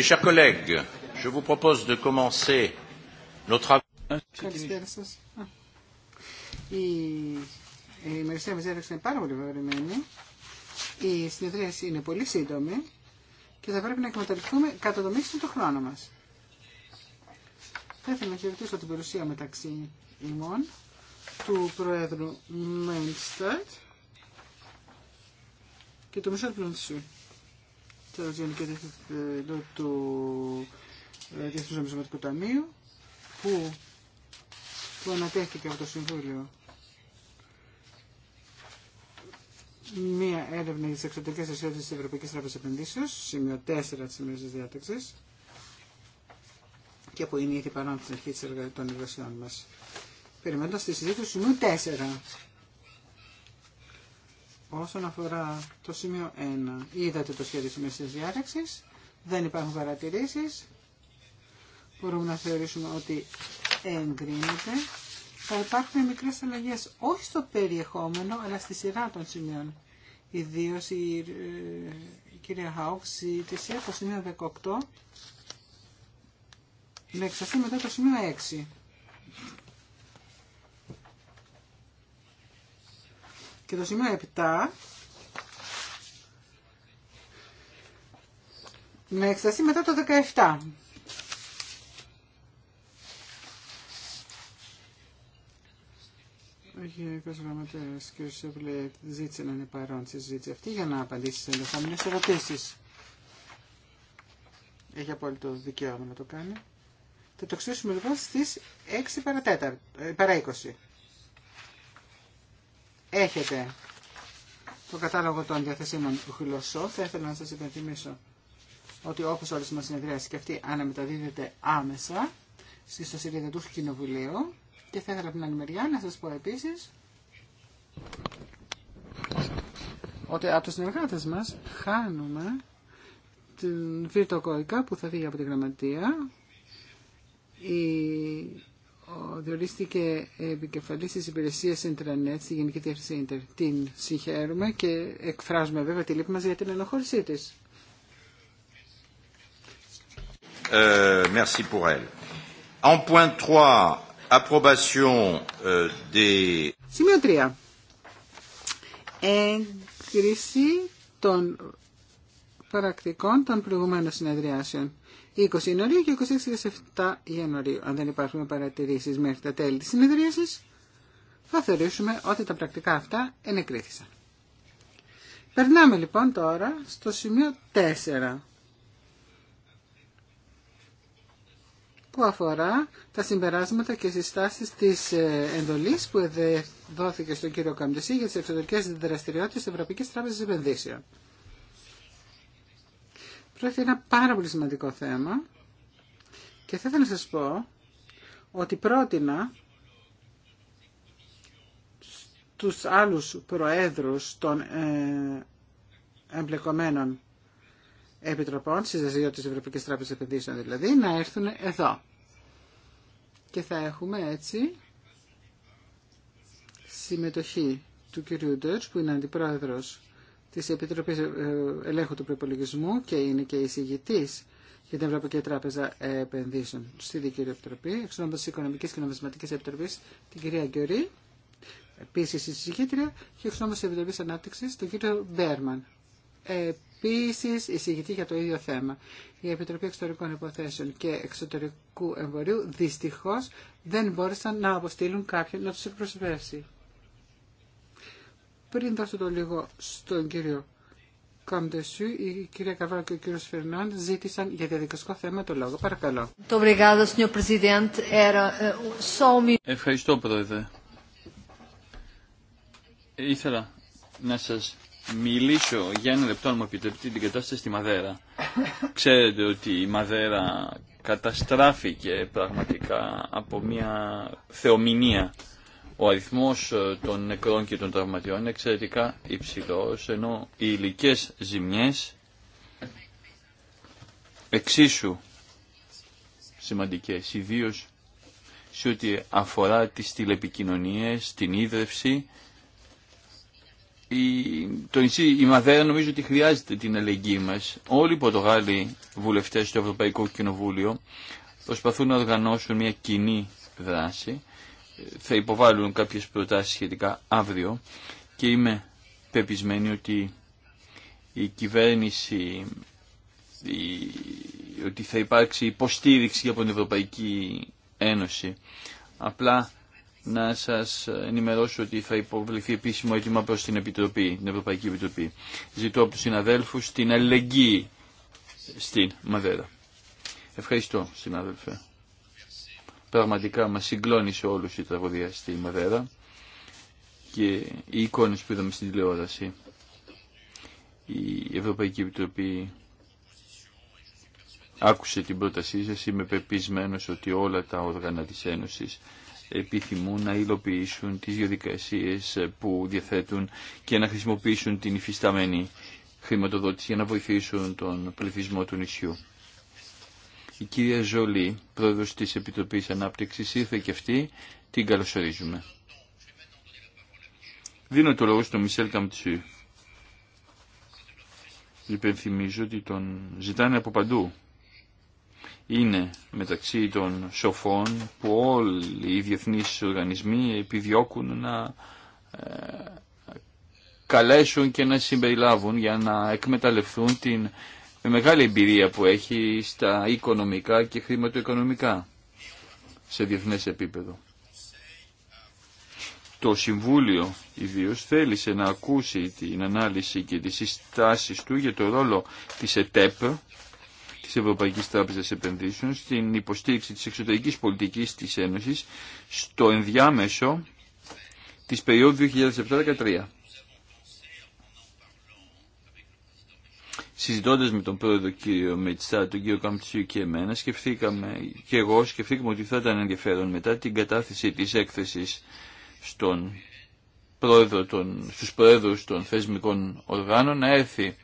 Mes chers collègues, je vous propose de commencer nos travaux. Η ημερησία μας διάταξη είναι πάρα πολύ βεβαιωμένη. Η συνεδρίαση είναι πολύ σύντομη και θα πρέπει να εκμεταλλευτούμε κατά το μέγιστο το χρόνο μα. Θα ήθελα να χαιρετήσω την παρουσία μεταξύ ημών του Προέδρου Μέντστατ και του Μισελ Πλουνσού το Γενικό Διευθυντικό του ε, Διεθνούς Νομισματικού Ταμείου που του ανατέθηκε από το Συμβούλιο μία έρευνα για τι εξωτερικέ ασχέσει τη Ευρωπαϊκή Τράπεζα Επενδύσεω, σημείο 4 τη ημερήσια διάταξη, και που είναι ήδη παρόν από την αρχή των εργασιών μα. Περιμένοντα τη συζήτηση του σημείου 4. Όσον αφορά το σημείο 1, είδατε το σχέδιο σημείο της διάταξης, δεν υπάρχουν παρατηρήσεις, μπορούμε να θεωρήσουμε ότι εγκρίνεται. Θα υπάρχουν μικρές αλλαγές, όχι στο περιεχόμενο, αλλά στη σειρά των σημείων. Ιδίω η, ε, η, κυρία Χάουκ ζήτησε το σημείο 18 να εξαρθεί μετά το σημείο 6. Και το σημείο 7 με εξεταστεί μετά το 17. Ο Γενικό Γραμματέα ο Σεβλέ ζήτησε να είναι παρόν στη συζήτηση αυτή για να απαντήσει σε ενδεχόμενε ερωτήσει. Έχει απόλυτο δικαίωμα να το κάνει. Θα το ξέρουμε λοιπόν στι 6 4, παρά 20. Έχετε το κατάλογο των διαθεσίμων του Χιλόσο. Θα ήθελα να σας υπενθυμίσω ότι όπως όλες μας συνεδριάσεις και αυτή αναμεταδίδεται άμεσα στη σωσίδια του Κοινοβουλίου και θα ήθελα από την άλλη μεριά να σας πω επίσης ότι από τους συνεργάτες μας χάνουμε την Βίρτο Κόικα που θα φύγει από τη γραμματεία η διορίστηκε επικεφαλή τη υπηρεσία Ιντερνετ, στη Γενική Διευθυνσία Ιντερνετ. Την συγχαίρουμε και εκφράζουμε βέβαια τη λύπη μας για την ενοχώρησή τη. Ε, merci pour elle. En point 3, approbation euh, des... Σημείο 3. Έγκριση των πρακτικών των προηγουμένων συνεδριάσεων. 20 Ιανουαρίου και 26 Ιανουαρίου. Αν δεν υπάρχουν παρατηρήσεις μέχρι τα τέλη της συνεδρίασης, θα θεωρήσουμε ότι τα πρακτικά αυτά ενεκρίθησαν. Περνάμε λοιπόν τώρα στο σημείο 4 που αφορά τα συμπεράσματα και συστάσεις της ε, εντολής που δόθηκε στον κύριο Καμπτεσί για τις εξωτερικές δραστηριότητες της Ευρωπαϊκής Τράπεζας Επενδύσεων. Πρόκειται ένα πάρα πολύ σημαντικό θέμα και θα ήθελα να σας πω ότι πρότεινα τους άλλους προέδρους των ε, εμπλεκομένων επιτροπών, στις της Ευρωπαϊκής Τράπεζας Επενδύσεων δηλαδή, να έρθουν εδώ. Και θα έχουμε έτσι συμμετοχή του κυρίου Ντότς, που είναι αντιπρόεδρος της Επιτροπής ε, Ελέγχου του Προπολογισμού και είναι και εισηγητής για την Ευρωπαϊκή Τράπεζα Επενδύσεων στη δική Επιτροπή, εξ ονόματος της Οικονομικής και Νομισματικής Επιτροπής, την κυρία Γκιορή επίσης εισηγήτρια, και εξ ονόματος της Επιτροπής Ανάπτυξης, τον κύριο Μπέρμαν, επίση εισηγητή για το ίδιο θέμα. Η Επιτροπή Εξωτερικών Υποθέσεων και Εξωτερικού Εμπορίου δυστυχώ δεν μπόρεσαν να αποστείλουν κάποιον να του εκπροσωπεύσει. Πριν δώσω το λίγο στον κύριο Καμτεσού, η κυρία Καβάλα και ο κύριο Φερνάν ζήτησαν για διαδικαστικό θέμα το λόγο. Παρακαλώ. Eh, um Ευχαριστώ, Πρόεδρε. Ήθελα να σα μιλήσω για ένα λεπτό, αν μου επιτρέπετε, την κατάσταση στη Μαδέρα. Ξέρετε ότι η Μαδέρα καταστράφηκε πραγματικά από μια θεομηνία ο αριθμός ε, των νεκρών και των τραυματιών είναι εξαιρετικά υψηλός, ενώ οι υλικέ ζημιές εξίσου σημαντικές, ιδίω σε ό,τι αφορά τις τηλεπικοινωνίες, την ίδρυυση. Η, το νησί, η Μαδέρα νομίζω ότι χρειάζεται την ελεγγύη μας. Όλοι οι Πορτογάλοι βουλευτές του Ευρωπαϊκό Κοινοβούλιο προσπαθούν να οργανώσουν μια κοινή δράση θα υποβάλουν κάποιες προτάσεις σχετικά αύριο και είμαι πεπισμένη ότι η κυβέρνηση ότι θα υπάρξει υποστήριξη από την Ευρωπαϊκή Ένωση. Απλά να σας ενημερώσω ότι θα υποβληθεί επίσημο αίτημα προς την, Επιτροπή, την Ευρωπαϊκή Επιτροπή. Ζητώ από τους συναδέλφους την αλληλεγγύη στην Μαδέρα. Ευχαριστώ συνάδελφε πραγματικά μας συγκλώνησε όλους η τραγωδία στη Μαδέρα και οι εικόνες που είδαμε στην τηλεόραση. Η Ευρωπαϊκή Επιτροπή άκουσε την πρότασή σας, είμαι πεπισμένος ότι όλα τα όργανα της Ένωσης επιθυμούν να υλοποιήσουν τις διαδικασίε που διαθέτουν και να χρησιμοποιήσουν την υφισταμένη χρηματοδότηση για να βοηθήσουν τον πληθυσμό του νησιού. Η κυρία Ζολή, πρόεδρος της Επιτροπής Ανάπτυξης, ήρθε και αυτή, την καλωσορίζουμε. Δίνω το λόγο στον Μισελ Καμτσού. Υπενθυμίζω ότι τον ζητάνε από παντού. Είναι μεταξύ των σοφών που όλοι οι διεθνείς οργανισμοί επιδιώκουν να ε, καλέσουν και να συμπεριλάβουν για να εκμεταλλευτούν την με μεγάλη εμπειρία που έχει στα οικονομικά και χρηματοοικονομικά σε διεθνές επίπεδο. Το Συμβούλιο ιδίω θέλησε να ακούσει την ανάλυση και τις συστάσεις του για το ρόλο της ΕΤΕΠ, της Ευρωπαϊκής Τράπεζας Επενδύσεων, στην υποστήριξη της εξωτερικής πολιτικής της Ένωσης στο ενδιάμεσο της περιοδου 2007-2013. συζητώντα με τον πρόεδρο κύριο Μετσά, τον κύριο Καμψίου και εμένα, σκεφτήκαμε, και εγώ σκεφτήκαμε ότι θα ήταν ενδιαφέρον μετά την κατάθεση τη έκθεση στον πρόεδρο των, στους πρόεδρους των θεσμικών οργάνων να έρθει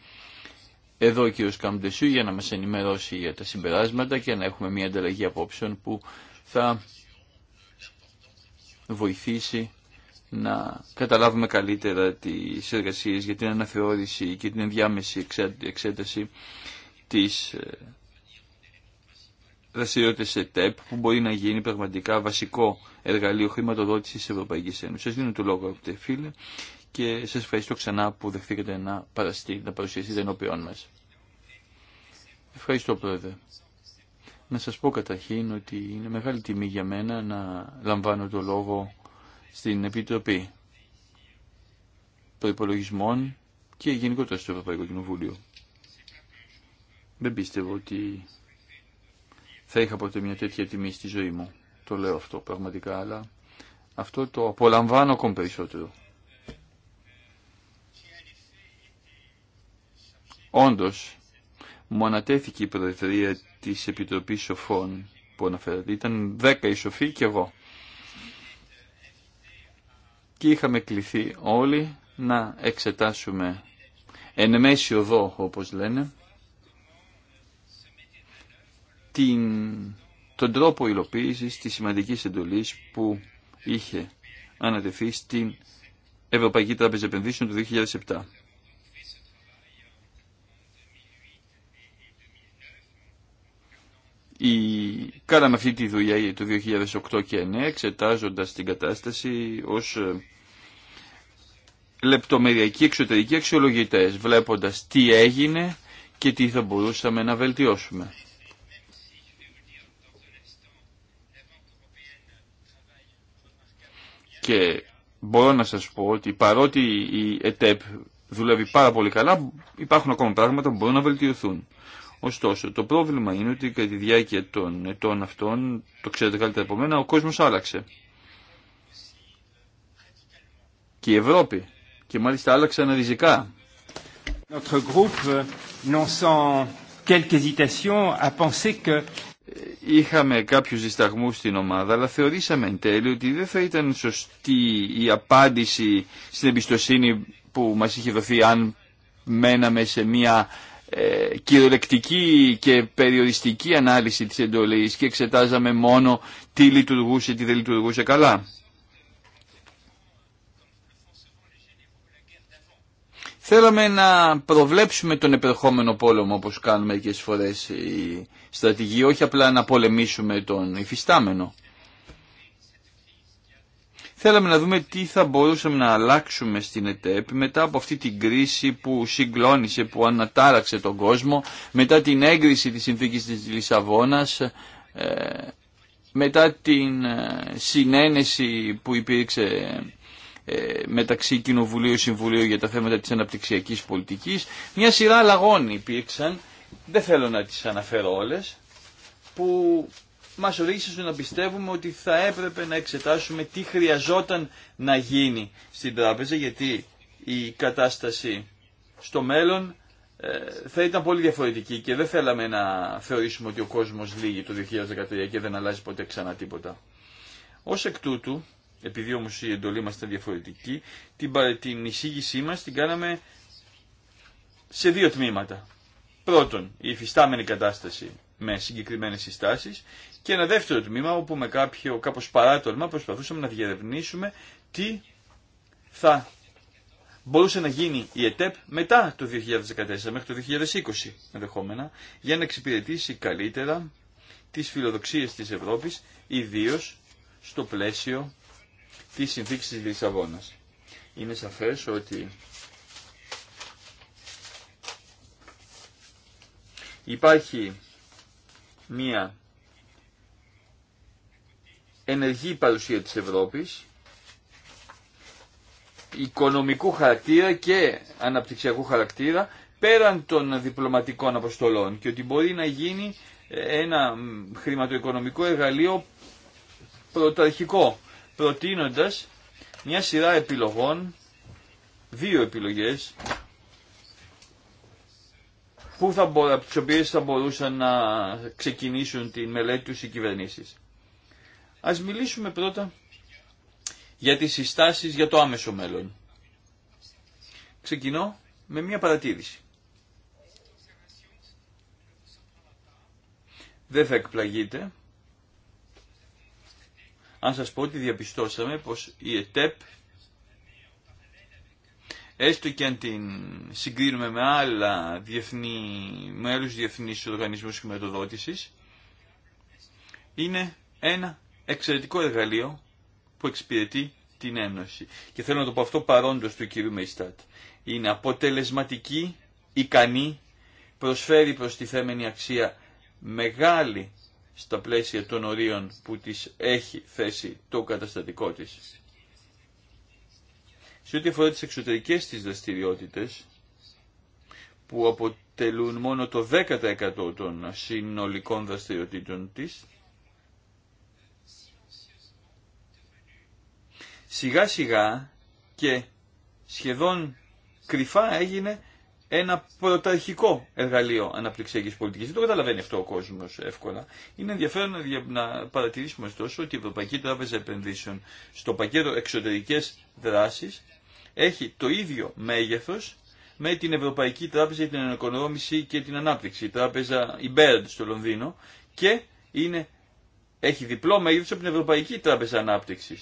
εδώ ο κύριος Καμπτεσού για να μας ενημερώσει για τα συμπεράσματα και να έχουμε μια ανταλλαγή απόψεων που θα βοηθήσει να καταλάβουμε καλύτερα τις εργασίες για την αναθεώρηση και την ενδιάμεση εξέταση της ε, δραστηριότητες ΕΤΕΠ που μπορεί να γίνει πραγματικά βασικό εργαλείο χρηματοδότησης της Ευρωπαϊκής Ένωσης. Σας δίνω το λόγο αγαπητέ φίλε και σας ευχαριστώ ξανά που δεχθήκατε να, παραστεί, να παρουσιαστείτε ενώπιόν μας. Ευχαριστώ Πρόεδρε. Να σας πω καταρχήν ότι είναι μεγάλη τιμή για μένα να λαμβάνω το λόγο στην Επιτροπή Προϋπολογισμών και γενικότερα στο Ευρωπαϊκό Κοινοβούλιο. Δεν πίστευω ότι θα είχα ποτέ μια τέτοια τιμή στη ζωή μου. Το λέω αυτό πραγματικά, αλλά αυτό το απολαμβάνω ακόμη περισσότερο. Όντως, μου ανατέθηκε η Προεδρία της Επιτροπής Σοφών που αναφέρατε. Ήταν δέκα οι σοφοί και εγώ είχαμε κληθεί όλοι να εξετάσουμε εν μέση οδό, όπως λένε, την, τον τρόπο υλοποίησης της σημαντικής εντολής που είχε ανατεθεί στην Ευρωπαϊκή Τράπεζα Επενδύσεων του 2007. Η... Κάναμε αυτή τη δουλειά το 2008 και 2009 εξετάζοντας την κατάσταση ως λεπτομεριακοί εξωτερικοί αξιολογητές, βλέποντας τι έγινε και τι θα μπορούσαμε να βελτιώσουμε. Και μπορώ να σας πω ότι παρότι η ΕΤΕΠ δουλεύει πάρα πολύ καλά, υπάρχουν ακόμα πράγματα που μπορούν να βελτιωθούν. Ωστόσο, το πρόβλημα είναι ότι κατά τη διάρκεια των ετών αυτών, το ξέρετε καλύτερα από μένα, ο κόσμος άλλαξε. Και η Ευρώπη και μάλιστα άλλαξαν ριζικά. Notre groupe, euh, non sans quelques hésitations, a pensé que είχαμε κάποιους δισταγμούς στην ομάδα, αλλά θεωρήσαμε εν τέλει ότι δεν θα ήταν σωστή η απάντηση στην εμπιστοσύνη που μας είχε δοθεί αν μέναμε σε μια ε, κυριολεκτική και περιοριστική ανάλυση της εντολής και εξετάζαμε μόνο τι λειτουργούσε, τι δεν λειτουργούσε καλά. Θέλαμε να προβλέψουμε τον επερχόμενο πόλεμο όπως κάνουμε μερικές φορές η στρατηγοί, όχι απλά να πολεμήσουμε τον υφιστάμενο. Θέλαμε να δούμε τι θα μπορούσαμε να αλλάξουμε στην ΕΤΕΠ μετά από αυτή την κρίση που συγκλώνησε, που ανατάραξε τον κόσμο, μετά την έγκριση της συνθήκης της Λισαβόνας, ε, μετά την ε, συνένεση που υπήρξε ε, μεταξύ Κοινοβουλίου Συμβουλίου για τα θέματα της αναπτυξιακής πολιτικής. Μια σειρά αλλαγών υπήρξαν, δεν θέλω να τις αναφέρω όλες, που μας στο να πιστεύουμε ότι θα έπρεπε να εξετάσουμε τι χρειαζόταν να γίνει στην τράπεζα, γιατί η κατάσταση στο μέλλον ε, θα ήταν πολύ διαφορετική και δεν θέλαμε να θεωρήσουμε ότι ο κόσμος λύγει το 2013 και δεν αλλάζει ποτέ ξανά τίποτα. Ως εκ τούτου επειδή όμως η εντολή μας ήταν διαφορετική, την, την εισήγησή μας την κάναμε σε δύο τμήματα. Πρώτον, η υφιστάμενη κατάσταση με συγκεκριμένες συστάσεις και ένα δεύτερο τμήμα όπου με κάποιο κάπως παράτολμα προσπαθούσαμε να διερευνήσουμε τι θα μπορούσε να γίνει η ΕΤΕΠ μετά το 2014 μέχρι το 2020 ενδεχόμενα για να εξυπηρετήσει καλύτερα τις φιλοδοξίες της Ευρώπης ιδίως στο πλαίσιο τη συνθήκη της Λισαβόνας. Είναι σαφές ότι υπάρχει μία ενεργή παρουσία της Ευρώπης, οικονομικού χαρακτήρα και αναπτυξιακού χαρακτήρα, πέραν των διπλωματικών αποστολών και ότι μπορεί να γίνει ένα χρηματοοικονομικό εργαλείο πρωταρχικό προτείνοντας μια σειρά επιλογών, δύο επιλογές, που θα, από τις οποίες θα μπορούσαν να ξεκινήσουν τη μελέτη τους οι κυβερνήσεις. Ας μιλήσουμε πρώτα για τις συστάσεις για το άμεσο μέλλον. Ξεκινώ με μια παρατήρηση. Δεν θα εκπλαγείτε αν σας πω ότι διαπιστώσαμε πως η ΕΤΕΠ έστω και αν την συγκρίνουμε με, άλλα διεθνή, με άλλους διεθνείς οργανισμούς χρηματοδότησης, είναι ένα εξαιρετικό εργαλείο που εξυπηρετεί την Ένωση. Και θέλω να το πω αυτό παρόντος του κ. Μεϊστάτ. Είναι αποτελεσματική, ικανή, προσφέρει προς τη θέμενη αξία μεγάλη στα πλαίσια των ορίων που της έχει θέσει το καταστατικό της. Σε ό,τι αφορά τις εξωτερικές της δραστηριότητες, που αποτελούν μόνο το 10% των συνολικών δραστηριοτήτων της, σιγά σιγά και σχεδόν κρυφά έγινε ένα πρωταρχικό εργαλείο αναπτυξιακή πολιτική. Δεν το καταλαβαίνει αυτό ο κόσμο εύκολα. Είναι ενδιαφέρον να παρατηρήσουμε ωστόσο ότι η Ευρωπαϊκή Τράπεζα Επενδύσεων στο πακέτο εξωτερικέ δράσει έχει το ίδιο μέγεθο με την Ευρωπαϊκή Τράπεζα για την Ανοικονόμηση και την Ανάπτυξη, η τράπεζα Ιμπέρντ στο Λονδίνο και είναι, έχει διπλό μέγεθο από την Ευρωπαϊκή Τράπεζα ανάπτυξη,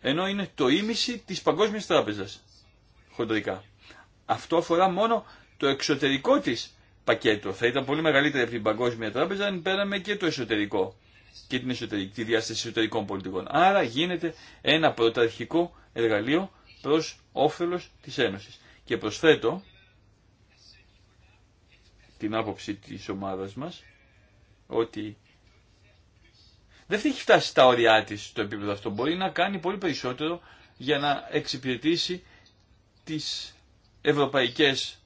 ενώ είναι το ίμιση τη Παγκόσμια Τράπεζα χοντρικά. Αυτό αφορά μόνο το εξωτερικό της πακέτο. Θα ήταν πολύ μεγαλύτερη από την Παγκόσμια Τράπεζα αν πέραμε και το εσωτερικό και την εσωτερική, τη διάσταση εσωτερικών πολιτικών. Άρα γίνεται ένα πρωταρχικό εργαλείο προς όφελο της Ένωσης. Και προσθέτω την άποψη της ομάδας μας ότι δεν έχει φτάσει στα όρια τη το επίπεδο αυτό. Μπορεί να κάνει πολύ περισσότερο για να εξυπηρετήσει τις ευρωπαϊκές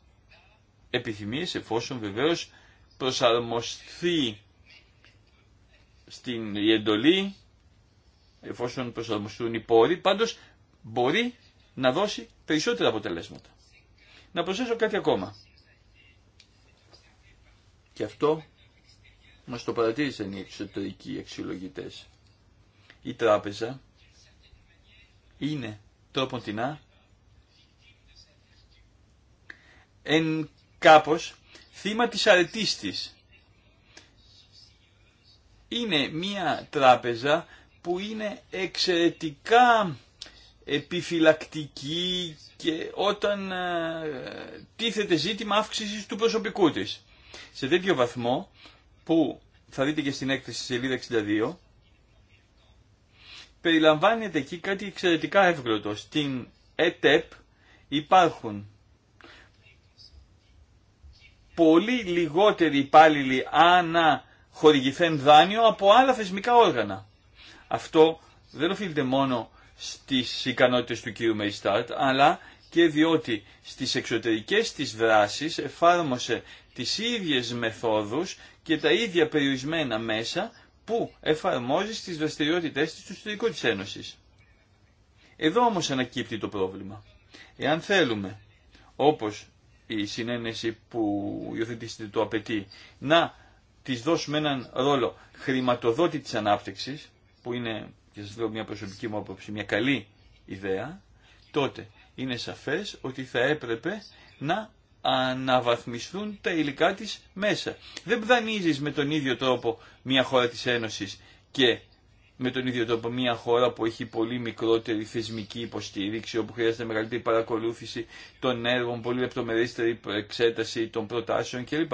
επιθυμίες εφόσον βεβαίως προσαρμοστεί στην εντολή εφόσον προσαρμοστούν οι πόροι πάντως μπορεί να δώσει περισσότερα αποτελέσματα. Να προσθέσω κάτι ακόμα. Και αυτό μας το παρατήρησαν οι εξωτερικοί αξιολογητές. Η τράπεζα είναι τρόπον Α εν κάπως θύμα της αρετής της. Είναι μία τράπεζα που είναι εξαιρετικά επιφυλακτική και όταν ε, τίθεται ζήτημα αύξησης του προσωπικού της. Σε τέτοιο βαθμό που θα δείτε και στην έκθεση σελίδα 62 περιλαμβάνεται εκεί κάτι εξαιρετικά εύγλωτο. Στην ΕΤΕΠ υπάρχουν πολύ λιγότεροι υπάλληλοι ανά χορηγηθέν δάνειο από άλλα θεσμικά όργανα. Αυτό δεν οφείλεται μόνο στις ικανότητες του κύριου Μεϊστάτ, αλλά και διότι στις εξωτερικές της δράσεις εφάρμοσε τις ίδιες μεθόδους και τα ίδια περιορισμένα μέσα που εφαρμόζει στις δραστηριότητές της του της Ένωσης. Εδώ όμως ανακύπτει το πρόβλημα. Εάν θέλουμε, όπως η συνένεση που υιοθετήσετε το απαιτεί, να της δώσουμε έναν ρόλο χρηματοδότη της ανάπτυξης, που είναι, και σας λέω μια προσωπική μου άποψη, μια καλή ιδέα, τότε είναι σαφές ότι θα έπρεπε να αναβαθμιστούν τα υλικά της μέσα. Δεν δανείζεις με τον ίδιο τρόπο μια χώρα της Ένωσης και με τον ίδιο τρόπο μια χώρα που έχει πολύ μικρότερη θεσμική υποστήριξη, όπου χρειάζεται μεγαλύτερη παρακολούθηση των έργων, πολύ λεπτομερίστερη εξέταση των προτάσεων κλπ.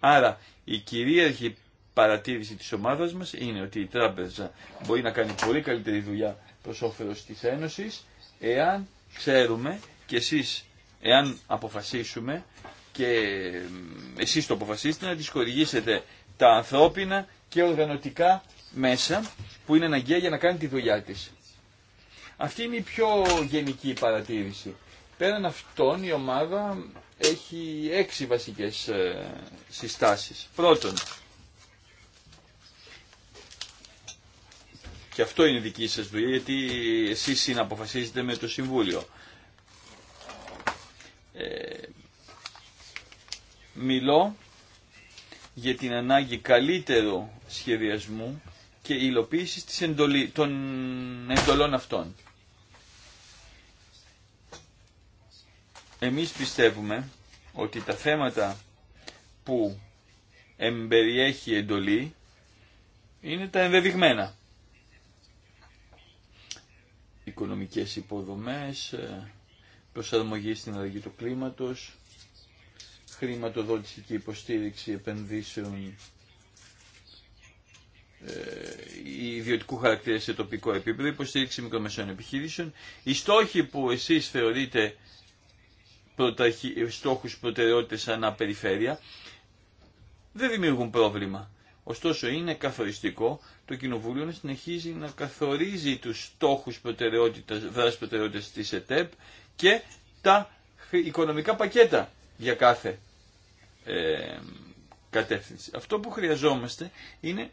Άρα η κυρίαρχη παρατήρηση της ομάδας μας είναι ότι η τράπεζα μπορεί να κάνει πολύ καλύτερη δουλειά προς όφελος της Ένωσης εάν ξέρουμε και εσείς εάν αποφασίσουμε και εσείς το αποφασίσετε να τις τα ανθρώπινα και οργανωτικά μέσα που είναι αναγκαία για να κάνει τη δουλειά της. Αυτή είναι η πιο γενική παρατήρηση. Πέραν αυτών η ομάδα έχει έξι βασικές ε, συστάσεις. Πρώτον, και αυτό είναι δική σας δουλειά γιατί εσείς συναποφασίζετε με το Συμβούλιο. Ε, μιλώ για την ανάγκη καλύτερου σχεδιασμού και υλοποίηση της εντολή, των εντολών αυτών. Εμείς πιστεύουμε ότι τα θέματα που εμπεριέχει η εντολή είναι τα ενδεδειγμένα. Οικονομικές υποδομές, ε, προσαρμογή στην αλλαγή του κλίματος, χρηματοδότηση και υποστήριξη επενδύσεων ε, ιδιωτικού χαρακτήρα σε τοπικό επίπεδο, υποστήριξη μικρομεσαίων επιχειρήσεων. Οι στόχοι που εσείς θεωρείτε στόχου στόχους προτεραιότητες ανά περιφέρεια δεν δημιουργούν πρόβλημα. Ωστόσο είναι καθοριστικό το Κοινοβούλιο να συνεχίζει να καθορίζει τους στόχους προτεραιότητας, δράσης προτεραιότητας της ΕΤΕΠ και τα οικονομικά πακέτα για κάθε ε, κατεύθυνση. Αυτό που χρειαζόμαστε είναι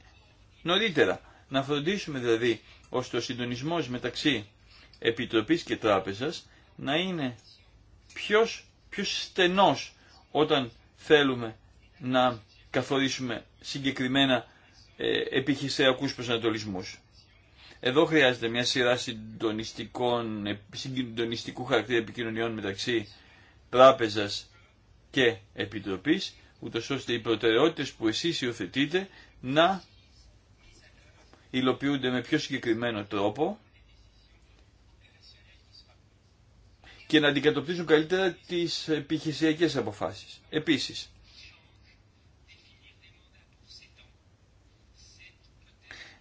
νωρίτερα. Να φροντίσουμε δηλαδή ώστε ο συντονισμός μεταξύ Επιτροπής και Τράπεζας να είναι πιο, πιο στενός όταν θέλουμε να καθορίσουμε συγκεκριμένα ε, επιχειρησιακούς προσανατολισμούς. Εδώ χρειάζεται μια σειρά συντονιστικών, ε, συντονιστικού χαρακτήρα επικοινωνιών μεταξύ τράπεζας και επιτροπής, ούτως ώστε οι προτεραιότητες που εσείς υιοθετείτε να υλοποιούνται με πιο συγκεκριμένο τρόπο και να αντικατοπτρίζουν καλύτερα τις επιχειρησιακές αποφάσεις. Επίσης,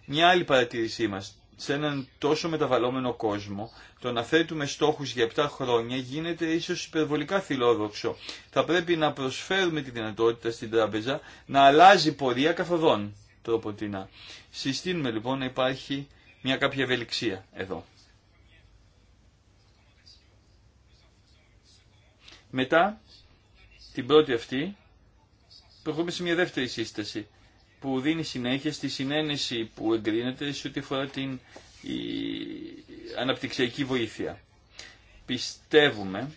μια άλλη παρατήρησή μας, σε έναν τόσο μεταβαλλόμενο κόσμο, το να θέτουμε στόχους για 7 χρόνια γίνεται ίσως υπερβολικά φιλόδοξο. Θα πρέπει να προσφέρουμε τη δυνατότητα στην τράπεζα να αλλάζει πορεία καθοδόν το Συστήνουμε λοιπόν να υπάρχει μια κάποια ευελιξία εδώ. Μετά την πρώτη αυτή προχωρούμε σε μια δεύτερη σύσταση που δίνει συνέχεια στη συνένεση που εγκρίνεται σε ό,τι αφορά την αναπτυξιακή βοήθεια. Πιστεύουμε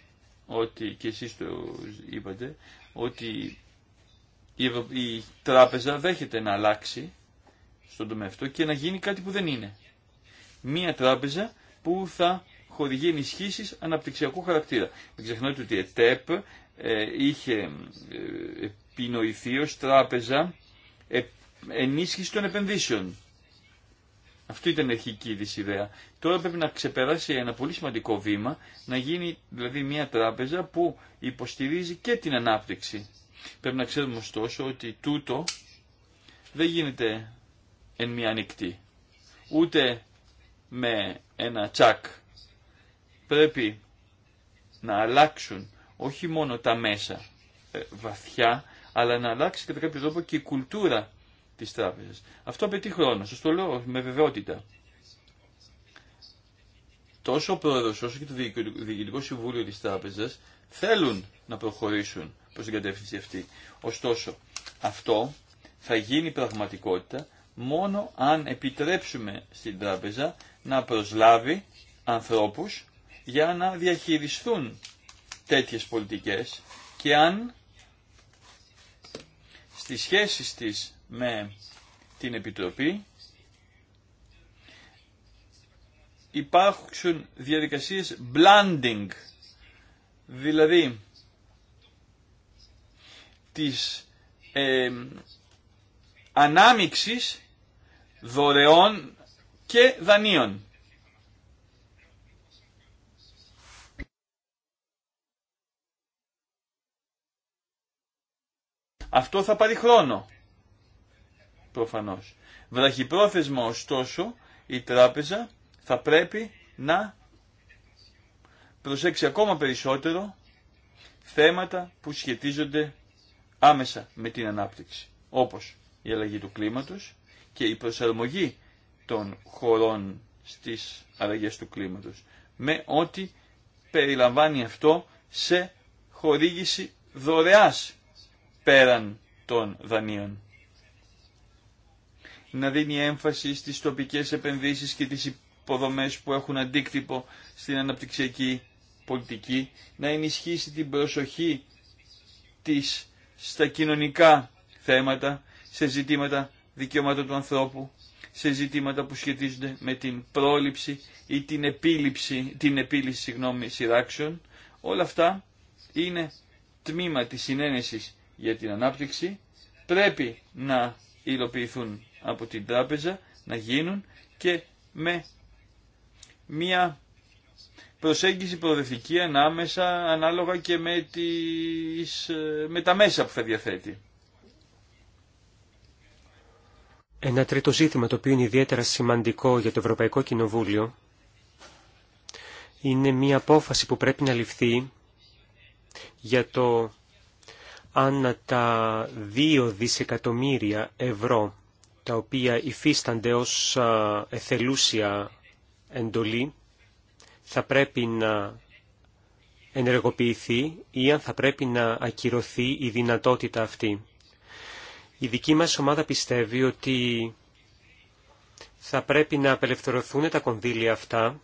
ότι, και εσείς το είπατε, ότι η, τράπεζα δέχεται να αλλάξει στον τομέα και να γίνει κάτι που δεν είναι. Μία τράπεζα που θα χορηγεί ενισχύσει αναπτυξιακού χαρακτήρα. Μην ξεχνάτε ότι η ΕΤΕΠ ε, είχε ε, επινοηθεί ω τράπεζα ε, ενίσχυση των επενδύσεων. Αυτή ήταν η αρχική τη ιδέα. Τώρα πρέπει να ξεπεράσει ένα πολύ σημαντικό βήμα, να γίνει δηλαδή μια τράπεζα που υποστηρίζει και την ανάπτυξη. Πρέπει να ξέρουμε ωστόσο ότι τούτο δεν γίνεται εν μία ανοιχτή. Ούτε με ένα τσακ. Πρέπει να αλλάξουν όχι μόνο τα μέσα ε, βαθιά, αλλά να αλλάξει κατά κάποιο τρόπο και η κουλτούρα της τράπεζας. Αυτό απαιτεί χρόνο, σας το λέω με βεβαιότητα. Τόσο ο πρόεδρος όσο και το Διοικητικό Συμβούλιο της Τράπεζας θέλουν να προχωρήσουν προς την κατεύθυνση αυτή. Ωστόσο, αυτό θα γίνει πραγματικότητα μόνο αν επιτρέψουμε στην τράπεζα να προσλάβει ανθρώπους για να διαχειριστούν τέτοιες πολιτικές και αν στις σχέσεις της με την Επιτροπή υπάρχουν διαδικασίες blending, δηλαδή της ε, ανάμιξης δωρεών και δανείων. Αυτό θα πάρει χρόνο, προφανώς. Βραχυπρόθεσμα ωστόσο η τράπεζα θα πρέπει να προσέξει ακόμα περισσότερο θέματα που σχετίζονται άμεσα με την ανάπτυξη, όπως η αλλαγή του κλίματος και η προσαρμογή των χωρών στις αλλαγές του κλίματος, με ό,τι περιλαμβάνει αυτό σε χορήγηση δωρεάς πέραν των δανείων. Να δίνει έμφαση στις τοπικές επενδύσεις και τις υποδομές που έχουν αντίκτυπο στην αναπτυξιακή πολιτική, να ενισχύσει την προσοχή της στα κοινωνικά θέματα, σε ζητήματα δικαιωμάτων του ανθρώπου, σε ζητήματα που σχετίζονται με την πρόληψη ή την, επίληψη, την επίλυση συγγνώμη, σειράξεων. Όλα αυτά είναι τμήμα της συνένεσης για την ανάπτυξη. Πρέπει να υλοποιηθούν από την τράπεζα, να γίνουν και με μια προσέγγιση προοδευτική ανάμεσα, ανάλογα και με, τις, ε, τα μέσα που θα διαθέτει. Ένα τρίτο ζήτημα το οποίο είναι ιδιαίτερα σημαντικό για το Ευρωπαϊκό Κοινοβούλιο είναι μία απόφαση που πρέπει να ληφθεί για το αν τα δύο δισεκατομμύρια ευρώ τα οποία υφίστανται ως εθελούσια εντολή θα πρέπει να ενεργοποιηθεί ή αν θα πρέπει να ακυρωθεί η δυνατότητα αυτή. Η δική μας ομάδα πιστεύει ότι θα πρέπει να απελευθερωθούν τα κονδύλια αυτά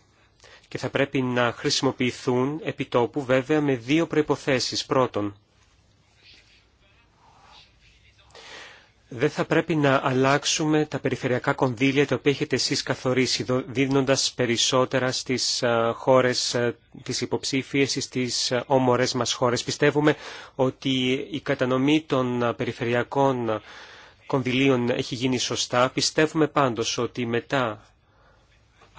και θα πρέπει να χρησιμοποιηθούν επιτόπου βέβαια με δύο προϋποθέσεις. Πρώτον, δεν θα πρέπει να αλλάξουμε τα περιφερειακά κονδύλια τα οποία έχετε εσείς καθορίσει, δίνοντας περισσότερα στις ε, χώρες, ε, της υποψήφιες ή στις ε, όμορες μας χώρες. Πιστεύουμε ότι η κατανομή των περιφερειακών κονδυλίων έχει γίνει σωστά. Πιστεύουμε πάντως ότι μετά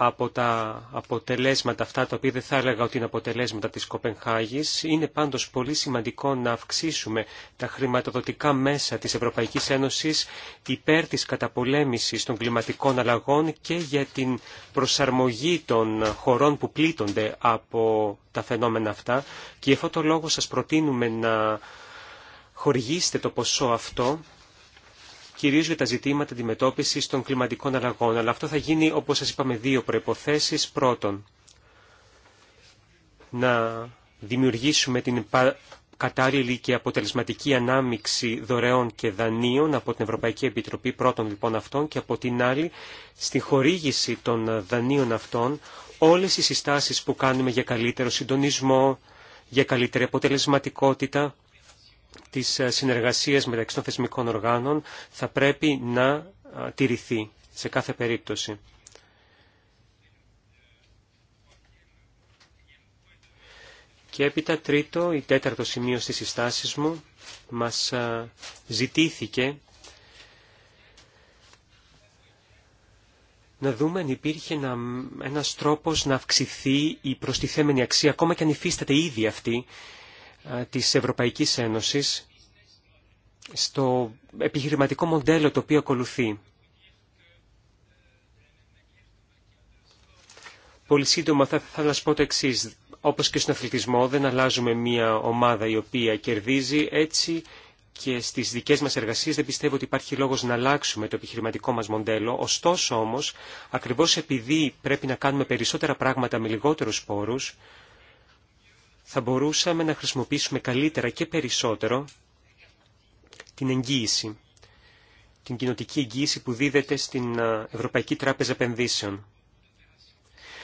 από τα αποτελέσματα αυτά, τα οποία δεν θα έλεγα ότι είναι αποτελέσματα της Κοπενχάγης, είναι πάντως πολύ σημαντικό να αυξήσουμε τα χρηματοδοτικά μέσα της Ευρωπαϊκής Ένωσης υπέρ της καταπολέμησης των κλιματικών αλλαγών και για την προσαρμογή των χωρών που πλήττονται από τα φαινόμενα αυτά. Και γι' αυτό το λόγο σας προτείνουμε να χορηγήσετε το ποσό αυτό κυρίως για τα ζητήματα αντιμετώπισης των κλιματικών αλλαγών. Αλλά αυτό θα γίνει, όπως σας είπαμε, δύο προϋποθέσεις. Πρώτον, να δημιουργήσουμε την κατάλληλη και αποτελεσματική ανάμιξη δωρεών και δανείων από την Ευρωπαϊκή Επιτροπή πρώτον λοιπόν αυτών και από την άλλη στη χορήγηση των δανείων αυτών όλες οι συστάσεις που κάνουμε για καλύτερο συντονισμό, για καλύτερη αποτελεσματικότητα της ε, συνεργασίας μεταξύ των θεσμικών οργάνων θα πρέπει να ε, τηρηθεί σε κάθε περίπτωση. Και έπειτα τρίτο ή τέταρτο σημείο στις συστάσεις μου μας ε, ζητήθηκε να δούμε αν υπήρχε ένα, ένας τρόπος να αυξηθεί η προστιθέμενη αξία, ακόμα και αν υφίσταται ήδη αυτή, της Ευρωπαϊκής Ένωσης στο επιχειρηματικό μοντέλο το οποίο ακολουθεί. Πολύ σύντομα θα, να σας πω το εξή: Όπως και στον αθλητισμό δεν αλλάζουμε μια ομάδα η οποία κερδίζει έτσι και στις δικές μας εργασίες δεν πιστεύω ότι υπάρχει λόγος να αλλάξουμε το επιχειρηματικό μας μοντέλο. Ωστόσο όμως, ακριβώς επειδή πρέπει να κάνουμε περισσότερα πράγματα με λιγότερους πόρους, θα μπορούσαμε να χρησιμοποιήσουμε καλύτερα και περισσότερο την εγγύηση, την κοινοτική εγγύηση που δίδεται στην Ευρωπαϊκή Τράπεζα Επενδύσεων.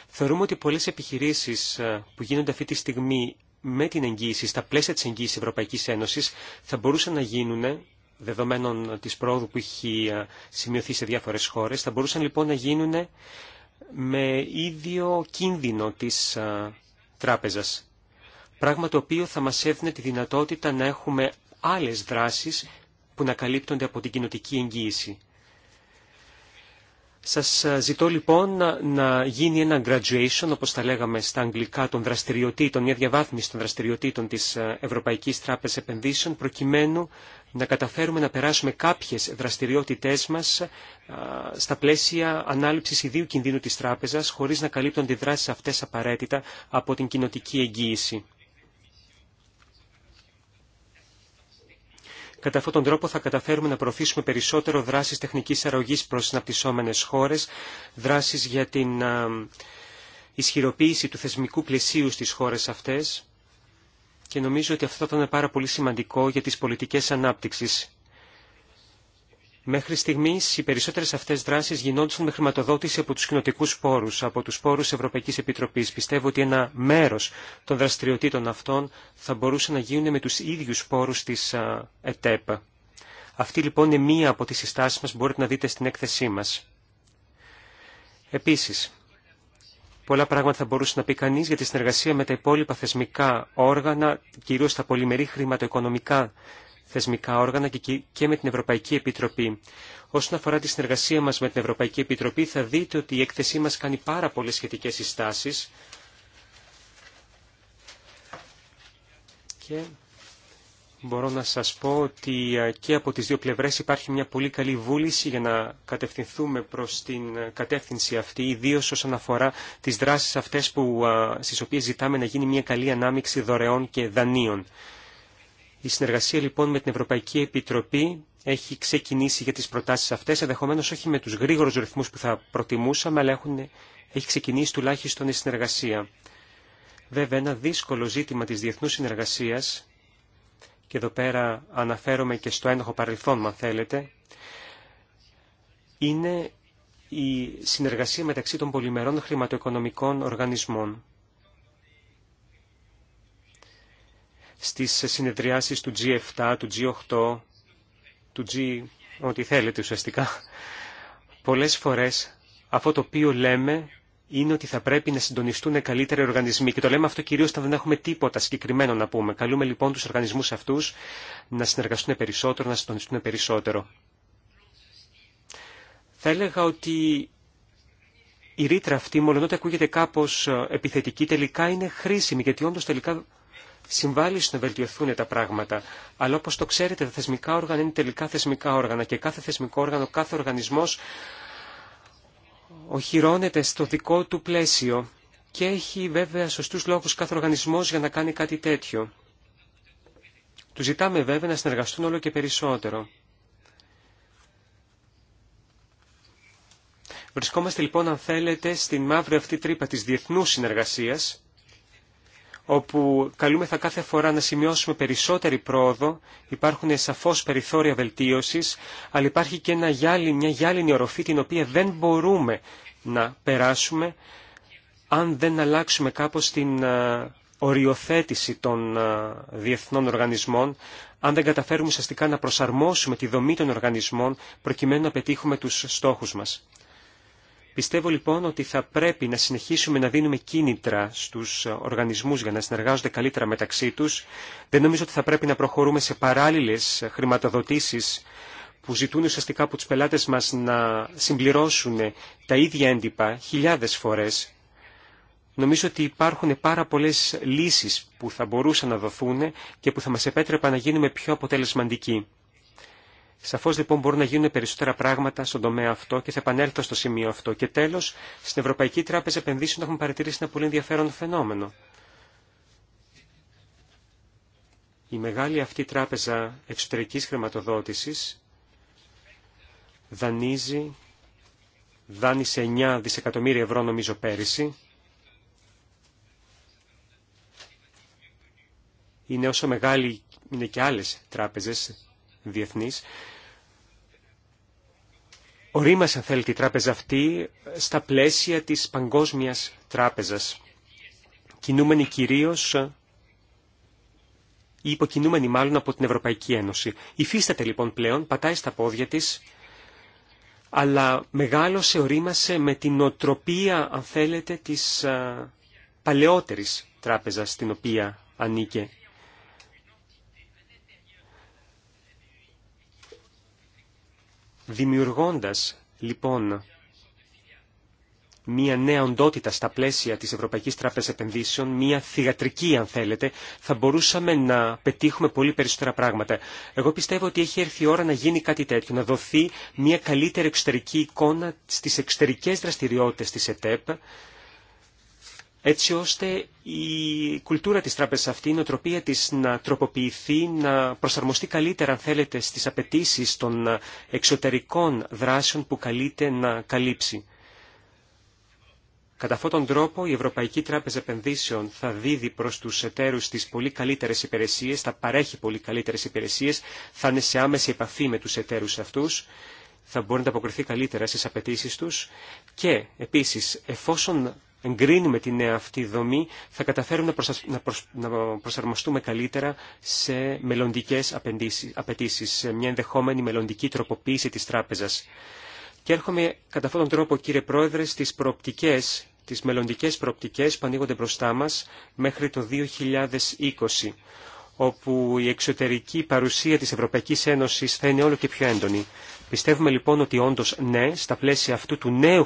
Θεωρούμε ότι πολλές επιχειρήσεις που γίνονται αυτή τη στιγμή με την εγγύηση, στα πλαίσια της εγγύησης Ευρωπαϊκής Ένωσης, θα μπορούσαν να γίνουν, ε, δεδομένων της πρόοδου που έχει σημειωθεί σε διάφορες χώρες, θα μπορούσαν λοιπόν να γίνουν ε, με ίδιο κίνδυνο της τράπεζας πράγμα το οποίο θα μας έδινε τη δυνατότητα να έχουμε άλλες δράσεις που να καλύπτονται από την κοινοτική εγγύηση. Σας ε, ζητώ λοιπόν να, γίνει ένα graduation, όπως τα λέγαμε στα αγγλικά, των δραστηριοτήτων, μια διαβάθμιση των δραστηριοτήτων της ε, Ευρωπαϊκής Τράπεζας Επενδύσεων, προκειμένου να καταφέρουμε να περάσουμε κάποιες δραστηριότητές μας ε, στα πλαίσια ανάληψης ιδίου κινδύνου της τράπεζας, χωρίς να καλύπτονται οι δράσεις αυτές απαραίτητα από την κοινοτική εγγύηση. Κατά αυτόν τον τρόπο θα καταφέρουμε να προωθήσουμε περισσότερο δράσεις τεχνικής αρρωγής προς αναπτυσσόμενες χώρες, δράσεις για την ισχυροποίηση του θεσμικού πλαισίου στις χώρες αυτές και νομίζω ότι αυτό θα ήταν πάρα πολύ σημαντικό για τις πολιτικές ανάπτυξης. Μέχρι στιγμή οι περισσότερε αυτέ δράσει γινόντουσαν με χρηματοδότηση από του κοινοτικού πόρου, από του πόρου Ευρωπαϊκή Επιτροπή. Πιστεύω ότι ένα μέρο των δραστηριοτήτων αυτών θα μπορούσε να γίνουν με του ίδιου πόρου τη ΕΤΕΠ. Αυτή λοιπόν είναι μία από τι συστάσει μα που μπορείτε να δείτε στην έκθεσή μα. Επίση, πολλά πράγματα θα μπορούσε να πει κανεί για τη συνεργασία με τα υπόλοιπα θεσμικά όργανα, κυρίω τα πολυμερή χρηματοοικονομικά θεσμικά όργανα και με την Ευρωπαϊκή Επιτροπή. Όσον αφορά τη συνεργασία μας με την Ευρωπαϊκή Επιτροπή θα δείτε ότι η έκθεσή μας κάνει πάρα πολλές σχετικές συστάσεις και μπορώ να σας πω ότι ε, και από τις δύο πλευρές υπάρχει μια πολύ καλή βούληση για να κατευθυνθούμε προς την ε, κατεύθυνση αυτή, ιδίω όσον αφορά τις δράσεις αυτές που, ε, στις οποίες ζητάμε να γίνει μια καλή ανάμειξη δωρεών και δανείων. Η συνεργασία λοιπόν με την Ευρωπαϊκή Επιτροπή έχει ξεκινήσει για τις προτάσεις αυτές, ενδεχομένω όχι με τους γρήγορους ρυθμούς που θα προτιμούσαμε, αλλά έχει ξεκινήσει τουλάχιστον η συνεργασία. Βέβαια, ένα δύσκολο ζήτημα της διεθνούς συνεργασίας, και εδώ πέρα αναφέρομαι και στο ένοχο παρελθόν, αν θέλετε, είναι η συνεργασία μεταξύ των πολυμερών χρηματοοικονομικών οργανισμών. στις συνεδριάσεις του G7, του G8, του G... ό,τι θέλετε ουσιαστικά. Πολλές φορές αυτό το οποίο λέμε είναι ότι θα πρέπει να συντονιστούν καλύτεροι οργανισμοί. Και το λέμε αυτό κυρίως όταν δεν έχουμε τίποτα συγκεκριμένο να πούμε. Καλούμε λοιπόν τους οργανισμούς αυτούς να συνεργαστούν περισσότερο, να συντονιστούν περισσότερο. Θα έλεγα ότι η ρήτρα αυτή, μόλον ότι ακούγεται κάπως επιθετική, τελικά είναι χρήσιμη, γιατί όντω τελικά συμβάλλει στο να βελτιωθούν τα πράγματα. Αλλά όπως το ξέρετε, τα θεσμικά όργανα είναι τελικά θεσμικά όργανα και κάθε θεσμικό όργανο, κάθε οργανισμός οχυρώνεται στο δικό του πλαίσιο και έχει βέβαια σωστούς λόγους κάθε οργανισμός για να κάνει κάτι τέτοιο. Του ζητάμε βέβαια να συνεργαστούν όλο και περισσότερο. Βρισκόμαστε λοιπόν, αν θέλετε, στην μαύρη αυτή τρύπα της διεθνούς συνεργασίας, όπου καλούμεθα κάθε φορά να σημειώσουμε περισσότερη πρόοδο, υπάρχουν σαφώς περιθώρια βελτίωσης, αλλά υπάρχει και ένα γυάλι, μια γυάλινη οροφή την οποία δεν μπορούμε να περάσουμε αν δεν αλλάξουμε κάπως την ε, οριοθέτηση των ε, διεθνών οργανισμών, αν δεν καταφέρουμε ουσιαστικά να προσαρμόσουμε τη δομή των οργανισμών προκειμένου να πετύχουμε τους στόχους μας. Πιστεύω λοιπόν ότι θα πρέπει να συνεχίσουμε να δίνουμε κίνητρα στους οργανισμούς για να συνεργάζονται καλύτερα μεταξύ τους. Δεν νομίζω ότι θα πρέπει να προχωρούμε σε παράλληλες χρηματοδοτήσεις που ζητούν ουσιαστικά από τους πελάτες μας να συμπληρώσουν τα ίδια έντυπα χιλιάδες φορές. Νομίζω ότι υπάρχουν πάρα πολλές λύσεις που θα μπορούσαν να δοθούν και που θα μας επέτρεπαν να γίνουμε πιο αποτελεσματικοί. Σαφώς λοιπόν μπορούν να γίνουν περισσότερα πράγματα στον τομέα αυτό και θα επανέλθω στο σημείο αυτό. Και τέλος, στην Ευρωπαϊκή Τράπεζα Επενδύσεων έχουμε παρατηρήσει ένα πολύ ενδιαφέρον φαινόμενο. Η μεγάλη αυτή τράπεζα εξωτερικής χρηματοδότησης δανείζει, δάνεισε 9 δισεκατομμύρια ευρώ νομίζω πέρυσι. Είναι όσο μεγάλη είναι και άλλες τράπεζες διεθνής. Ορίμασε, αν θέλετε, η τράπεζα αυτή στα πλαίσια της παγκόσμιας τράπεζας, κινούμενη κυρίως ή υποκινούμενη μάλλον από την Ευρωπαϊκή Ένωση. Υφίσταται λοιπόν πλέον, πατάει στα πόδια της, αλλά μεγάλωσε, ορίμασε με την οτροπία, αν θέλετε, της παλαιότερης τράπεζας στην οποία ανήκε. Δημιουργώντας λοιπόν μία νέα οντότητα στα πλαίσια της Ευρωπαϊκής Τράπεζας Επενδύσεων, μία θηγατρική αν θέλετε, θα μπορούσαμε να πετύχουμε πολύ περισσότερα πράγματα. Εγώ πιστεύω ότι έχει έρθει η ώρα να γίνει κάτι τέτοιο, να δοθεί μία καλύτερη εξωτερική εικόνα στις εξωτερικές δραστηριότητες της ΕΤΕΠ, έτσι ώστε η κουλτούρα της τράπεζας αυτή, η νοοτροπία της να τροποποιηθεί, να προσαρμοστεί καλύτερα, αν θέλετε, στις απαιτήσει των εξωτερικών δράσεων που καλείται να καλύψει. Κατά αυτόν τον τρόπο η Ευρωπαϊκή Τράπεζα Επενδύσεων θα δίδει προς τους εταίρους τις πολύ καλύτερες υπηρεσίες, θα παρέχει πολύ καλύτερες υπηρεσίες, θα είναι σε άμεση επαφή με τους εταίρους αυτούς, θα μπορεί να αποκριθεί καλύτερα στις απαιτήσει τους και επίσης εφόσον εγκρίνουμε τη νέα αυτή δομή, θα καταφέρουμε να, προσαρμοστούμε καλύτερα σε μελλοντικέ απαιτήσει, σε μια ενδεχόμενη μελλοντική τροποποίηση της τράπεζας. Και έρχομαι κατά αυτόν τον τρόπο, κύριε Πρόεδρε, στις προοπτικές, τις μελλοντικές προοπτικές που ανοίγονται μπροστά μας μέχρι το 2020 όπου η εξωτερική παρουσία της Ευρωπαϊκής Ένωσης θα είναι όλο και πιο έντονη. Πιστεύουμε λοιπόν ότι όντω ναι, στα πλαίσια αυτού του νέου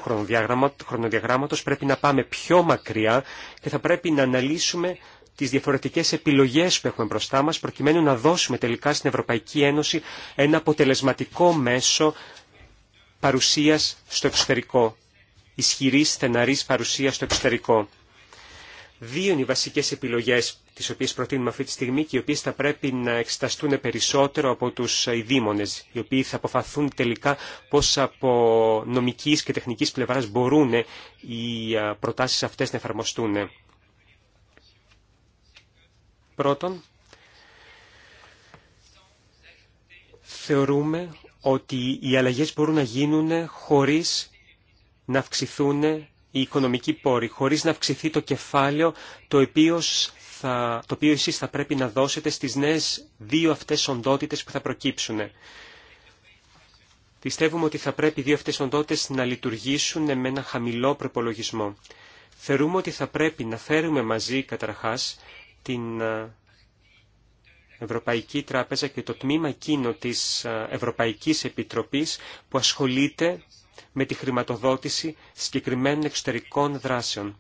χρονοδιαγράμματος πρέπει να πάμε πιο μακριά και θα πρέπει να αναλύσουμε τις διαφορετικές επιλογές που έχουμε μπροστά μας προκειμένου να δώσουμε τελικά στην Ευρωπαϊκή Ένωση ένα αποτελεσματικό μέσο παρουσίας στο εξωτερικό, ισχυρής στεναρής παρουσία στο εξωτερικό. Δύο είναι οι βασικές επιλογές τις οποίες προτείνουμε αυτή τη στιγμή και οι οποίες θα πρέπει να εξεταστούν περισσότερο από τους ειδήμονες, οι οποίοι θα αποφαθούν τελικά πώς από νομικής και τεχνικής πλευράς μπορούν οι ε, προτάσεις αυτές να εφαρμοστούν. Πρώτον, θεωρούμε ότι οι αλλαγές μπορούν να γίνουν χωρίς να αυξηθούν η οικονομική πόρη χωρίς να αυξηθεί το κεφάλαιο το οποίο, θα, το οποίο εσείς θα πρέπει να δώσετε στις νέες δύο αυτές οντότητες που θα προκύψουν. Πιστεύουμε ότι θα πρέπει οι δύο αυτές οντότητες να λειτουργήσουν με ένα χαμηλό προπολογισμό. Θεωρούμε ότι θα πρέπει να φέρουμε μαζί καταρχάς την Ευρωπαϊκή Τράπεζα και το τμήμα εκείνο της Ευρωπαϊκής Επιτροπής που ασχολείται με τη χρηματοδότηση συγκεκριμένων εξωτερικών δράσεων.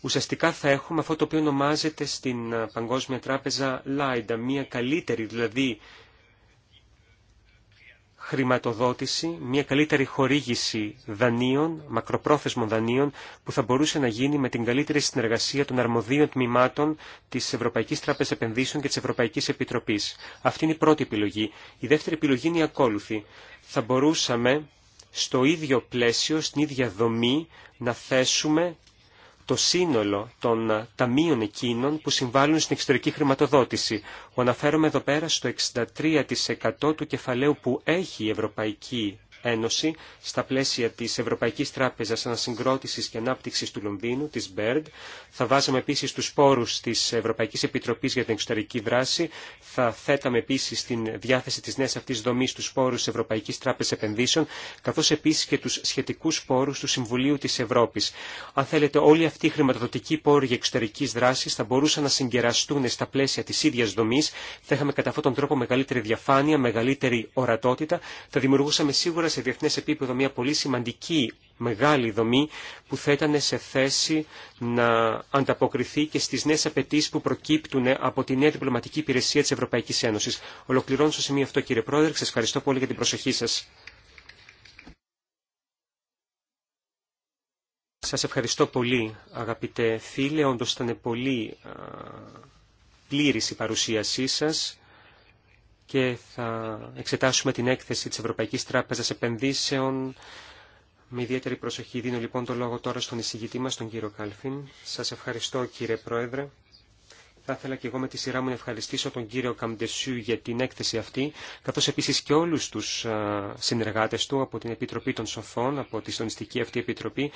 Ουσιαστικά θα έχουμε αυτό το οποίο ονομάζεται στην ε, Παγκόσμια Τράπεζα LIDA, μια καλύτερη δηλαδή χρηματοδότηση, μια καλύτερη χορήγηση δανείων, μακροπρόθεσμων δανείων, που θα μπορούσε να γίνει με την καλύτερη συνεργασία των αρμοδίων τμήματων τη Ευρωπαϊκή Τράπεζα Επενδύσεων και τη Ευρωπαϊκή Επιτροπή. Αυτή είναι η πρώτη επιλογή. Η δεύτερη επιλογή είναι η ακόλουθη. Θα μπορούσαμε στο ίδιο πλαίσιο, στην ίδια δομή, να θέσουμε το σύνολο των ε, ταμείων εκείνων που συμβάλλουν στην εξωτερική χρηματοδότηση. Ο αναφέρομαι εδώ πέρα στο 63% του κεφαλαίου που έχει η Ευρωπαϊκή Ένωση στα πλαίσια τη Ευρωπαϊκή Τράπεζα ανασυγκρότηση και ανάπτυξη του Λονδίνου, τη BERD. Θα βάζαμε επίση του πόρου τη Ευρωπαϊκή Επιτροπή για την Εξωτερική Δράση. Θα θέταμε επίση στην διάθεση τη νέα αυτή δομή του πόρου τη Ευρωπαϊκή Τράπεζα Επενδύσεων, καθώ επίση και του σχετικού πόρου του Συμβουλίου τη Ευρώπη. Αν θέλετε, όλοι αυτοί οι χρηματοδοτικοί πόροι εξωτερική δράση, θα μπορούσαν να συγκεραστούν στα πλαίσια της ίδιας δομής. Θα είχαμε κατά αυτόν τον τρόπο μεγαλύτερη διαφάνεια, μεγαλύτερη ορατότητα. Θα δημιουργούσαμε σίγουρα σε διεθνέ επίπεδο μια πολύ σημαντική μεγάλη δομή που θα ήταν σε θέση να ανταποκριθεί και στις νέες απαιτήσει που προκύπτουν από τη νέα διπλωματική υπηρεσία της Ευρωπαϊκής Ένωσης. Ολοκληρώνω στο σημείο αυτό κύριε Πρόεδρε, σας ευχαριστώ πολύ για την προσοχή σας. Σας ευχαριστώ πολύ αγαπητέ φίλε, όντως ήταν πολύ πλήρης η παρουσίασή σας και θα εξετάσουμε την έκθεση της Ευρωπαϊκής Τράπεζας Επενδύσεων με ιδιαίτερη προσοχή. Δίνω λοιπόν το λόγο τώρα στον εισηγητή μας, τον κύριο Κάλφιν. Σας ευχαριστώ κύριε Πρόεδρε. Θα ήθελα και εγώ με τη σειρά μου να ευχαριστήσω τον κύριο Καμντεσού για την έκθεση αυτή, καθώς επίσης και όλους τους συνεργάτες του από την Επιτροπή των Σοφών, από τη Στονιστική αυτή Επιτροπή.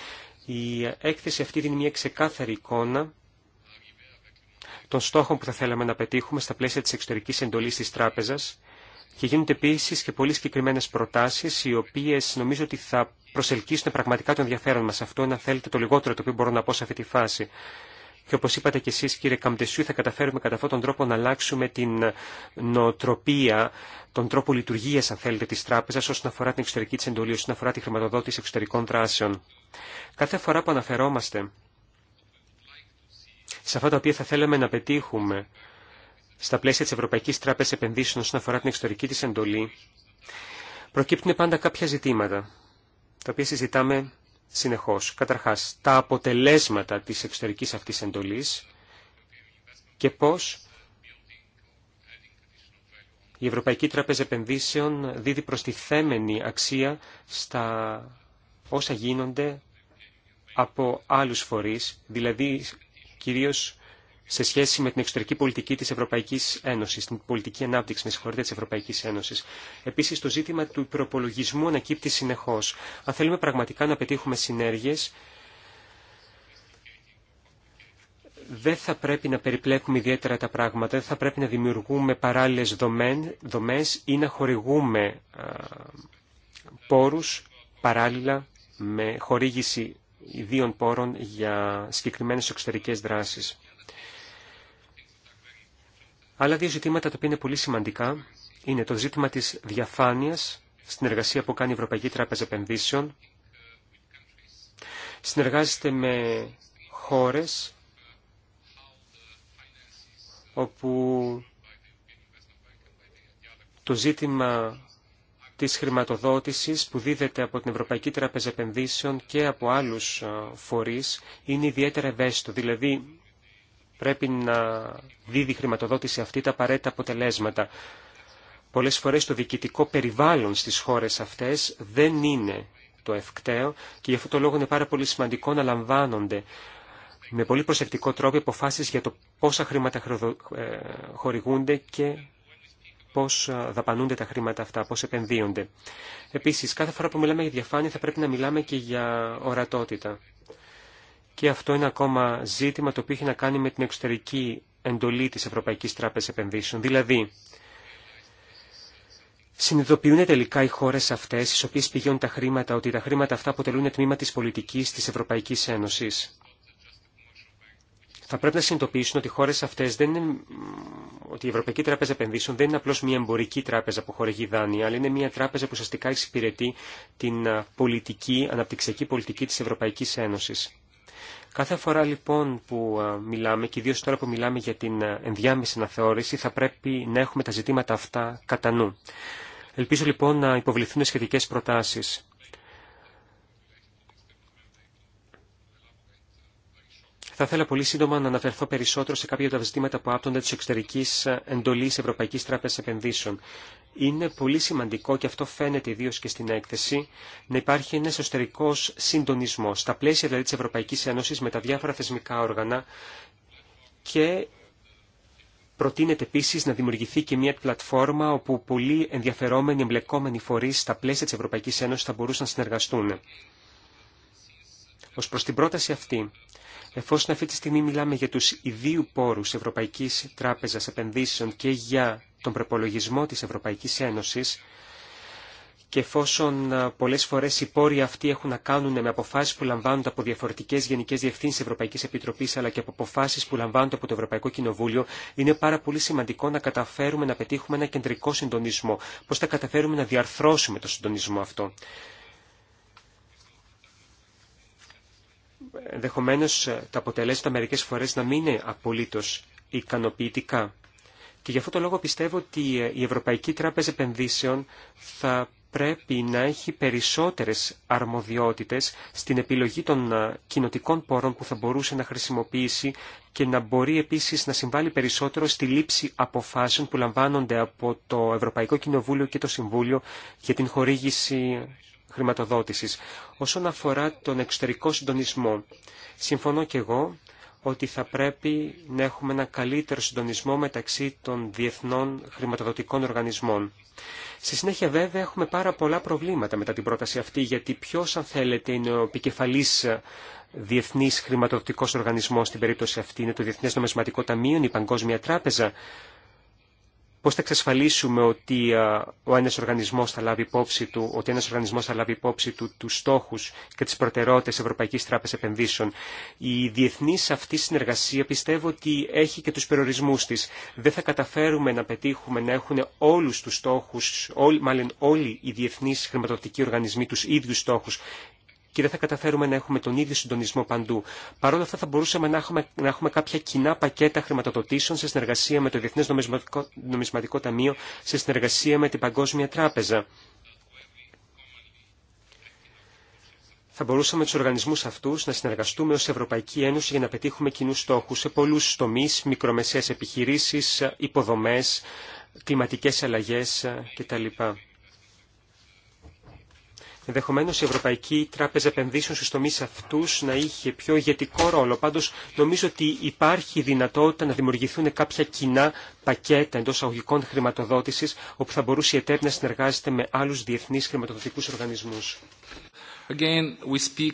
Η έκθεση αυτή δίνει μια ξεκάθαρη εικόνα των στόχων που θα θέλαμε να πετύχουμε στα πλαίσια της εξωτερικής εντολής της Τράπεζα και γίνονται επίση και πολύ συγκεκριμένε προτάσει, οι οποίε νομίζω ότι θα προσελκύσουν πραγματικά το ενδιαφέρον μας. Αυτό είναι θέλετε το λιγότερο το οποίο μπορώ να πω σε αυτή τη φάση. Και όπω είπατε και εσεί, κύριε Καμπτεσιού θα καταφέρουμε κατά αυτόν τον τρόπο να αλλάξουμε την νοοτροπία, τον τρόπο λειτουργία αν θέλετε τη Τράπεζα, όσον αφορά την εξωτερική τη εντολή, όσον αφορά τη χρηματοδότηση εξωτερικών δράσεων. Κάθε φορά που αναφερόμαστε σε αυτά τα οποία θα θέλαμε να πετύχουμε στα πλαίσια της Ευρωπαϊκής Τράπεζας Επενδύσεων όσον αφορά την εξωτερική της εντολή, προκύπτουν πάντα κάποια ζητήματα, τα οποία συζητάμε συνεχώς. Καταρχάς, τα αποτελέσματα της εξωτερικής αυτής εντολής και πώς η Ευρωπαϊκή Τράπεζα Επενδύσεων δίδει προστιθέμενη αξία στα όσα γίνονται από άλλους φορείς, δηλαδή κυρίως σε σχέση με την εξωτερική πολιτική της Ευρωπαϊκής Ένωσης, την πολιτική ανάπτυξη, με συγχωρείτε, της Ευρωπαϊκής Ένωσης. Επίσης, το ζήτημα του προπολογισμού ανακύπτει συνεχώς. Αν θέλουμε πραγματικά να πετύχουμε συνέργειες, δεν θα πρέπει να περιπλέκουμε ιδιαίτερα τα πράγματα, δεν θα πρέπει να δημιουργούμε παράλληλες δομές ή να χορηγούμε πόρους παράλληλα με χορήγηση ιδίων πόρων για συγκεκριμένες εξωτερικές δράσεις. Άλλα δύο ζητήματα τα οποία είναι πολύ σημαντικά είναι το ζήτημα της διαφάνειας στην εργασία που κάνει η Ευρωπαϊκή Τράπεζα Επενδύσεων. Συνεργάζεται με χώρες όπου το ζήτημα της χρηματοδότησης που δίδεται από την Ευρωπαϊκή Τράπεζα Επενδύσεων και από άλλους ε, φορείς είναι ιδιαίτερα ευαίσθητο. Δηλαδή πρέπει να δίδει η χρηματοδότηση αυτή τα απαραίτητα αποτελέσματα. Πολλές φορές το διοικητικό περιβάλλον στις χώρες αυτές δεν είναι το ευκταίο και γι' αυτό το λόγο είναι πάρα πολύ σημαντικό να λαμβάνονται με πολύ προσεκτικό τρόπο αποφάσεις για το πόσα χρήματα ε, χορηγούνται και πώς ε, δαπανούνται τα χρήματα αυτά, πώς επενδύονται. Επίσης, κάθε φορά που μιλάμε για διαφάνεια θα πρέπει να μιλάμε και για ορατότητα. Και αυτό είναι ακόμα ζήτημα το οποίο έχει να κάνει με την εξωτερική εντολή της Ευρωπαϊκής Τράπεζας Επενδύσεων. Δηλαδή, συνειδητοποιούν τελικά οι χώρες αυτές, στις οποίες πηγαίνουν τα χρήματα, ότι τα χρήματα αυτά αποτελούν τμήμα της πολιτικής της Ευρωπαϊκής Ένωσης θα πρέπει να συνειδητοποιήσουν ότι οι χώρε αυτέ δεν είναι. ότι η Ευρωπαϊκή Τράπεζα Επενδύσεων δεν είναι απλώ μια εμπορική τράπεζα που χορηγεί δάνεια, αλλά είναι μια τράπεζα που ουσιαστικά εξυπηρετεί την πολιτική, αναπτυξιακή πολιτική τη Ευρωπαϊκή Ένωση. Κάθε φορά λοιπόν που μιλάμε, και ιδίω τώρα που μιλάμε για την ενδιάμεση αναθεώρηση, θα πρέπει να έχουμε τα ζητήματα αυτά κατά νου. Ελπίζω λοιπόν να υποβληθούν σχετικέ προτάσει. Θα ήθελα πολύ σύντομα να αναφερθώ περισσότερο σε κάποια από τα ζητήματα που άπτονται τη εξωτερική εντολή Ευρωπαϊκή Τράπεζα Επενδύσεων. Είναι πολύ σημαντικό και αυτό φαίνεται ιδίω και στην έκθεση να υπάρχει ένα εσωτερικό συντονισμό στα πλαίσια δηλαδή τη Ευρωπαϊκή Ένωση με τα διάφορα θεσμικά όργανα και Προτείνεται επίση να δημιουργηθεί και μια πλατφόρμα όπου πολλοί ενδιαφερόμενοι εμπλεκόμενοι φορεί στα πλαίσια τη Ευρωπαϊκή Ένωση θα μπορούσαν να συνεργαστούν. Ω προ την πρόταση αυτή, Εφόσον αυτή τη στιγμή μιλάμε για τους ιδίου πόρους Ευρωπαϊκής Τράπεζας Επενδύσεων και για τον προπολογισμό της Ευρωπαϊκής Ένωσης, και εφόσον πολλές φορές οι πόροι αυτοί έχουν να κάνουν με αποφάσεις που λαμβάνονται από διαφορετικές γενικές διευθύνσεις Ευρωπαϊκής Επιτροπής αλλά και από αποφάσεις που λαμβάνονται από το Ευρωπαϊκό Κοινοβούλιο, είναι πάρα πολύ σημαντικό να καταφέρουμε να πετύχουμε ένα κεντρικό συντονισμό. Πώς θα καταφέρουμε να διαρθρώσουμε το συντονισμό αυτό. ενδεχομένω ε, τα αποτελέσματα μερικέ φορέ να μην είναι απολύτω ικανοποιητικά. Και γι' αυτό το λόγο πιστεύω ότι ε, η Ευρωπαϊκή Τράπεζα Επενδύσεων θα πρέπει να έχει περισσότερες αρμοδιότητες στην επιλογή των ε, κοινοτικών πόρων που θα μπορούσε να χρησιμοποιήσει και να μπορεί επίσης να συμβάλλει περισσότερο στη λήψη αποφάσεων που λαμβάνονται από το Ευρωπαϊκό Κοινοβούλιο και το Συμβούλιο για την χορήγηση χρηματοδότησης. Όσον αφορά τον εξωτερικό συντονισμό, συμφωνώ και εγώ ότι θα πρέπει να έχουμε ένα καλύτερο συντονισμό μεταξύ των διεθνών χρηματοδοτικών οργανισμών. Στη συνέχεια βέβαια έχουμε πάρα πολλά προβλήματα μετά την πρόταση αυτή, γιατί ποιο αν θέλετε είναι ο επικεφαλής διεθνής χρηματοδοτικός οργανισμός στην περίπτωση αυτή, είναι το Διεθνές Νομισματικό Ταμείο, η Παγκόσμια Τράπεζα πώς θα εξασφαλίσουμε ότι ο ένας οργανισμός θα λάβει υπόψη του, ότι ένας οργανισμός θα λάβει του τους στόχους και τις προτεραιότητες Ευρωπαϊκής Τράπεζας Επενδύσεων. Η διεθνής αυτή συνεργασία πιστεύω ότι έχει και τους περιορισμούς της. Δεν θα καταφέρουμε να πετύχουμε να έχουν όλους τους στόχους, μάλλον όλοι οι διεθνείς χρηματοδοτικοί οργανισμοί τους ίδιους στόχους και δεν θα καταφέρουμε να έχουμε τον ίδιο συντονισμό παντού. Παρ' όλα αυτά θα μπορούσαμε να έχουμε, κάποια κοινά πακέτα χρηματοδοτήσεων σε συνεργασία με το Διεθνές Νομισματικό, Νομισματικό Ταμείο, σε συνεργασία με την Παγκόσμια Τράπεζα. θα μπορούσαμε του οργανισμού αυτού να συνεργαστούμε ω Ευρωπαϊκή Ένωση για να πετύχουμε κοινού στόχου σε πολλού τομεί, μικρομεσαίε επιχειρήσει, υποδομέ, κλιματικέ αλλαγέ ε, κτλ. Ενδεχομένω η Ευρωπαϊκή Τράπεζα Επενδύσεων στου τομεί αυτού να είχε πιο ηγετικό ρόλο. Πάντω νομίζω ότι υπάρχει δυνατότητα να δημιουργηθούν κάποια κοινά πακέτα εντό αγωγικών χρηματοδότηση όπου θα μπορούσε η ΕΤΕΠ να συνεργάζεται με άλλου διεθνεί χρηματοδοτικού οργανισμού.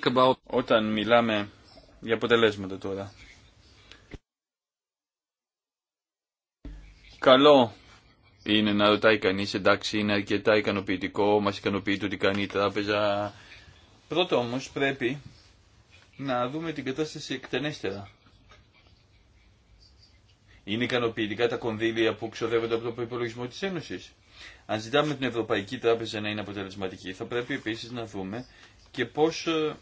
About... Όταν μιλάμε για αποτελέσματα τώρα. Καλό είναι να ρωτάει κανεί, εντάξει είναι αρκετά ικανοποιητικό, μα ικανοποιεί το τι κάνει η τράπεζα. Πρώτο όμω πρέπει να δούμε την κατάσταση εκτενέστερα. Είναι ικανοποιητικά τα κονδύλια που ξοδεύονται από το προπολογισμό τη Ένωση. Αν ζητάμε την Ευρωπαϊκή Τράπεζα να είναι αποτελεσματική, θα πρέπει επίση να δούμε και πώ ε,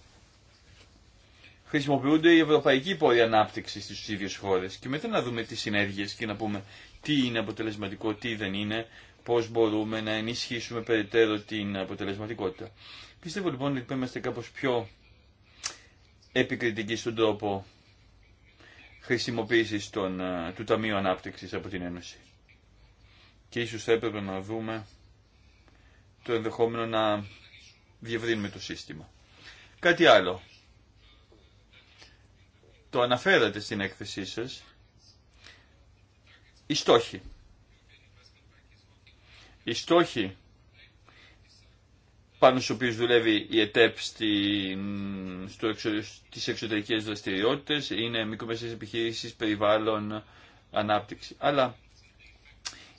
χρησιμοποιούνται οι ευρωπαϊκοί πόροι ανάπτυξη στι ίδιε χώρε και μετά να δούμε τι συνέργειε και να πούμε τι είναι αποτελεσματικό, τι δεν είναι, πώς μπορούμε να ενισχύσουμε περαιτέρω την αποτελεσματικότητα. Πιστεύω λοιπόν ότι είμαστε κάπως πιο επικριτικοί στον τρόπο χρησιμοποίησης των, του Ταμείου Ανάπτυξης από την Ένωση. Και ίσως θα έπρεπε να δούμε το ενδεχόμενο να διευρύνουμε το σύστημα. Κάτι άλλο. Το αναφέρατε στην έκθεσή σας οι στόχοι. πάνω στους οποίους δουλεύει η ΕΤΕΠ στην, στο εξω, στις εξωτερικές δραστηριότητες είναι μικρομεσαίες επιχειρήσεις, περιβάλλον, ανάπτυξη. Αλλά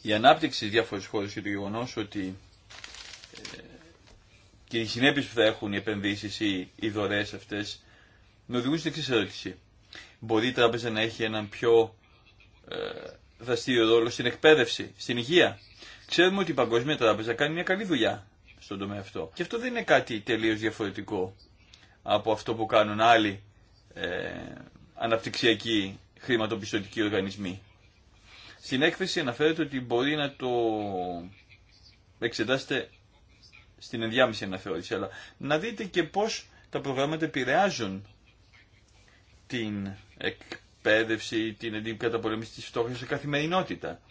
η ανάπτυξη διάφορες χώρες και το γεγονό ότι ε, και οι συνέπειες που θα έχουν οι επενδύσεις ή οι δωρεές αυτές με οδηγούν στην εξής ερώτηση. Μπορεί η τράπεζα να έχει έναν πιο ε, δραστήριο ρόλο στην εκπαίδευση, στην υγεία. Ξέρουμε ότι η Παγκόσμια Τράπεζα κάνει μια καλή δουλειά στον τομέα αυτό. Και αυτό δεν είναι κάτι τελείως διαφορετικό από αυτό που κάνουν άλλοι ε, αναπτυξιακοί χρηματοπιστωτικοί οργανισμοί. Στην έκθεση αναφέρεται ότι μπορεί να το εξετάσετε στην ενδιάμεση αναθεώρηση, αλλά να δείτε και πώς τα προγράμματα επηρεάζουν την εκπαίδευση εκπαίδευση, την καταπολέμηση της φτώχειας σε καθημερινότητα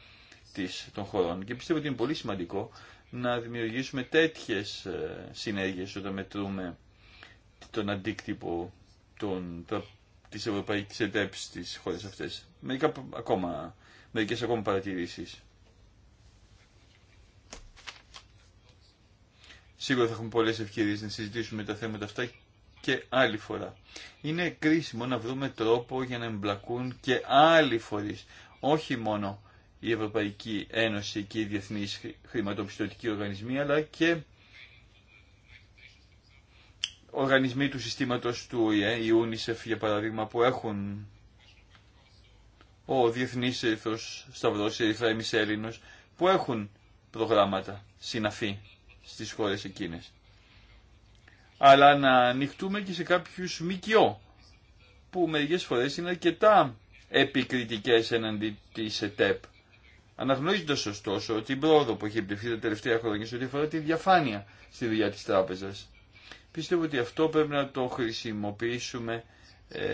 της, των χωρών. Και πιστεύω ότι είναι πολύ σημαντικό να δημιουργήσουμε τέτοιες ε, συνέργειε όταν μετρούμε τον αντίκτυπο των, Ευρωπαϊκή της Ευρωπαϊκής Εντέψης στις χώρες αυτές. ακόμα, μερικές ακόμα παρατηρήσεις. Σίγουρα θα έχουμε πολλές ευκαιρίες να συζητήσουμε τα θέματα αυτά και άλλη φορά. Είναι κρίσιμο να βρούμε τρόπο για να εμπλακούν και άλλοι φορεί, όχι μόνο η Ευρωπαϊκή Ένωση και οι διεθνεί χρηματοπιστωτικοί οργανισμοί, αλλά και οργανισμοί του συστήματος του ΟΗΕ, η UNICEF για παράδειγμα, που έχουν ο Διεθνής Ερυθρός Σταυρός, η Ερυθρά Έλληνος, που έχουν προγράμματα συναφή στις χώρες εκείνες αλλά να ανοιχτούμε και σε κάποιους μικιό, που μερικές φορές είναι αρκετά επικριτικές εναντί της ΕΤΕΠ. Αναγνωρίζοντα ωστόσο την πρόοδο που έχει επιτευχθεί τα τελευταία χρόνια σε ό,τι αφορά τη διαφάνεια στη δουλειά τη τράπεζα. Πιστεύω ότι αυτό πρέπει να το χρησιμοποιήσουμε ε,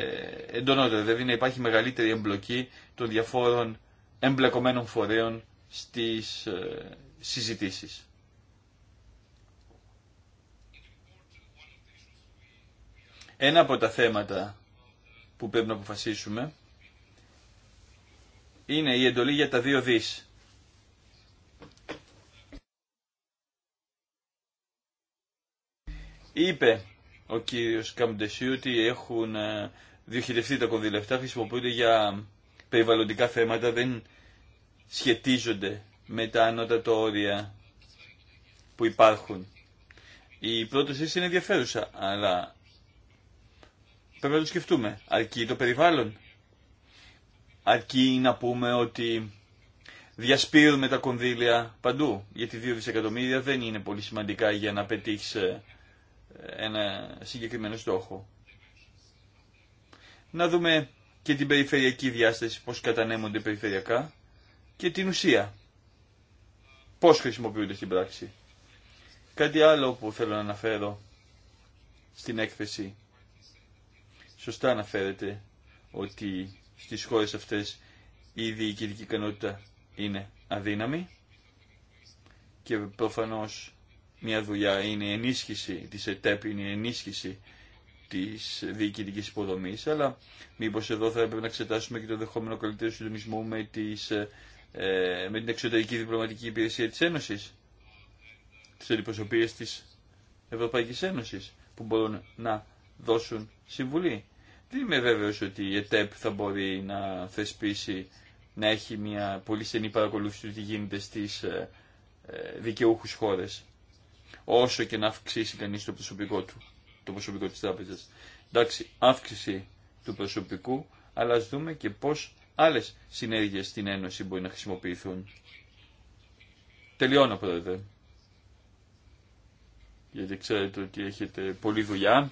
εντονότερα, δηλαδή να υπάρχει μεγαλύτερη εμπλοκή των διαφόρων εμπλεκομένων φορέων στις ε, συζητήσεις. Ένα από τα θέματα που πρέπει να αποφασίσουμε είναι η εντολή για τα δύο δις. Είπε ο κύριος Καμπντεσίου ότι έχουν ε, διοχειρευτεί τα κονδύλια χρησιμοποιούνται για περιβαλλοντικά θέματα, δεν σχετίζονται με τα ανώτατα όρια που υπάρχουν. Η πρόταση είναι ενδιαφέρουσα, αλλά πρέπει να το σκεφτούμε. Αρκεί το περιβάλλον. Αρκεί να πούμε ότι διασπείρουμε τα κονδύλια παντού. Γιατί 2 δισεκατομμύρια δεν είναι πολύ σημαντικά για να πετύχεις ε, ένα συγκεκριμένο στόχο. Να δούμε και την περιφερειακή διάσταση, πώς κατανέμονται περιφερειακά και την ουσία. Πώς χρησιμοποιούνται στην πράξη. Κάτι άλλο που θέλω να αναφέρω στην έκθεση Σωστά αναφέρεται ότι στις χώρες αυτές η διοικητική ικανότητα είναι αδύναμη και προφανώς μια δουλειά είναι η ενίσχυση της ΕΤΕΠ, είναι η ενίσχυση της διοικητικής υποδομής, αλλά μήπως εδώ θα έπρεπε να εξετάσουμε και το δεχόμενο καλύτερο συντονισμό με, τις, ε, με την εξωτερική διπλωματική υπηρεσία της Ένωσης, τις αντιπροσωπείες της Ευρωπαϊκής Ένωσης, που μπορούν να δώσουν Συμβουλή. Δεν είμαι βέβαιο ότι η ΕΤΕΠ θα μπορεί να θεσπίσει, να έχει μια πολύ στενή παρακολούθηση του τι γίνεται στις ε, ε, δικαιούχου χώρε, όσο και να αυξήσει κανεί το προσωπικό του, το προσωπικό της Τράπεζα. Εντάξει, αύξηση του προσωπικού, αλλά α δούμε και πώ άλλες συνέργειε στην Ένωση μπορεί να χρησιμοποιηθούν. Τελειώνω, Πρόεδρε. Γιατί ξέρετε ότι έχετε πολλή δουλειά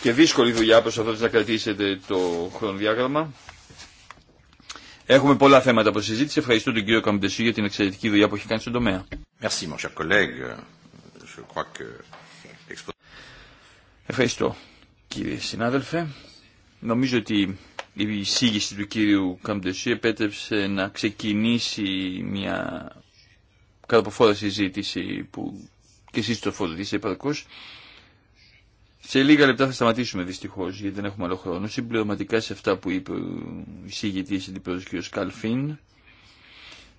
και δύσκολη δουλειά προσπαθώντας να κρατήσετε το χρονοδιάγραμμα. Έχουμε πολλά θέματα που συζήτηση. Ευχαριστώ τον κύριο Καμπτεσού για την εξαιρετική δουλειά που έχει κάνει στον τομέα. Ευχαριστώ κύριε συνάδελφε. Νομίζω ότι η εισήγηση του κύριου Καμπτεσού επέτρεψε να ξεκινήσει μια καρποφόρα συζήτηση που και εσείς το φορτήσετε σε λίγα λεπτά θα σταματήσουμε δυστυχώ γιατί δεν έχουμε άλλο χρόνο. Συμπληρωματικά σε αυτά που είπε ο εισηγητή αντιπρόεδρο κ. Καλφίν,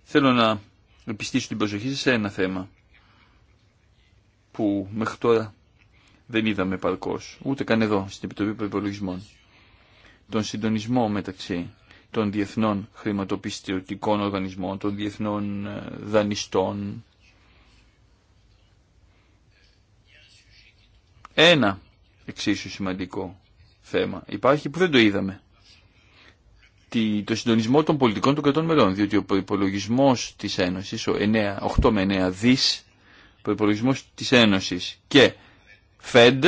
θέλω να επιστήσω την προσοχή σε ένα θέμα που μέχρι τώρα δεν είδαμε παρκώ, ούτε καν εδώ στην Επιτροπή Προπολογισμών. Τον συντονισμό μεταξύ των διεθνών χρηματοπιστωτικών οργανισμών, των διεθνών ε, δανειστών. Ένα εξίσου σημαντικό θέμα υπάρχει που δεν το είδαμε. Το συντονισμό των πολιτικών των κρατών μελών, διότι ο προπολογισμό της Ένωσης, ο 9, 8 με 9 δις προπολογισμό της Ένωσης και ΦΕΔ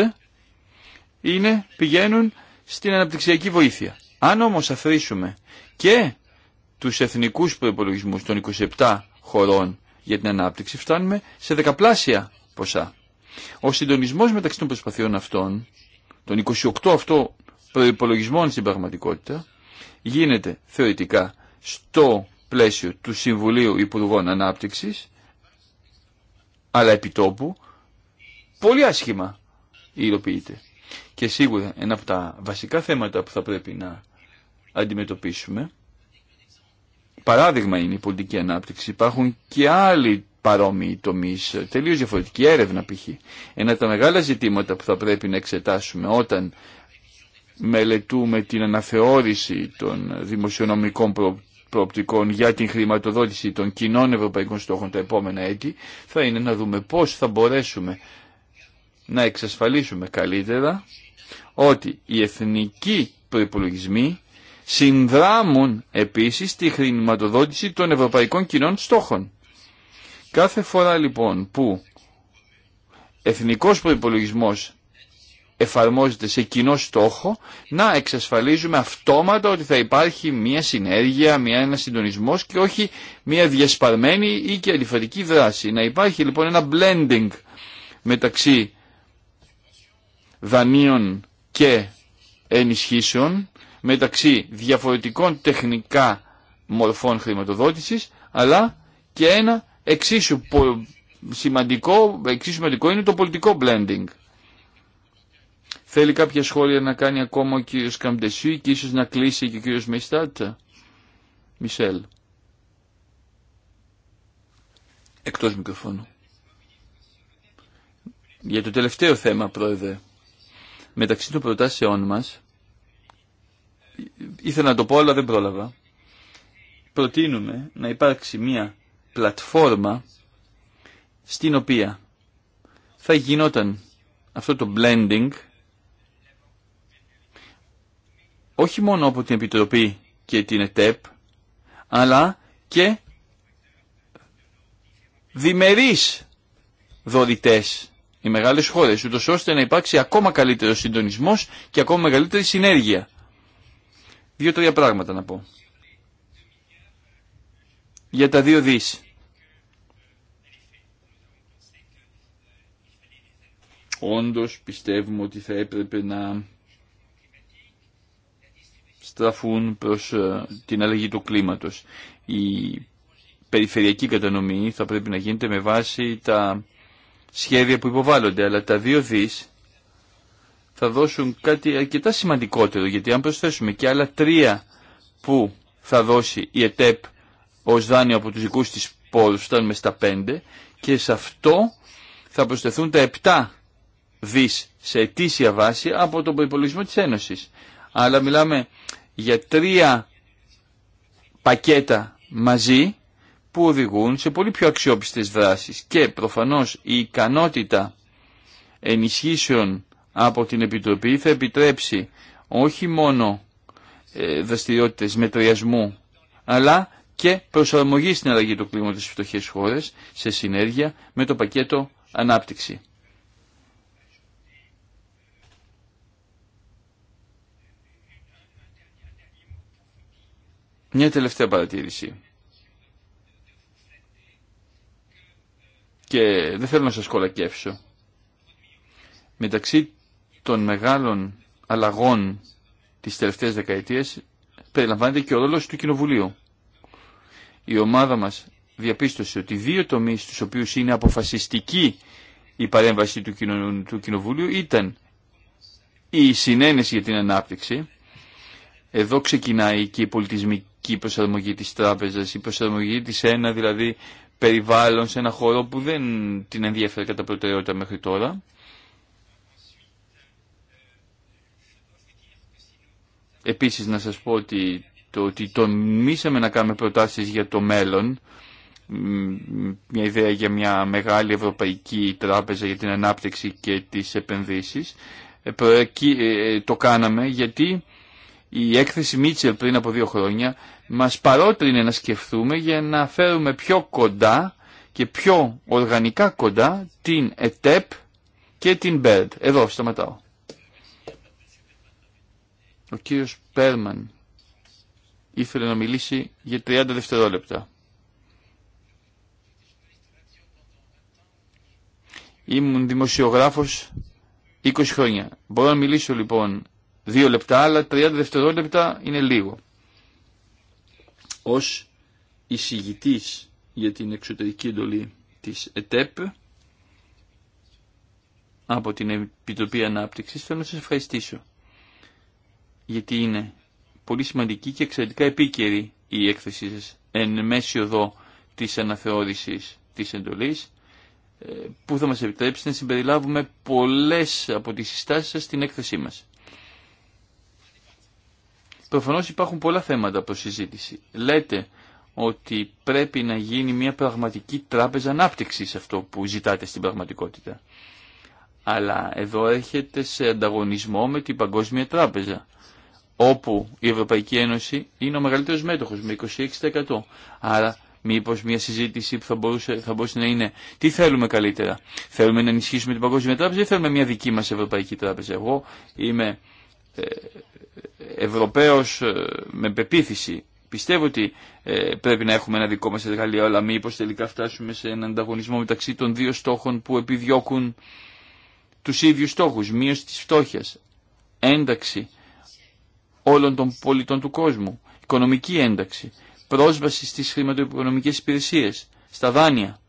είναι, πηγαίνουν στην αναπτυξιακή βοήθεια. Αν όμως αφήσουμε και τους εθνικούς προπολογισμού των 27 χωρών για την ανάπτυξη, φτάνουμε σε δεκαπλάσια ποσά. Ο συντονισμό μεταξύ των προσπαθειών αυτών, των 28 αυτό προπολογισμών στην πραγματικότητα, γίνεται θεωρητικά στο πλαίσιο του Συμβουλίου Υπουργών Ανάπτυξης, αλλά επιτόπου, πολύ άσχημα υλοποιείται. Και σίγουρα ένα από τα βασικά θέματα που θα πρέπει να αντιμετωπίσουμε, παράδειγμα είναι η πολιτική ανάπτυξη, υπάρχουν και άλλοι παρόμοιοι τομεί, τελείω διαφορετική έρευνα π.χ. Ένα από τα μεγάλα ζητήματα που θα πρέπει να εξετάσουμε όταν μελετούμε την αναθεώρηση των δημοσιονομικών προ προοπτικών για την χρηματοδότηση των κοινών ευρωπαϊκών στόχων τα επόμενα έτη, θα είναι να δούμε πώς θα μπορέσουμε να εξασφαλίσουμε καλύτερα ότι οι εθνικοί προϋπολογισμοί συνδράμουν επίσης τη χρηματοδότηση των ευρωπαϊκών κοινών στόχων. Κάθε φορά λοιπόν που εθνικός προϋπολογισμός εφαρμόζεται σε κοινό στόχο, να εξασφαλίζουμε αυτόματα ότι θα υπάρχει μια συνέργεια, μια, ένα συντονισμός και όχι μια διασπαρμένη ή και αντιφατική δράση. Να υπάρχει λοιπόν ένα blending μεταξύ δανείων και ενισχύσεων, μεταξύ διαφορετικών τεχνικά μορφών χρηματοδότησης, αλλά και ένα Εξίσου σημαντικό, εξίσου σημαντικό είναι το πολιτικό blending. Θέλει κάποια σχόλια να κάνει ακόμα ο κύριος Καμπτεσί και ίσως να κλείσει και ο κύριος Μιστάτ. Μισελ. Εκτός μικροφώνου. Για το τελευταίο θέμα, Πρόεδρε, μεταξύ των προτάσεών μας, ήθελα να το πω αλλά δεν πρόλαβα, προτείνουμε να υπάρξει μια πλατφόρμα στην οποία θα γινόταν αυτό το blending όχι μόνο από την Επιτροπή και την ΕΤΕΠ αλλά και διμερείς δωρητές οι μεγάλες χώρες, ούτως ώστε να υπάρξει ακόμα καλύτερο συντονισμός και ακόμα μεγαλύτερη συνέργεια. Δύο-τρία πράγματα να πω για τα δύο δις. Όντως πιστεύουμε ότι θα έπρεπε να στραφούν προς ε, την αλλαγή του κλίματος. Η περιφερειακή κατανομή θα πρέπει να γίνεται με βάση τα σχέδια που υποβάλλονται, αλλά τα δύο δις θα δώσουν κάτι αρκετά σημαντικότερο, γιατί αν προσθέσουμε και άλλα τρία που θα δώσει η ΕΤΕΠ ως δάνειο από τους δικούς της πόρους, φτάνουμε στα 5 και σε αυτό θα προσθεθούν τα 7 δις σε ετήσια βάση από τον προϋπολογισμό της Ένωσης. Αλλά μιλάμε για τρία πακέτα μαζί που οδηγούν σε πολύ πιο αξιόπιστες δράσεις και προφανώς η ικανότητα ενισχύσεων από την Επιτροπή θα επιτρέψει όχι μόνο ε, δραστηριότητες μετριασμού αλλά και προσαρμογή στην αλλαγή του κλίματος στις φτωχές χώρες σε συνέργεια με το πακέτο ανάπτυξη. Μια τελευταία παρατήρηση. Και δεν θέλω να σας κολακεύσω. Μεταξύ των μεγάλων αλλαγών της τελευταίας δεκαετίας περιλαμβάνεται και ο ρόλος του Κοινοβουλίου η ομάδα μας διαπίστωσε ότι δύο τομείς στους οποίους είναι αποφασιστική η παρέμβαση του, κοινο, του Κοινοβουλίου ήταν η συνένεση για την ανάπτυξη. Εδώ ξεκινάει και η πολιτισμική προσαρμογή της τράπεζας, η προσαρμογή της ένα δηλαδή περιβάλλον σε ένα χώρο που δεν την ενδιαφέρει κατά προτεραιότητα μέχρι τώρα. Επίσης να σας πω ότι το ότι τονίσαμε να κάνουμε προτάσεις για το μέλλον, μια ιδέα για μια μεγάλη ευρωπαϊκή τράπεζα για την ανάπτυξη και τις επενδύσεις. Ε, ε, το κάναμε γιατί η έκθεση Μίτσελ πριν από δύο χρόνια μας παρότρινε να σκεφτούμε για να φέρουμε πιο κοντά και πιο οργανικά κοντά την ΕΤΕΠ και την ΜΠΕΡΤ Εδώ σταματάω. Ο κύριος Πέρμαν ήθελε να μιλήσει για 30 δευτερόλεπτα. Ήμουν δημοσιογράφος 20 χρόνια. Μπορώ να μιλήσω λοιπόν 2 λεπτά, αλλά 30 δευτερόλεπτα είναι λίγο. Ως εισηγητής για την εξωτερική εντολή της ΕΤΕΠ από την Επιτροπή Ανάπτυξης θέλω να σας ευχαριστήσω γιατί είναι πολύ σημαντική και εξαιρετικά επίκαιρη η έκθεσή σας εν μέση οδό της αναθεώρησης της εντολής ε, που θα μας επιτρέψει να συμπεριλάβουμε πολλές από τις συστάσεις σας στην έκθεσή μας. Προφανώς υπάρχουν πολλά θέματα προς συζήτηση. Λέτε ότι πρέπει να γίνει μια πραγματική τράπεζα ανάπτυξης αυτό που ζητάτε στην πραγματικότητα. Αλλά εδώ έρχεται σε ανταγωνισμό με την Παγκόσμια Τράπεζα όπου η Ευρωπαϊκή Ένωση είναι ο μεγαλύτερος μέτοχος με 26%. Άρα μήπως μια συζήτηση που θα μπορούσε, θα μπορούσε να είναι τι θέλουμε καλύτερα. Θέλουμε να ενισχύσουμε την Παγκόσμια Τράπεζα ή θέλουμε μια δική μας Ευρωπαϊκή Τράπεζα. Εγώ είμαι ε, Ευρωπαίος ε, με πεποίθηση. Πιστεύω ότι ε, πρέπει να έχουμε ένα δικό μας εργαλείο, αλλά μήπως τελικά φτάσουμε σε έναν ανταγωνισμό μεταξύ των δύο στόχων που επιδιώκουν τους ίδιους στόχους. Μείωση τη φτώχεια. ένταξη όλων των πολιτών του κόσμου, οικονομική ένταξη, πρόσβαση στις χρηματοοικονομικές υπηρεσίες, στα δάνεια,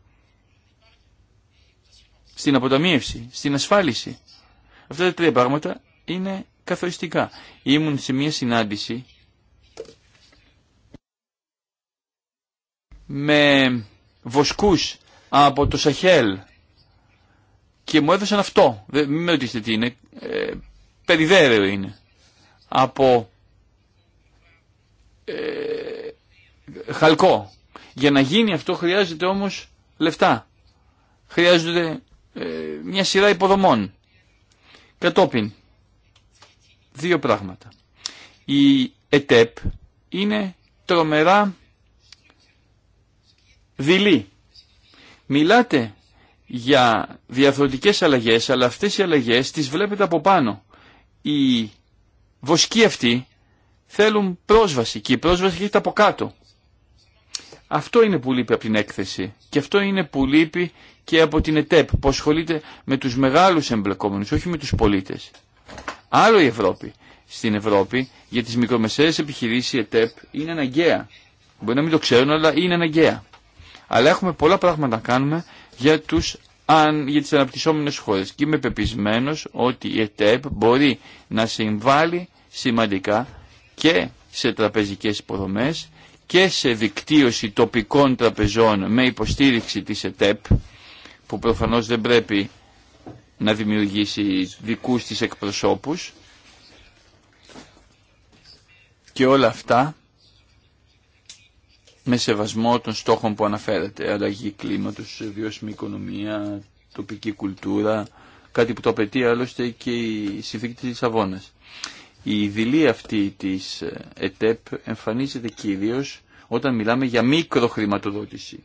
στην αποταμίευση, στην ασφάλιση. Αυτά τα τρία πράγματα είναι καθοριστικά. Ήμουν σε μια συνάντηση με βοσκούς από το Σαχέλ και μου έδωσαν αυτό. Δεν, μην με ρωτήσετε τι είναι. Ε, είναι. Από ε, χαλκό. Για να γίνει αυτό χρειάζεται όμως λεφτά. Χρειάζονται ε, μια σειρά υποδομών. Κατόπιν, δύο πράγματα. Η ΕΤΕΠ είναι τρομερά δειλή. Μιλάτε για διαφορετικές αλλαγές, αλλά αυτές οι αλλαγές τις βλέπετε από πάνω. Η βοσκή αυτή θέλουν πρόσβαση και η πρόσβαση γίνεται από κάτω. Αυτό είναι που λείπει από την έκθεση και αυτό είναι που λείπει και από την ΕΤΕΠ που ασχολείται με τους μεγάλους εμπλεκόμενους, όχι με τους πολίτες. Άλλο η Ευρώπη. Στην Ευρώπη για τις μικρομεσαίες επιχειρήσεις η ΕΤΕΠ είναι αναγκαία. Μπορεί να μην το ξέρουν αλλά είναι αναγκαία. Αλλά έχουμε πολλά πράγματα να κάνουμε για, τους, αν, για τις αναπτυσσόμενες χώρες και είμαι πεπισμένος ότι η ΕΤΕΠ μπορεί να συμβάλλει σημαντικά και σε τραπεζικές υποδομές και σε δικτύωση τοπικών τραπεζών με υποστήριξη της ΕΤΕΠ που προφανώς δεν πρέπει να δημιουργήσει δικούς της εκπροσώπους και όλα αυτά με σεβασμό των στόχων που αναφέρεται. αλλαγή κλίματος, βιώσιμη οικονομία, τοπική κουλτούρα, κάτι που το απαιτεί άλλωστε και η συνθήκη της Λισαβόνας. Η ειδηλή αυτή της ε, ΕΤΕΠ εμφανίζεται κυρίως όταν μιλάμε για μικροχρηματοδότηση.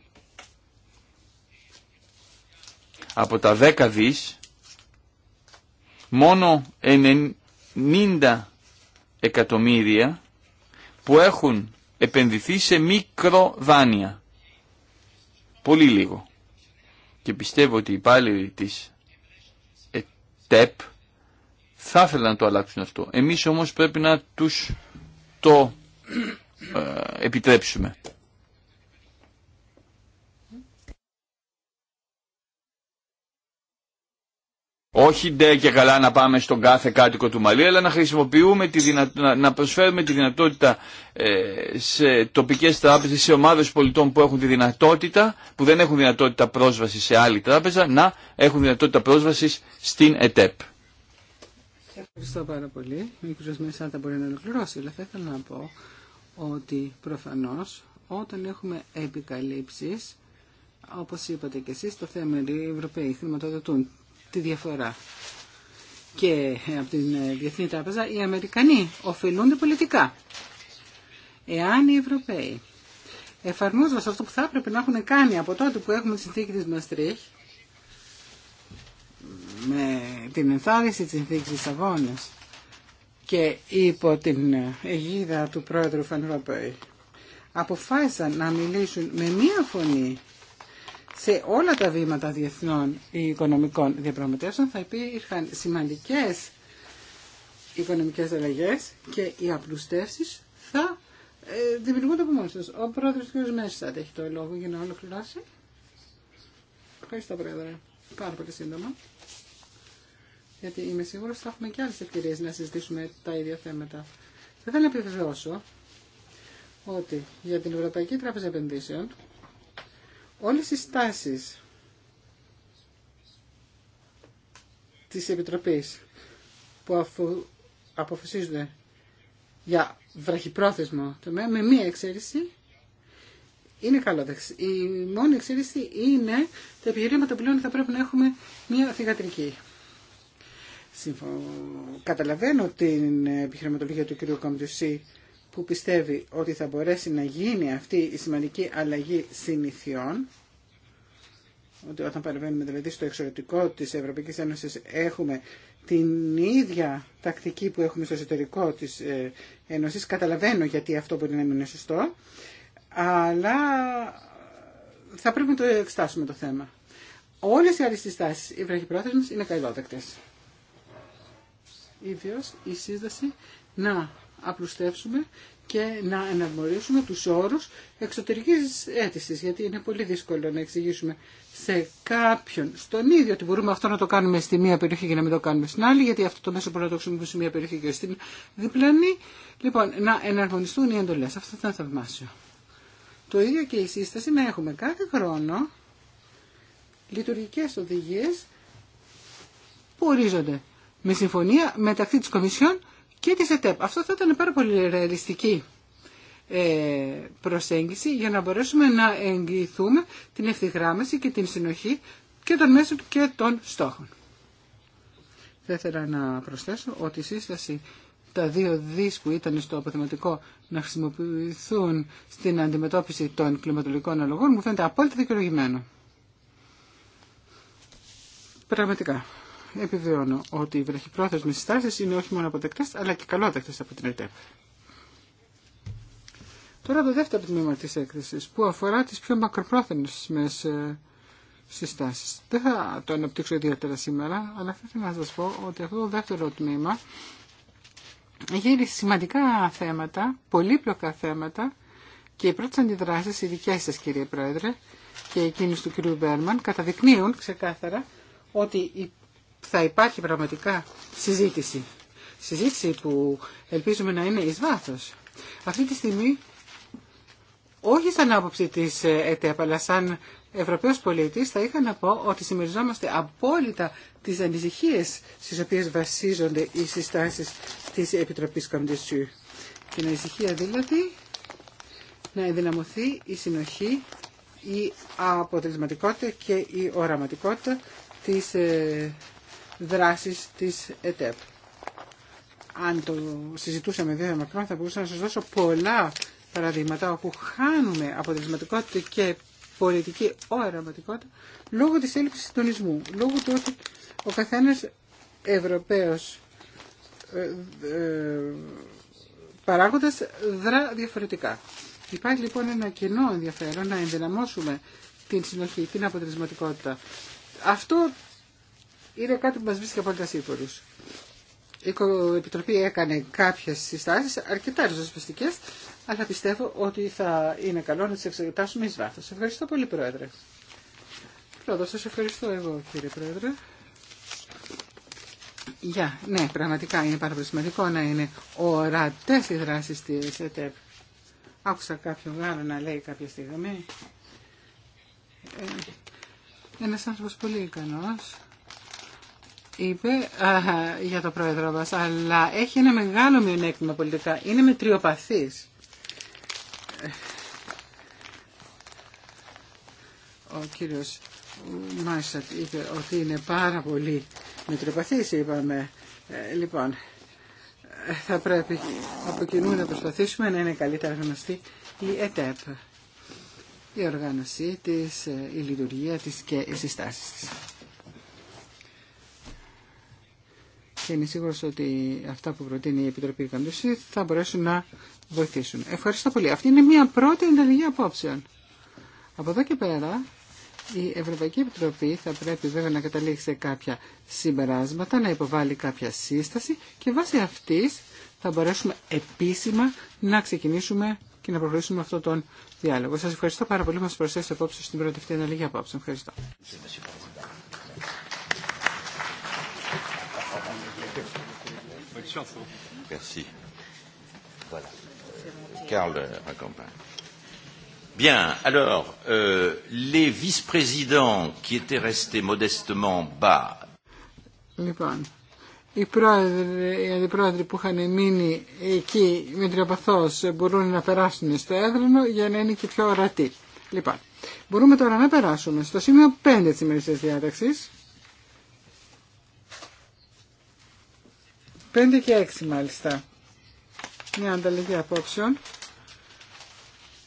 Από τα 10 δις, μόνο 90 εκατομμύρια που έχουν επενδυθεί σε μικροδάνεια. Πολύ λίγο. Και πιστεύω ότι οι υπάλληλοι της ΕΤΕΠ θα ήθελαν να το αλλάξουν αυτό. Εμείς όμως πρέπει να τους το ε, επιτρέψουμε. Όχι ντε και καλά να πάμε στον κάθε κάτοικο του Μαλή, αλλά να χρησιμοποιούμε τη να προσφέρουμε τη δυνατότητα ε, σε τοπικές τράπεζες, σε ομάδες πολιτών που έχουν τη δυνατότητα, που δεν έχουν δυνατότητα πρόσβαση σε άλλη τράπεζα, να έχουν δυνατότητα πρόσβασης στην ΕΤΕΠ. Ευχαριστώ πάρα πολύ. Ο κ. Μεσάντα μπορεί να ολοκληρώσει, αλλά θα ήθελα να πω ότι προφανώς όταν έχουμε επικαλύψεις, όπως είπατε και εσείς, το θέμα είναι οι Ευρωπαίοι χρηματοδοτούν τη διαφορά. Και από την Διεθνή Τράπεζα οι Αμερικανοί ωφελούνται πολιτικά. Εάν οι Ευρωπαίοι εφαρμόζοντας αυτό που θα έπρεπε να έχουν κάνει από τότε που έχουμε τη συνθήκη της Μαστρίχ, με την ενθάρρυνση της συνθήκης της αγώνας και υπό την αιγίδα του πρόεδρου Φανρόπεϊ αποφάσισαν να μιλήσουν με μία φωνή σε όλα τα βήματα διεθνών οικονομικών διαπραγματεύσεων θα υπήρχαν σημαντικές οικονομικές αλλαγές και οι απλουστεύσεις θα ε, δημιουργούνται από μόνοι Ο πρόεδρος κ. Μέσσατ έχει το λόγο για να ολοκληρώσει. Ευχαριστώ πρόεδρε. Πάρα πολύ σύντομα γιατί είμαι σίγουρος ότι θα έχουμε και άλλες ευκαιρίε να συζητήσουμε τα ίδια θέματα. Θα ήθελα να επιβεβαιώσω ότι για την Ευρωπαϊκή Τράπεζα Επενδύσεων όλες οι στάσεις τη επιτροπή που αφού αποφασίζονται για βραχυπρόθεσμο τομέα, με μία εξαίρεση, είναι καλό. Η μόνη εξαίρεση είναι τα επιχειρήματα που λένε θα πρέπει να έχουμε μία θηγατρική. Καταλαβαίνω την επιχειρηματολογία του κ. Καμπιουσί που πιστεύει ότι θα μπορέσει να γίνει αυτή η σημαντική αλλαγή συνηθιών, ότι όταν παρεμβαίνουμε δηλαδή στο εξωτερικό της Ευρωπαϊκής Ένωσης έχουμε την ίδια τακτική που έχουμε στο εσωτερικό της ε, Ένωσης, καταλαβαίνω γιατί αυτό μπορεί να είναι σωστό, αλλά θα πρέπει να το εξετάσουμε το θέμα. Όλες οι άλλες συστάσεις, οι βραχυπρόθεσμες, είναι καλόδεκτες ίδιος η σύσταση να απλουστεύσουμε και να αναγνωρίσουμε τους όρους εξωτερικής αίτηση, γιατί είναι πολύ δύσκολο να εξηγήσουμε σε κάποιον, στον ίδιο, ότι μπορούμε αυτό να το κάνουμε στη μία περιοχή και να μην το κάνουμε στην άλλη, γιατί αυτό το μέσο μπορεί να το χρησιμοποιήσουμε σε μία περιοχή και στην διπλανή. Λοιπόν, να εναρμονιστούν οι εντολές. Αυτό θα ήταν θαυμάσιο. Το ίδιο και η σύσταση να έχουμε κάθε χρόνο λειτουργικές οδηγίες που ορίζονται με συμφωνία μεταξύ της Κομισιόν και της ΕΤΕΠ. Αυτό θα ήταν πάρα πολύ ρεαλιστική ε, προσέγγιση για να μπορέσουμε να εγγυηθούμε την ευθυγράμμιση και την συνοχή και των μέσων και των στόχων. Θα ήθελα να προσθέσω ότι η σύσταση τα δύο δις που ήταν στο αποθεματικό να χρησιμοποιηθούν στην αντιμετώπιση των κλιματολογικών αλλογών, μου φαίνεται απόλυτα δικαιολογημένο. Πραγματικά επιβεβαιώνω ότι οι βραχυπρόθεσμε συστάσεις είναι όχι μόνο αποδεκτέ, αλλά και καλότακτες από την ΕΤΕΠ. Τώρα το δεύτερο τμήμα τη έκθεσης που αφορά τι πιο μακροπρόθεσμες ε, συστάσει. Δεν θα το αναπτύξω ιδιαίτερα σήμερα, αλλά θέλω να σα πω ότι αυτό το δεύτερο τμήμα γύρει σημαντικά θέματα, πολύπλοκα θέματα και οι πρώτε αντιδράσει οι δικέ σα, κύριε Πρόεδρε και εκείνες του κύριου Μπέρμαν, καταδεικνύουν ξεκάθαρα ότι η θα υπάρχει πραγματικά συζήτηση. Συζήτηση που ελπίζουμε να είναι εις βάθος. Αυτή τη στιγμή, όχι σαν άποψη της ε, ΕΤΕΠ, αλλά σαν Ευρωπαίος πολίτης, θα είχα να πω ότι συμμεριζόμαστε απόλυτα τις ανησυχίες στις οποίες βασίζονται οι συστάσεις της Επιτροπής Και Την ανησυχία δηλαδή να ενδυναμωθεί η συνοχή, η αποτελεσματικότητα και η οραματικότητα της ε, δράσεις της ΕΤΕΠ. Αν το συζητούσαμε δύο μακρόν θα μπορούσα να σας δώσω πολλά παραδείγματα όπου χάνουμε αποτελεσματικότητα και πολιτική οραματικότητα λόγω της έλλειψης συντονισμού, λόγω του ότι ο καθένας Ευρωπαίος ε, ε, παράγοντας δρά διαφορετικά. Υπάρχει λοιπόν ένα κοινό ενδιαφέρον να ενδυναμώσουμε την συνοχή, την αποτελεσματικότητα. Αυτό είναι κάτι που μας βρίσκει απόλυτα σύμφωνος. Η Επιτροπή έκανε κάποιες συστάσεις, αρκετά ριζοσπαστικές, αλλά πιστεύω ότι θα είναι καλό να τις εξετάσουμε εις βάθος. Ευχαριστώ πολύ, Πρόεδρε. Πρώτα, σας ευχαριστώ εγώ, κύριε Πρόεδρε. Γεια, ναι, πραγματικά είναι πάρα πολύ σημαντικό να είναι ορατές οι δράσεις της ΕΤΕΠ. Άκουσα κάποιον Γάλλο να λέει κάποια στιγμή. Ε, ένας άνθρωπος πολύ ικανός είπε για το πρόεδρο μας, αλλά έχει ένα μεγάλο μειονέκτημα πολιτικά. Είναι μετριοπαθής. Ο κύριος Μάισατ είπε ότι είναι πάρα πολύ μετριοπαθής, είπαμε. Ε, λοιπόν, θα πρέπει από κοινού να προσπαθήσουμε να είναι καλύτερα γνωστή η ΕΤΕΠ, η οργάνωσή της, ε, η λειτουργία της και οι συστάσεις της. και είναι σίγουρο ότι αυτά που προτείνει η Επιτροπή Καντούση θα μπορέσουν να βοηθήσουν. Ευχαριστώ πολύ. Αυτή είναι μια πρώτη ενταλλαγή απόψεων. Από εδώ και πέρα η Ευρωπαϊκή Επιτροπή θα πρέπει βέβαια να καταλήξει σε κάποια συμπεράσματα, να υποβάλει κάποια σύσταση και βάσει αυτή θα μπορέσουμε επίσημα να ξεκινήσουμε και να προχωρήσουμε αυτόν τον διάλογο. Σα ευχαριστώ πάρα πολύ που μας προσθέσετε απόψε στην πρώτη αυτή ενταλλαγή απόψεων. Ευχαριστώ. Merci. Voilà. Karl Bien, alors, euh, les vice-présidents qui étaient restés modestement bas. Λοιπόν, οι, πρόεδροι, οι αντιπρόεδροι που είχαν μείνει εκεί με τρεπαθώς μπορούν να περάσουν στο έδρανο για να είναι και πιο ορατοί. Λοιπόν, μπορούμε τώρα να περάσουμε στο σημείο 5 της ημερησίας διάταξης. 5 και 6 μάλιστα. Μια ανταλλαγή απόψεων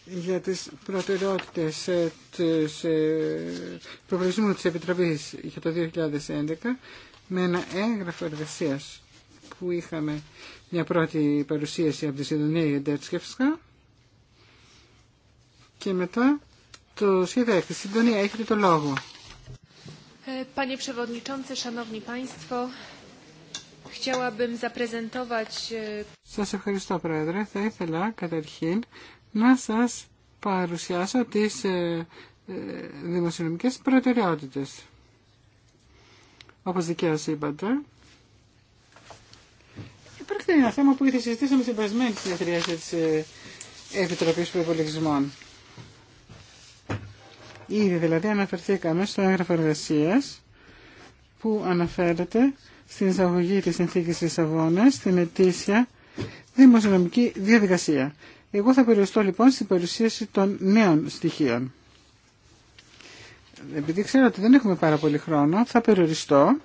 για τις προτεραιότητες ε, της ε, προβλησμού της Επιτροπής για το 2011 με ένα έγγραφο εργασία που είχαμε μια πρώτη παρουσίαση από τη Συνδονία για Ντέτσκευσκα και μετά το σχέδιο έκθεση. Συντονία, έχετε το λόγο. Ε, Panie Przewodniczący, Szanowni Państwo, E, σας ευχαριστώ Πρόεδρε. Θα ήθελα καταρχήν να σας παρουσιάσω τις ε, ε, δημοσιονομικές προτεραιότητες. Όπως δικαίως είπατε, Υπάρχει ένα θέμα που ήδη συζητήσαμε στην περασμένη συνεδρία της ε, Επιτροπής Προπολογισμών. Ήδη δηλαδή αναφερθήκαμε στο έγγραφο εργασία που αναφέρεται στην εισαγωγή της συνθήκης Αβώνα, στην ετήσια δημοσιονομική διαδικασία. Εγώ θα περιοριστώ λοιπόν στην παρουσίαση των νέων στοιχείων. Επειδή ξέρω ότι δεν έχουμε πάρα πολύ χρόνο, θα περιοριστώ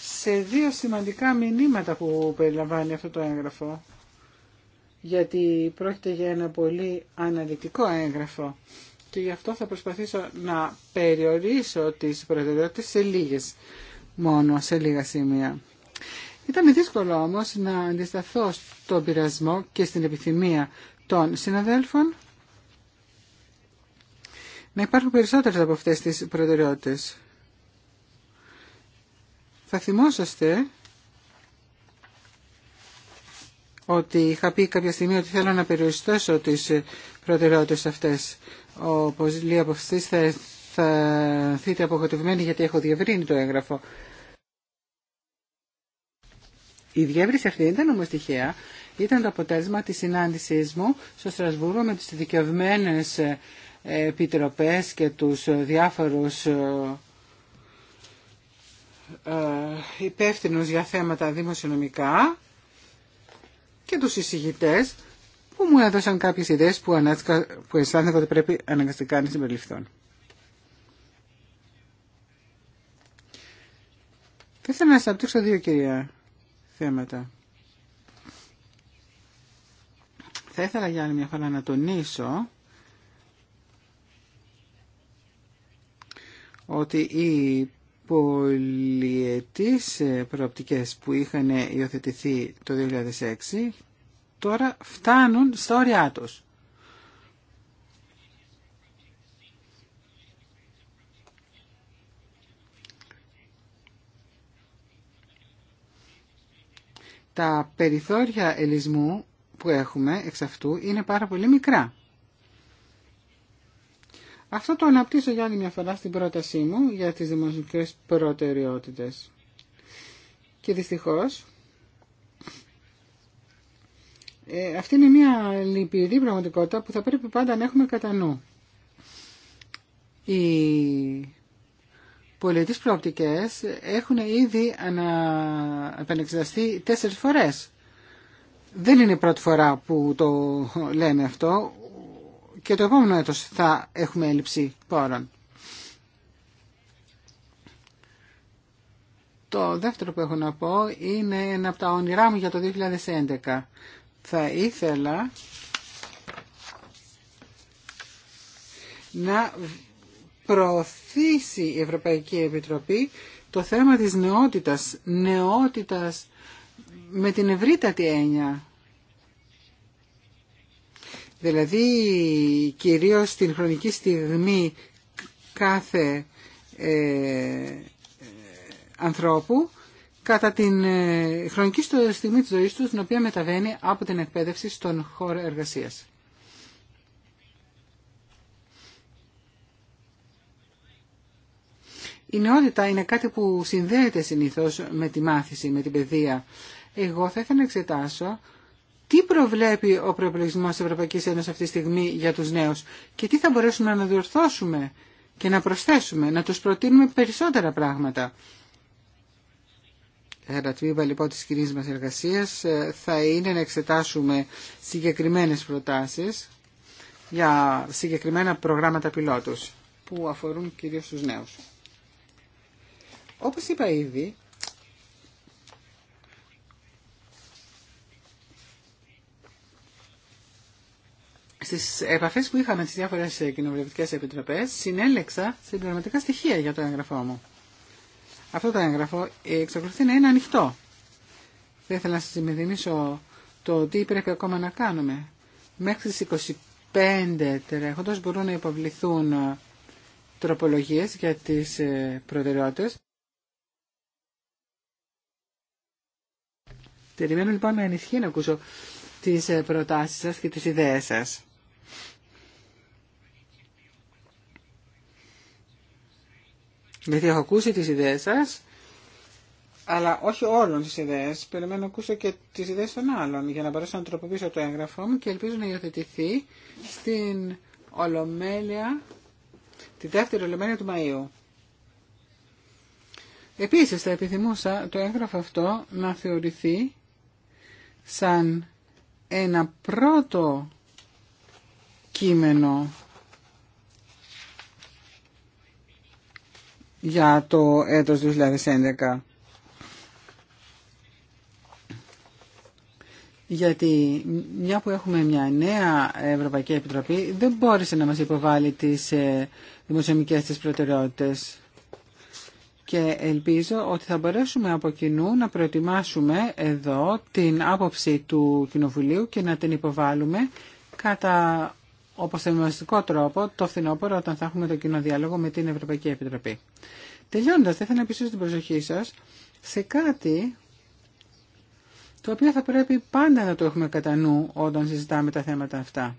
σε δύο σημαντικά μηνύματα που περιλαμβάνει αυτό το έγγραφο. Γιατί πρόκειται για ένα πολύ αναλυτικό έγγραφο και γι' αυτό θα προσπαθήσω να περιορίσω τις προτεραιότητες σε λίγες μόνο, σε λίγα σημεία. Ήταν δύσκολο όμως να αντισταθώ στον πειρασμό και στην επιθυμία των συναδέλφων να υπάρχουν περισσότερες από αυτές τις προτεραιότητες. Θα θυμόσαστε ότι είχα πει κάποια στιγμή ότι θέλω να περιοριστώσω τις προτεραιότητες αυτές όπως λέει από αυτής θα, θα θείτε απογοητευμένοι γιατί έχω διευρύνει το έγγραφο. Η διεύρυνση αυτή ήταν όμως τυχαία. Ήταν το αποτέλεσμα της συνάντησής μου στο Στρασβούργο με τις δικαιωμένες ε, επιτροπές και τους ε, διάφορους ε, υπεύθυνους για θέματα δημοσιονομικά και τους εισηγητές που μου έδωσαν κάποιες ιδέες που, ανάσκα, που αισθάνθηκα ότι πρέπει αναγκαστικά να συμπεριληφθούν. Θα ήθελα να σας απτύξω δύο κυρία θέματα. Θα ήθελα για άλλη μια φορά να τονίσω ότι οι πολιετής προοπτικές που είχαν υιοθετηθεί το 2006 τώρα φτάνουν στα όρια τους. Τα περιθώρια ελισμού που έχουμε εξ αυτού είναι πάρα πολύ μικρά. Αυτό το αναπτύσσω για άλλη μια φορά στην πρότασή μου για τις δημοσιογικές προτεραιότητες. Και δυστυχώς ε, αυτή είναι μια λυπηρή πραγματικότητα που θα πρέπει πάντα να έχουμε κατά νου. Οι πολιτικές προοπτικές έχουν ήδη ανα... επανεξεταστεί τέσσερις φορές. Δεν είναι η πρώτη φορά που το λέμε αυτό και το επόμενο έτος θα έχουμε έλλειψη πόρων. Το δεύτερο που έχω να πω είναι ένα από τα όνειρά μου για το 2011. Θα ήθελα να προωθήσει η Ευρωπαϊκή Επιτροπή το θέμα της νεότητας, νεότητας με την ευρύτατη έννοια. Δηλαδή κυρίως στην χρονική στιγμή κάθε ε, ε, ανθρώπου κατά την ε, χρονική στιγμή της ζωής του, την οποία μεταβαίνει από την εκπαίδευση στον χώρο εργασίας. Η νεότητα είναι κάτι που συνδέεται συνήθως με τη μάθηση, με την παιδεία. Εγώ θα ήθελα να εξετάσω τι προβλέπει ο προπολογισμό τη Ευρωπαϊκή Ένωση αυτή τη στιγμή για του νέου και τι θα μπορέσουμε να διορθώσουμε και να προσθέσουμε, να του προτείνουμε περισσότερα πράγματα τμήμα λοιπόν της κοινής μας εργασίας ε, θα είναι να εξετάσουμε συγκεκριμένες προτάσεις για συγκεκριμένα προγράμματα πιλότους που αφορούν κυρίως τους νέους. Όπως είπα ήδη, στις επαφές που είχαμε στις διάφορες κοινοβουλευτικές επιτροπές συνέλεξα συμπληρωματικά στοιχεία για το έγγραφό μου αυτό το έγγραφο εξακολουθεί να είναι ανοιχτό. Δεν ήθελα να σας υπενθυμίσω το τι πρέπει ακόμα να κάνουμε. Μέχρι τις 25 τρέχοντας μπορούν να υποβληθούν ε, τροπολογίες για τις ε, προτεραιότητες. Περιμένω λοιπόν να ενισχύει να ακούσω τις ε, προτάσεις σας και τις ιδέες σας. Γιατί έχω ακούσει τις ιδέες σας, αλλά όχι όλων τις ιδέες. Περιμένω να ακούσω και τις ιδέες των άλλων για να μπορέσω να τροποποιήσω το έγγραφό μου και ελπίζω να υιοθετηθεί στην Ολομέλεια, τη δεύτερη Ολομέλεια του Μαΐου. Επίσης θα επιθυμούσα το έγγραφο αυτό να θεωρηθεί σαν ένα πρώτο κείμενο για το έτος 2011. Γιατί μια που έχουμε μια νέα Ευρωπαϊκή Επιτροπή δεν μπόρεσε να μας υποβάλει τις ε, δημοσιομικές της προτεραιότητες. Και ελπίζω ότι θα μπορέσουμε από κοινού να προετοιμάσουμε εδώ την άποψη του Κοινοβουλίου και να την υποβάλουμε κατά όπως μοναστικό τρόπο το φθινόπωρο όταν θα έχουμε το κοινό διάλογο με την Ευρωπαϊκή Επιτροπή. Τελειώνοντας, θα ήθελα να πιστήσω την προσοχή σας σε κάτι το οποίο θα πρέπει πάντα να το έχουμε κατά νου όταν συζητάμε τα θέματα αυτά.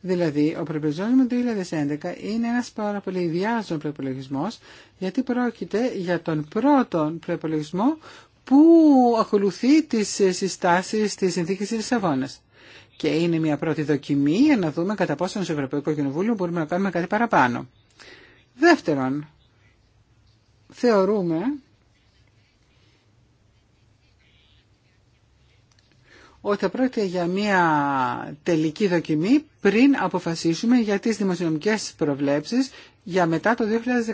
Δηλαδή, ο προπολογισμό του 2011 είναι ένας πάρα πολύ ιδιάζων προπολογισμό, γιατί πρόκειται για τον πρώτο προπολογισμό που ακολουθεί τις συστάσεις της συνθήκης τη και είναι μια πρώτη δοκιμή για να δούμε κατά πόσο στο Ευρωπαϊκό Κοινοβούλιο μπορούμε να κάνουμε κάτι παραπάνω. Δεύτερον, θεωρούμε ότι θα πρόκειται για μια τελική δοκιμή πριν αποφασίσουμε για τις δημοσιονομικές προβλέψεις για μετά το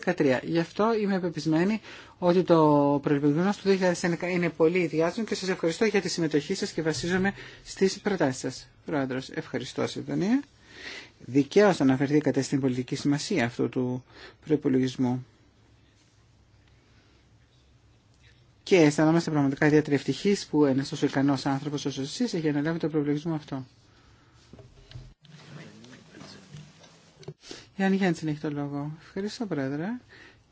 2013. Γι' αυτό είμαι πεπισμένη ότι το προϋπολογισμό του 2011 είναι πολύ ιδιάζον και σας ευχαριστώ για τη συμμετοχή σας και βασίζομαι στις προτάσεις σας. Πρόεδρος, ευχαριστώ Συντονία. Δικαίως αναφερθήκατε στην πολιτική σημασία αυτού του προπολογισμού. Και αισθανόμαστε πραγματικά ιδιαίτερα ευτυχεί που ένα τόσο ικανό άνθρωπο όσο εσεί έχει αναλάβει τον προπολογισμό αυτό. Γιάννη Γιάννη, έχει το λόγο. Ευχαριστώ, Πρόεδρε.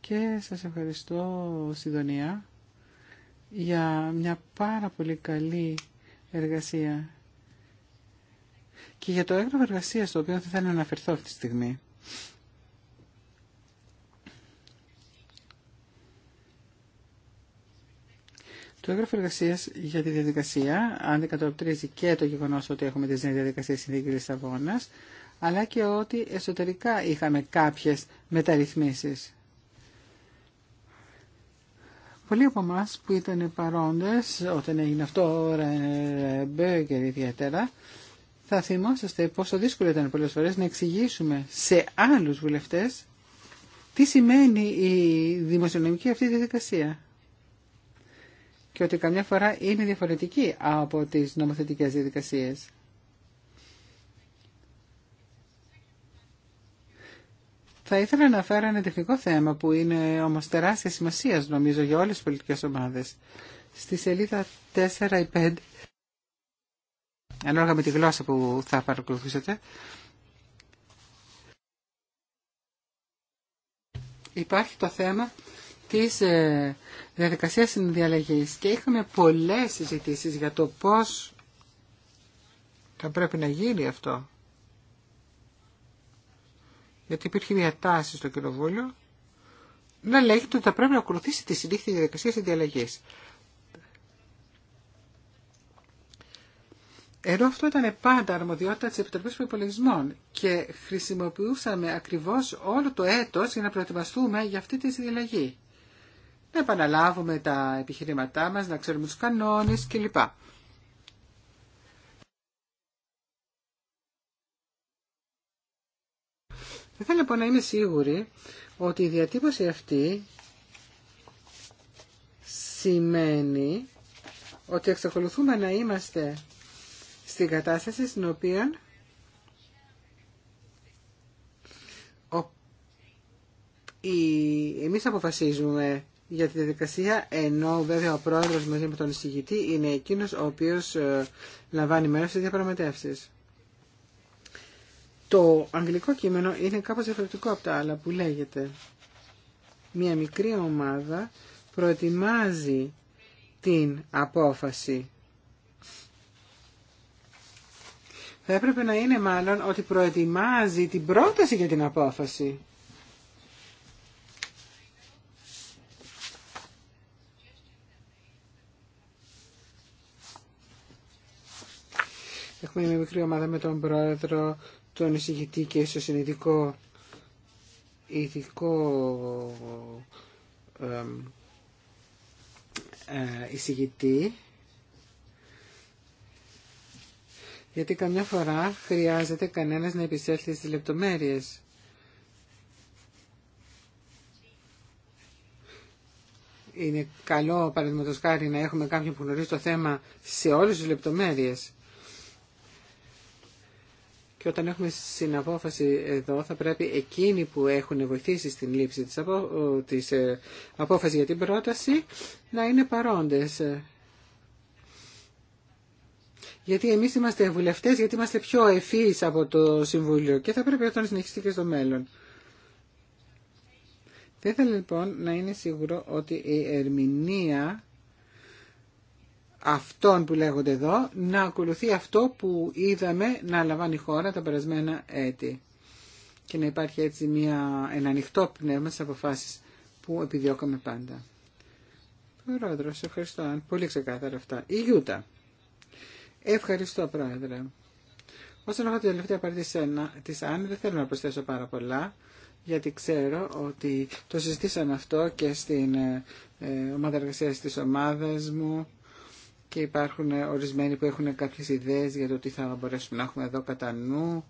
Και σας ευχαριστώ Σιδονιά για μια πάρα πολύ καλή εργασία και για το έγγραφο εργασία το οποίο θα θέλω να αναφερθώ αυτή τη στιγμή. Το έγγραφο εργασία για τη διαδικασία αντικατοπτρίζει και το γεγονό ότι έχουμε τη νέε διαδικασίε συνθήκη Λισαβόνα, αλλά και ότι εσωτερικά είχαμε κάποιε μεταρρυθμίσει. Πολλοί από εμά που ήταν παρόντες όταν έγινε αυτό ο ιδιαίτερα, θα θυμόσαστε πόσο δύσκολο ήταν πολλές φορές να εξηγήσουμε σε άλλους βουλευτές τι σημαίνει η δημοσιονομική αυτή διαδικασία. Και ότι καμιά φορά είναι διαφορετική από τις νομοθετικές διαδικασίες. Θα ήθελα να φέρω ένα τεχνικό θέμα που είναι όμως τεράστια σημασία νομίζω για όλες τις πολιτικές ομάδες. Στη σελίδα 4 ή 5, ανάλογα με τη γλώσσα που θα παρακολουθήσετε, υπάρχει το θέμα της διαδικασία ε, διαδικασίας συνδιαλλαγής και είχαμε πολλές συζητήσεις για το πώς θα πρέπει να γίνει αυτό γιατί υπήρχε μια τάση στο κοινοβούλιο να λέγεται ότι θα πρέπει να ακολουθήσει τη συνήθεια διαδικασία διαλλαγή. Ενώ αυτό ήταν πάντα αρμοδιότητα τη Επιτροπής Προπολογισμών και χρησιμοποιούσαμε ακριβώς όλο το έτος για να προετοιμαστούμε για αυτή τη συνδιαλλαγή. Να επαναλάβουμε τα επιχειρήματά μας, να ξέρουμε τους κανόνε, κλπ. Θα λοιπόν να είμαι σίγουρη ότι η διατύπωση αυτή σημαίνει ότι εξακολουθούμε να είμαστε στην κατάσταση στην οποία εμείς αποφασίζουμε για τη διαδικασία, ενώ βέβαια ο πρόεδρος μαζί με τον εισηγητή είναι εκείνος ο οποίος ε, λαμβάνει μέρος στις διαπραγματεύσεις. Το αγγλικό κείμενο είναι κάπως διαφορετικό από τα άλλα που λέγεται. Μια μικρή ομάδα προετοιμάζει την απόφαση. Θα έπρεπε να είναι μάλλον ότι προετοιμάζει την πρόταση για την απόφαση. Έχουμε μια μικρή ομάδα με τον πρόεδρο, στον εισηγητή και στο συνειδητικό ειδικό ε, εισηγητή γιατί καμιά φορά χρειάζεται κανένας να επισέλθει στις λεπτομέρειες. Είναι καλό, παραδείγματος χάρη, να έχουμε κάποιον που γνωρίζει το θέμα σε όλες τις λεπτομέρειες και όταν έχουμε συναπόφαση εδώ θα πρέπει εκείνοι που έχουν βοηθήσει στην λήψη της, απο... της ε, απόφασης για την πρόταση να είναι παρόντες. Γιατί εμείς είμαστε βουλευτές, γιατί είμαστε πιο ευφύς από το Συμβούλιο και θα πρέπει αυτό να συνεχιστεί και στο μέλλον. Θα ήθελα λοιπόν να είναι σίγουρο ότι η ερμηνεία αυτών που λέγονται εδώ να ακολουθεί αυτό που είδαμε να λαμβάνει η χώρα τα περασμένα έτη και να υπάρχει έτσι μια, ένα ανοιχτό πνεύμα στις αποφάσεις που επιδιώκαμε πάντα. Πρόεδρο, σε ευχαριστώ. Πολύ ξεκάθαρα αυτά. Η Γιούτα. Ευχαριστώ, Πρόεδρε. Όσον αφορά την τελευταία παρατήρηση τη Άννη, δεν θέλω να προσθέσω πάρα πολλά, γιατί ξέρω ότι το συζητήσαμε αυτό και στην ε, ε, ομάδα εργασία τη ομάδα μου και υπάρχουν ορισμένοι που έχουν κάποιες ιδέες για το τι θα μπορέσουμε να έχουμε εδώ κατά νου.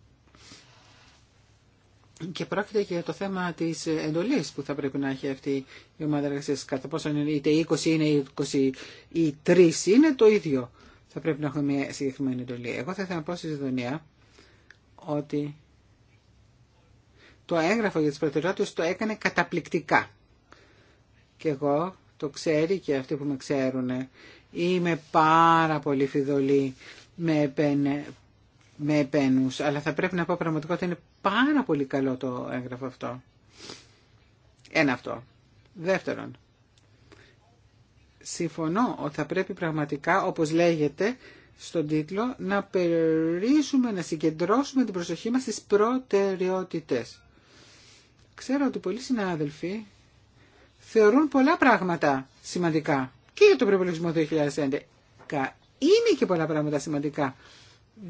Και πρόκειται και για το θέμα της εντολής που θα πρέπει να έχει αυτή η ομάδα εργασία. Κατά πόσο είναι είτε 20 είναι 20 ή 3 είναι το ίδιο. Θα πρέπει να έχουμε μια συγκεκριμένη εντολή. Εγώ θα ήθελα να πω στη Ζητωνία ότι το έγγραφο για τις προτεραιότητες το έκανε καταπληκτικά. Και εγώ το ξέρει και αυτοί που με ξέρουν Είμαι πάρα πολύ φιδωλή με, επεν, με επένους, αλλά θα πρέπει να πω πραγματικά ότι είναι πάρα πολύ καλό το έγγραφο αυτό. Ένα αυτό. Δεύτερον, συμφωνώ ότι θα πρέπει πραγματικά, όπως λέγεται στον τίτλο, να περιορίσουμε, να συγκεντρώσουμε την προσοχή μας στις προτεραιότητες. Ξέρω ότι πολλοί συνάδελφοι θεωρούν πολλά πράγματα σημαντικά και για τον προπολογισμό 2011. Είναι και πολλά πράγματα σημαντικά.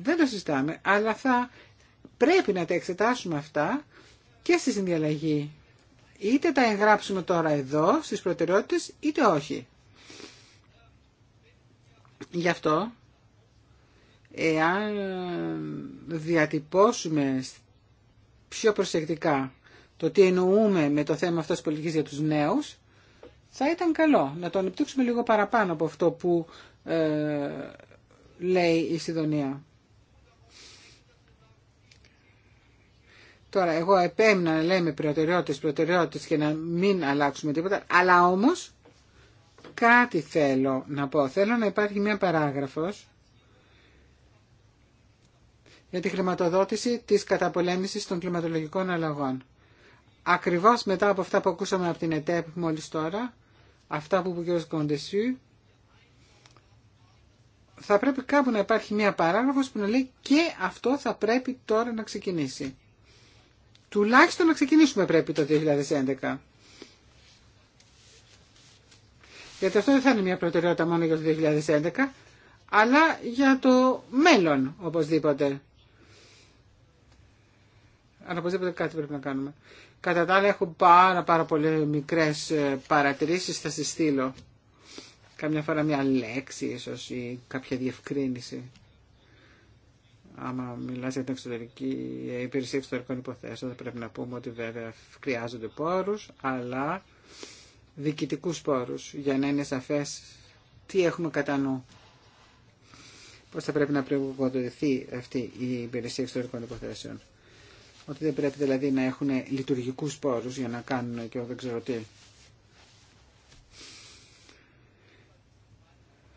Δεν το συστάμε, αλλά θα πρέπει να τα εξετάσουμε αυτά και στη συνδιαλλαγή. Είτε τα εγγράψουμε τώρα εδώ στις προτεραιότητες, είτε όχι. Γι' αυτό, εάν διατυπώσουμε πιο προσεκτικά το τι εννοούμε με το θέμα αυτός της πολιτικής για τους νέους, θα ήταν καλό να το ανεπτύξουμε λίγο παραπάνω από αυτό που ε, λέει η Σιδονία. Τώρα, εγώ επέμεινα να λέμε προτεραιότητες, προτεραιότητες και να μην αλλάξουμε τίποτα, αλλά όμως κάτι θέλω να πω. Θέλω να υπάρχει μια παράγραφος για τη χρηματοδότηση της καταπολέμησης των κλιματολογικών αλλαγών. Ακριβώς μετά από αυτά που ακούσαμε από την ΕΤΕΠ μόλις τώρα, αυτά που είπε ο κ. θα πρέπει κάπου να υπάρχει μια παράγραφος που να λέει και αυτό θα πρέπει τώρα να ξεκινήσει. Τουλάχιστον να ξεκινήσουμε πρέπει το 2011. Γιατί αυτό δεν θα είναι μια προτεραιότητα μόνο για το 2011, αλλά για το μέλλον οπωσδήποτε. Αν οπωσδήποτε κάτι πρέπει να κάνουμε. Κατά τα άλλα έχω πάρα πάρα πολύ μικρές ε, παρατηρήσεις, θα σας στείλω. Καμιά φορά μια λέξη ίσως ή κάποια διευκρίνηση. Άμα μιλάς για την εξωτερική ε, υπηρεσία εξωτερικών υποθέσεων, θα πρέπει να πούμε ότι βέβαια χρειάζονται πόρους, αλλά διοικητικούς πόρους, για να είναι σαφές τι έχουμε κατά νου. Πώς θα πρέπει να προηγουμένει αυτή η υπηρεσία εξωτερικών υποθέσεων. Ότι δεν πρέπει δηλαδή να έχουν λειτουργικούς πόρους για να κάνουν και δεν ξέρω τι.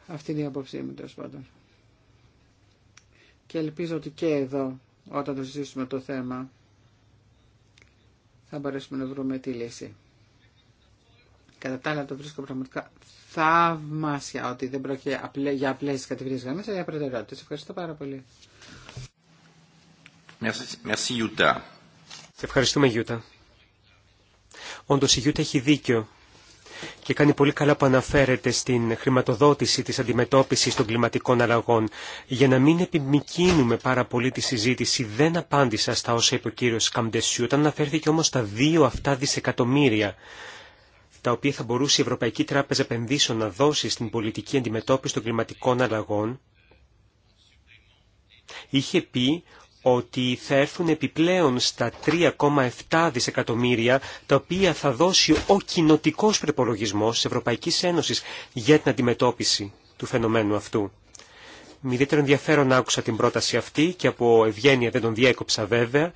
Αυτή είναι η απόψή μου τέλο πάντων. Και ελπίζω ότι και εδώ όταν το συζητήσουμε το θέμα θα μπορέσουμε να βρούμε τη λύση. Κατά τα άλλα το βρίσκω πραγματικά θαυμάσια ότι δεν πρόκειται για απλές κατηγορίες γραμμές αλλά για προτεραιότητες. Ευχαριστώ πάρα πολύ. Merci, Σε ευχαριστούμε, Γιούτα. Όντω η Γιούτα έχει δίκιο και κάνει πολύ καλά που αναφέρεται στην χρηματοδότηση της αντιμετώπισης των κλιματικών αλλαγών. Για να μην επιμικίνουμε πάρα πολύ τη συζήτηση, δεν απάντησα στα όσα είπε ο κύριος Καμπτεσιού, όταν αναφέρθηκε όμως τα δύο αυτά δισεκατομμύρια τα οποία θα μπορούσε η Ευρωπαϊκή Τράπεζα Επενδύσεων να δώσει στην πολιτική αντιμετώπιση των κλιματικών αλλαγών, είχε πει ότι θα έρθουν επιπλέον στα 3,7 δισεκατομμύρια τα οποία θα δώσει ο κοινοτικό προπολογισμό τη Ευρωπαϊκή Ένωση για την αντιμετώπιση του φαινομένου αυτού. Με ιδιαίτερο ενδιαφέρον άκουσα την πρόταση αυτή και από ευγένεια δεν τον διέκοψα βέβαια.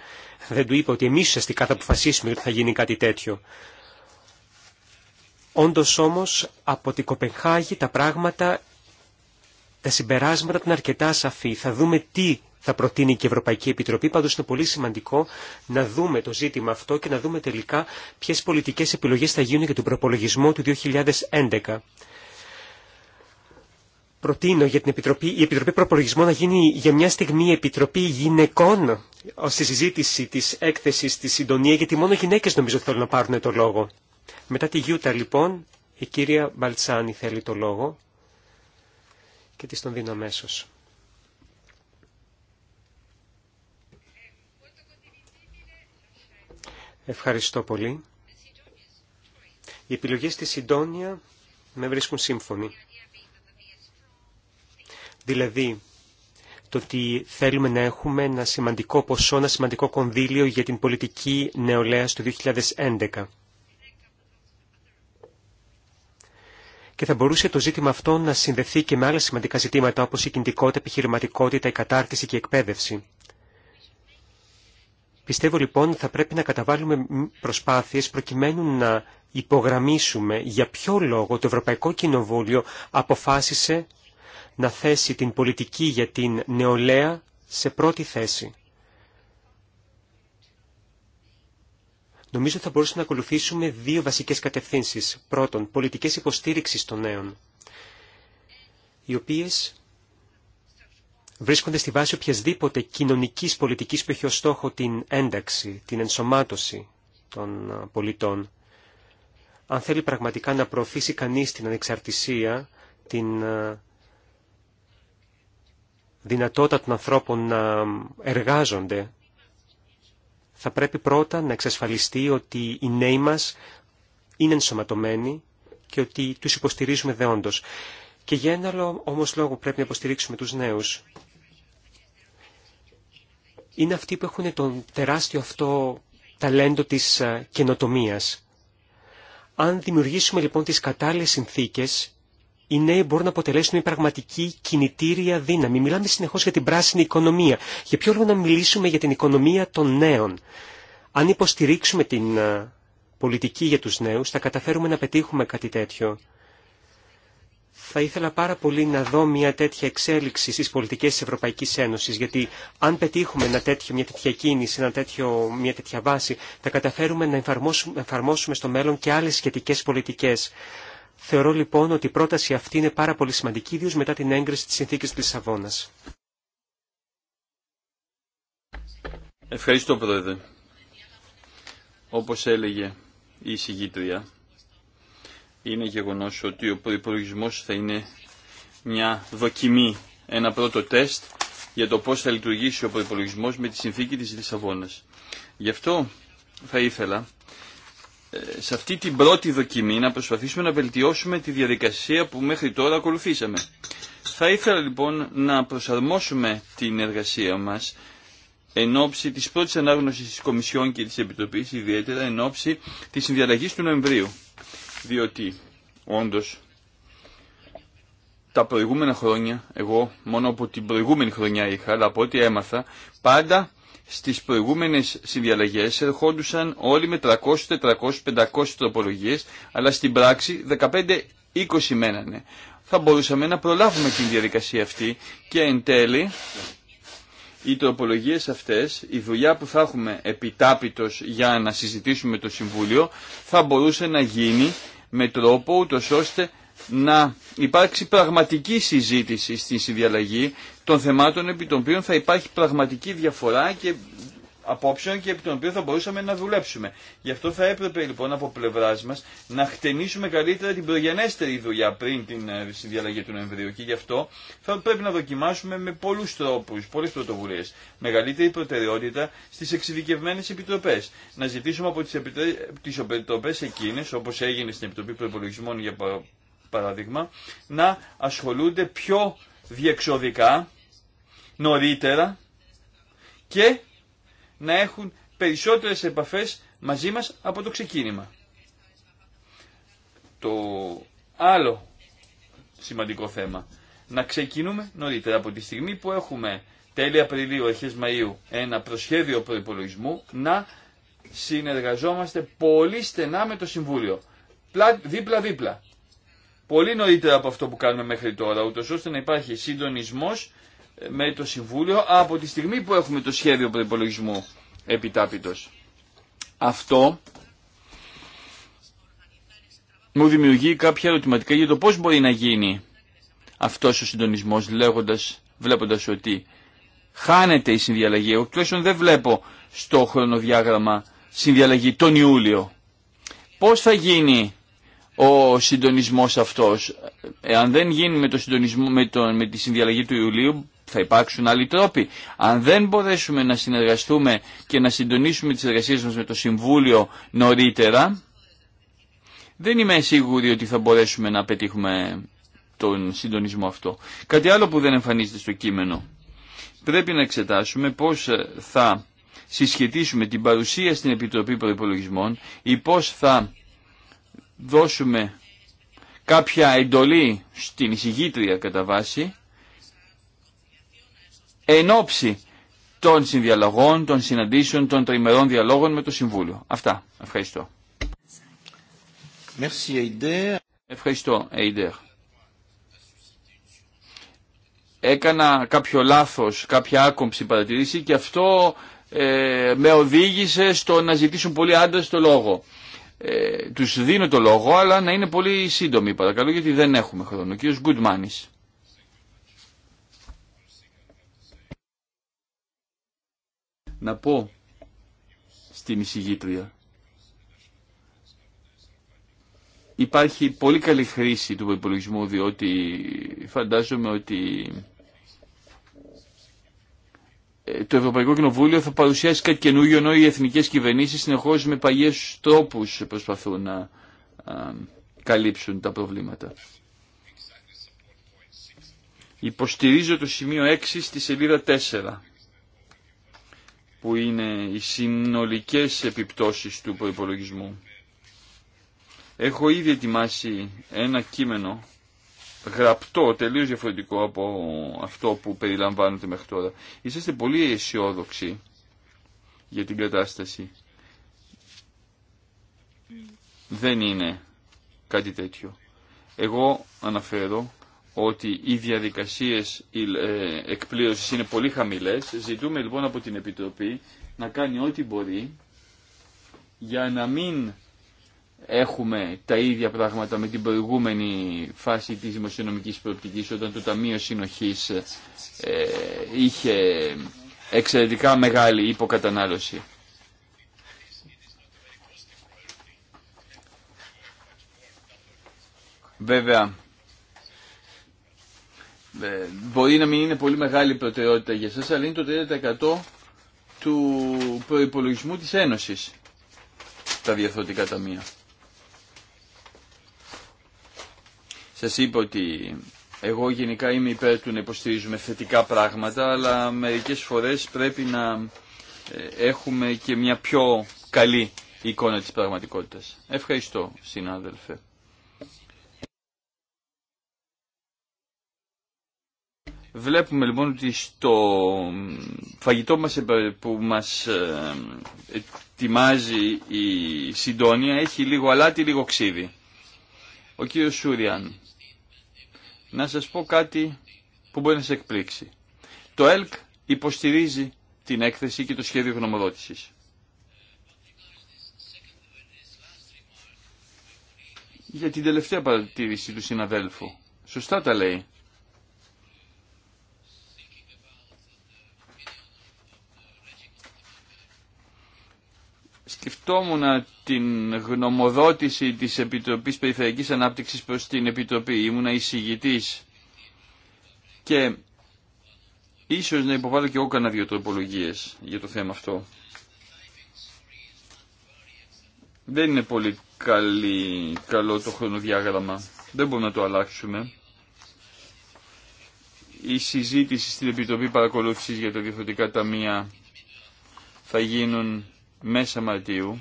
Δεν του είπα ότι εμεί ουσιαστικά θα αποφασίσουμε ότι θα γίνει κάτι τέτοιο. Όντω όμω από την Κοπενχάγη τα πράγματα τα συμπεράσματα ήταν αρκετά σαφή. Θα δούμε τι θα προτείνει και η Ευρωπαϊκή Επιτροπή. Πάντως είναι πολύ σημαντικό να δούμε το ζήτημα αυτό και να δούμε τελικά ποιες πολιτικές επιλογές θα γίνουν για τον προπολογισμό του 2011. Προτείνω για την Επιτροπή, η Επιτροπή Προπολογισμό να γίνει για μια στιγμή η Επιτροπή Γυναικών στη συζήτηση της έκθεση στη συντονία, γιατί μόνο γυναίκες νομίζω θέλουν να πάρουν το λόγο. Μετά τη Γιούτα λοιπόν, η κυρία Μπαλτσάνη θέλει το λόγο και τη τον δίνω αμέσως. Ευχαριστώ πολύ. Οι επιλογές της Συντόνια με βρίσκουν σύμφωνοι. Δηλαδή, το ότι θέλουμε να έχουμε ένα σημαντικό ποσό, ένα σημαντικό κονδύλιο για την πολιτική νεολαία του 2011. Και θα μπορούσε το ζήτημα αυτό να συνδεθεί και με άλλα σημαντικά ζητήματα όπως η κινητικότητα, επιχειρηματικότητα, η κατάρτιση και η εκπαίδευση. Πιστεύω λοιπόν θα πρέπει να καταβάλουμε προσπάθειες προκειμένου να υπογραμμίσουμε για ποιο λόγο το Ευρωπαϊκό Κοινοβούλιο αποφάσισε να θέσει την πολιτική για την νεολαία σε πρώτη θέση. Νομίζω θα μπορούσαμε να ακολουθήσουμε δύο βασικές κατευθύνσεις. Πρώτον, πολιτικές υποστήριξης των νέων, οι οποίες βρίσκονται στη βάση οποιασδήποτε κοινωνικής πολιτικής που έχει ως στόχο την ένταξη, την ενσωμάτωση των ε, πολιτών. Αν θέλει πραγματικά να προωθήσει κανείς την ανεξαρτησία, την ε, δυνατότητα των ανθρώπων να εργάζονται, θα πρέπει πρώτα να εξασφαλιστεί ότι οι νέοι μας είναι ενσωματωμένοι και ότι τους υποστηρίζουμε δεόντως. Και για ένα όμως λόγο πρέπει να υποστηρίξουμε τους νέους είναι αυτοί που έχουν τον τεράστιο αυτό ταλέντο της ε, καινοτομίας. Αν δημιουργήσουμε λοιπόν τις κατάλληλες συνθήκες, οι νέοι μπορούν να αποτελέσουν μια πραγματική κινητήρια δύναμη. Μιλάμε συνεχώς για την πράσινη οικονομία. Για ποιο λόγο να μιλήσουμε για την οικονομία των νέων. Αν υποστηρίξουμε την ε, πολιτική για τους νέους, θα καταφέρουμε να πετύχουμε κάτι τέτοιο. Θα ήθελα πάρα πολύ να δω μια τέτοια εξέλιξη στις πολιτικές της Ευρωπαϊκής Ένωσης, γιατί αν πετύχουμε ένα τέτοιο, μια τέτοια κίνηση, ένα τέτοιο, μια τέτοια βάση, θα καταφέρουμε να εφαρμόσουμε, στο μέλλον και άλλες σχετικές πολιτικές. Θεωρώ λοιπόν ότι η πρόταση αυτή είναι πάρα πολύ σημαντική, ιδίως μετά την έγκριση της συνθήκης της Λισαβόνας. Ευχαριστώ Πρόεδρε. Όπως έλεγε η εισηγήτρια, είναι γεγονός ότι ο προϋπολογισμός θα είναι μια δοκιμή, ένα πρώτο τεστ για το πώς θα λειτουργήσει ο προϋπολογισμός με τη συνθήκη της Λισαβόνας. Γι' αυτό θα ήθελα ε, σε αυτή την πρώτη δοκιμή να προσπαθήσουμε να βελτιώσουμε τη διαδικασία που μέχρι τώρα ακολουθήσαμε. Θα ήθελα λοιπόν να προσαρμόσουμε την εργασία μας εν ώψη της πρώτης ανάγνωσης της Κομισιόν και της Επιτροπής, ιδιαίτερα εν ώψη της συνδιαλλαγής του Νοεμβρίου διότι όντως τα προηγούμενα χρόνια, εγώ μόνο από την προηγούμενη χρονιά είχα, αλλά από ό,τι έμαθα, πάντα στις προηγούμενες συνδιαλλαγές ερχόντουσαν όλοι με 300, 400, 500 τροπολογίες, αλλά στην πράξη 15-20 μένανε. Θα μπορούσαμε να προλάβουμε την διαδικασία αυτή και εν τέλει οι τροπολογίες αυτές, η δουλειά που θα έχουμε επιτάπητος για να συζητήσουμε το Συμβούλιο, θα μπορούσε να γίνει με τρόπο ούτως ώστε να υπάρξει πραγματική συζήτηση στη συνδιαλλαγή των θεμάτων επί των οποίων θα υπάρχει πραγματική διαφορά και απόψεων και επί των οποίων θα μπορούσαμε να δουλέψουμε. Γι' αυτό θα έπρεπε λοιπόν από πλευρά μα να χτενίσουμε καλύτερα την προγενέστερη δουλειά πριν την ε, συνδιαλλαγή του Νοεμβρίου και γι' αυτό θα πρέπει να δοκιμάσουμε με πολλού τρόπου, πολλέ πρωτοβουλίε. Μεγαλύτερη προτεραιότητα στι εξειδικευμένε επιτροπέ. Να ζητήσουμε από τι επιτροπέ εκείνε, όπω έγινε στην Επιτροπή Προπολογισμών για παράδειγμα, να ασχολούνται πιο διεξοδικά, νωρίτερα και να έχουν περισσότερες επαφές μαζί μας από το ξεκίνημα. Το άλλο σημαντικό θέμα. Να ξεκινούμε νωρίτερα από τη στιγμή που έχουμε τέλη Απριλίου, αρχές Μαΐου ένα προσχέδιο προϋπολογισμού να συνεργαζόμαστε πολύ στενά με το Συμβούλιο. Δίπλα-δίπλα. Πολύ νωρίτερα από αυτό που κάνουμε μέχρι τώρα, ούτως ώστε να υπάρχει συντονισμός με το Συμβούλιο από τη στιγμή που έχουμε το σχέδιο προϋπολογισμού επιτάπητος. Αυτό μου δημιουργεί κάποια ερωτηματικά για το πώς μπορεί να γίνει αυτός ο συντονισμός λέγοντας, βλέποντας ότι χάνεται η συνδιαλλαγή. Εγώ τουλάχιστον δεν βλέπω στο χρονοδιάγραμμα συνδιαλλαγή τον Ιούλιο. Πώς θα γίνει ο συντονισμός αυτός. Εάν δεν γίνει με, το συντονισμό, με, με τη συνδιαλλαγή του Ιουλίου θα υπάρξουν άλλοι τρόποι. Αν δεν μπορέσουμε να συνεργαστούμε και να συντονίσουμε τις εργασίες μας με το Συμβούλιο νωρίτερα, δεν είμαι σίγουρη ότι θα μπορέσουμε να πετύχουμε τον συντονισμό αυτό. Κάτι άλλο που δεν εμφανίζεται στο κείμενο. Πρέπει να εξετάσουμε πώς ε, θα συσχετίσουμε την παρουσία στην Επιτροπή Προϋπολογισμών ή πώς θα δώσουμε κάποια εντολή στην εισηγήτρια κατά βάση εν ώψη των συνδιαλογών, των συναντήσεων, των τριμερών διαλόγων με το Συμβούλιο. Αυτά. Ευχαριστώ. Merci, Ευχαριστώ, Ειντερ. Έκανα κάποιο λάθος, κάποια άκομψη παρατηρήση και αυτό ε, με οδήγησε στο να ζητήσουν πολλοί άντρε το λόγο. Ε, τους δίνω το λόγο, αλλά να είναι πολύ σύντομοι παρακαλώ, γιατί δεν έχουμε χρόνο. Ο κύριος Γκουτμάνης. να πω στην εισηγήτρια. Υπάρχει πολύ καλή χρήση του υπολογισμού διότι φαντάζομαι ότι ε, το Ευρωπαϊκό Κοινοβούλιο θα παρουσιάσει κάτι καινούργιο ενώ οι εθνικές κυβερνήσεις συνεχώς με παγιές τρόπους προσπαθούν να καλύψουν τα προβλήματα. Υποστηρίζω το σημείο 6 στη σελίδα 4 που είναι οι συνολικές επιπτώσεις του προϋπολογισμού. Έχω ήδη ετοιμάσει ένα κείμενο γραπτό, τελείως διαφορετικό από αυτό που περιλαμβάνεται μέχρι τώρα. Είσαστε πολύ αισιόδοξοι για την κατάσταση. Δεν είναι κάτι τέτοιο. Εγώ αναφέρω ότι οι διαδικασίες ε, εκπλήρωσης είναι πολύ χαμηλές. Ζητούμε λοιπόν από την Επιτροπή να κάνει ό,τι μπορεί για να μην έχουμε τα ίδια πράγματα με την προηγούμενη φάση της δημοσιονομικής προοπτικής όταν το Ταμείο Συνοχής ε, είχε εξαιρετικά μεγάλη υποκατανάλωση. Βέβαια, ε, μπορεί να μην είναι πολύ μεγάλη προτεραιότητα για εσάς, αλλά είναι το 30% του προϋπολογισμού της Ένωσης τα διαφορετικά ταμεία. Σας είπα ότι εγώ γενικά είμαι υπέρ του να υποστηρίζουμε θετικά πράγματα, αλλά μερικές φορές πρέπει να ε, έχουμε και μια πιο καλή εικόνα της πραγματικότητας. Ευχαριστώ, συνάδελφε. Βλέπουμε λοιπόν ότι στο φαγητό μας ε, που μας ε, ετοιμάζει η συντόνια έχει λίγο αλάτι, λίγο ξύδι. Ο κύριος Σούριαν, να σας πω κάτι που μπορεί να σε εκπλήξει. Το ΕΛΚ υποστηρίζει την έκθεση και το σχέδιο γνωμοδότησης. Για την τελευταία παρατήρηση του συναδέλφου. Σωστά τα λέει. σκεφτόμουν την γνωμοδότηση της Επιτροπής Περιφερειακής Ανάπτυξης προς την Επιτροπή. Ήμουνα εισηγητής και ίσως να υποβάλω και εγώ κανένα δύο τροπολογίες για το θέμα αυτό. Δεν είναι πολύ καλό το χρονοδιάγραμμα. Δεν μπορούμε να το αλλάξουμε. Η συζήτηση στην Επιτροπή Παρακολούθησης για τα Διευθυντικά Ταμεία θα γίνουν μέσα Μαρτίου,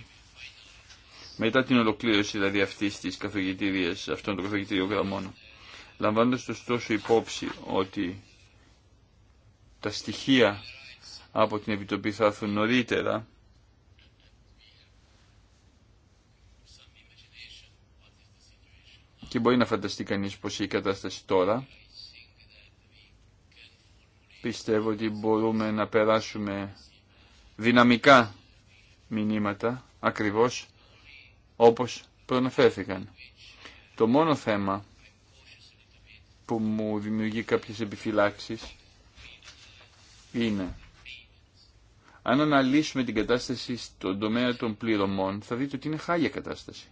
μετά την ολοκλήρωση δηλαδή αυτής της καθηγητήρια, αυτών των καθηγητήριων γραμμών, λαμβάνοντας τόσο υπόψη ότι τα στοιχεία από την Επιτροπή θα έρθουν νωρίτερα, και μπορεί να φανταστεί κανείς πως η κατάσταση τώρα, πιστεύω ότι μπορούμε να περάσουμε δυναμικά μηνύματα ακριβώς όπως προναφέρθηκαν. Το μόνο θέμα που μου δημιουργεί κάποιες επιφυλάξεις είναι αν αναλύσουμε την κατάσταση στον τομέα των πληρωμών θα δείτε ότι είναι χάλια κατάσταση.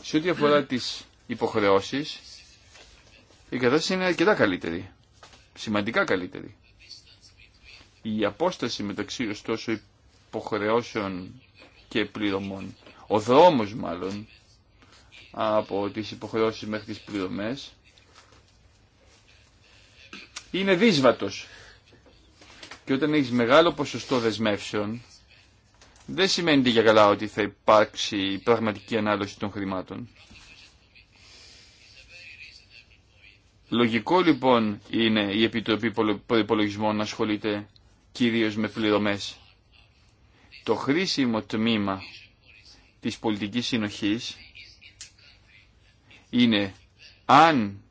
Σε ό,τι αφορά τις υποχρεώσεις η κατάσταση είναι αρκετά καλύτερη. Σημαντικά καλύτερη η απόσταση μεταξύ ωστόσο υποχρεώσεων και πληρωμών, ο δρόμος μάλλον από τις υποχρεώσεις μέχρι τις πληρωμές, είναι δύσβατος. Και όταν έχεις μεγάλο ποσοστό δεσμεύσεων, δεν σημαίνει για καλά ότι θα υπάρξει πραγματική ανάλωση των χρημάτων. Λογικό λοιπόν είναι η Επιτροπή Προπολογισμών να ασχολείται κυρίως με πληρωμές. Το χρήσιμο τμήμα της πολιτικής συνοχής είναι αν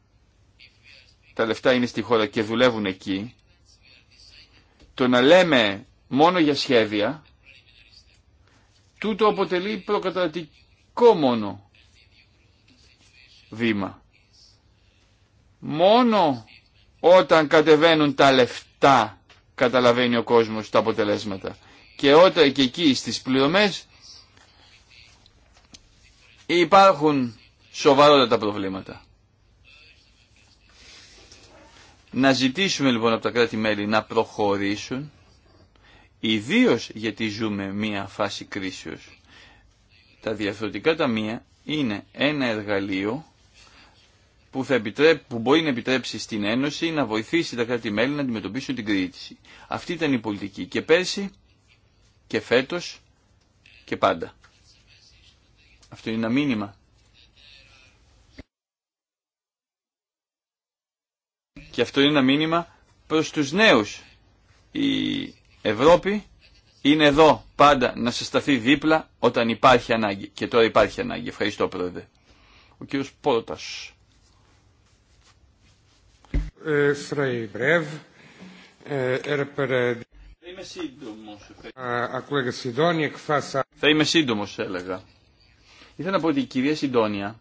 τα λεφτά είναι στη χώρα και δουλεύουν εκεί, το να λέμε μόνο για σχέδια, τούτο αποτελεί προκαταρτικό μόνο βήμα. Μόνο όταν κατεβαίνουν τα λεφτά καταλαβαίνει ο κόσμος τα αποτελέσματα. Και όταν και εκεί στις πληρωμές υπάρχουν σοβαρότατα προβλήματα. Να ζητήσουμε λοιπόν από τα κράτη-μέλη να προχωρήσουν, ιδίω γιατί ζούμε μία φάση κρίσεως. Τα διαφορετικά ταμεία είναι ένα εργαλείο που, θα επιτρέ... που μπορεί να επιτρέψει στην Ένωση να βοηθήσει τα κράτη-μέλη να αντιμετωπίσουν την κρίση. Αυτή ήταν η πολιτική και πέρσι και φέτος και πάντα. Αυτό είναι ένα μήνυμα. Και αυτό είναι ένα μήνυμα προς τους νέους. Η Ευρώπη είναι εδώ πάντα να σε σταθεί δίπλα όταν υπάρχει ανάγκη. Και τώρα υπάρχει ανάγκη. Ευχαριστώ πρόεδρε. Ο κύριος Πόρτας. Ε, θα είμαι σύντομο, έλεγα. Ήθελα να πω ότι η κυρία Συντόνια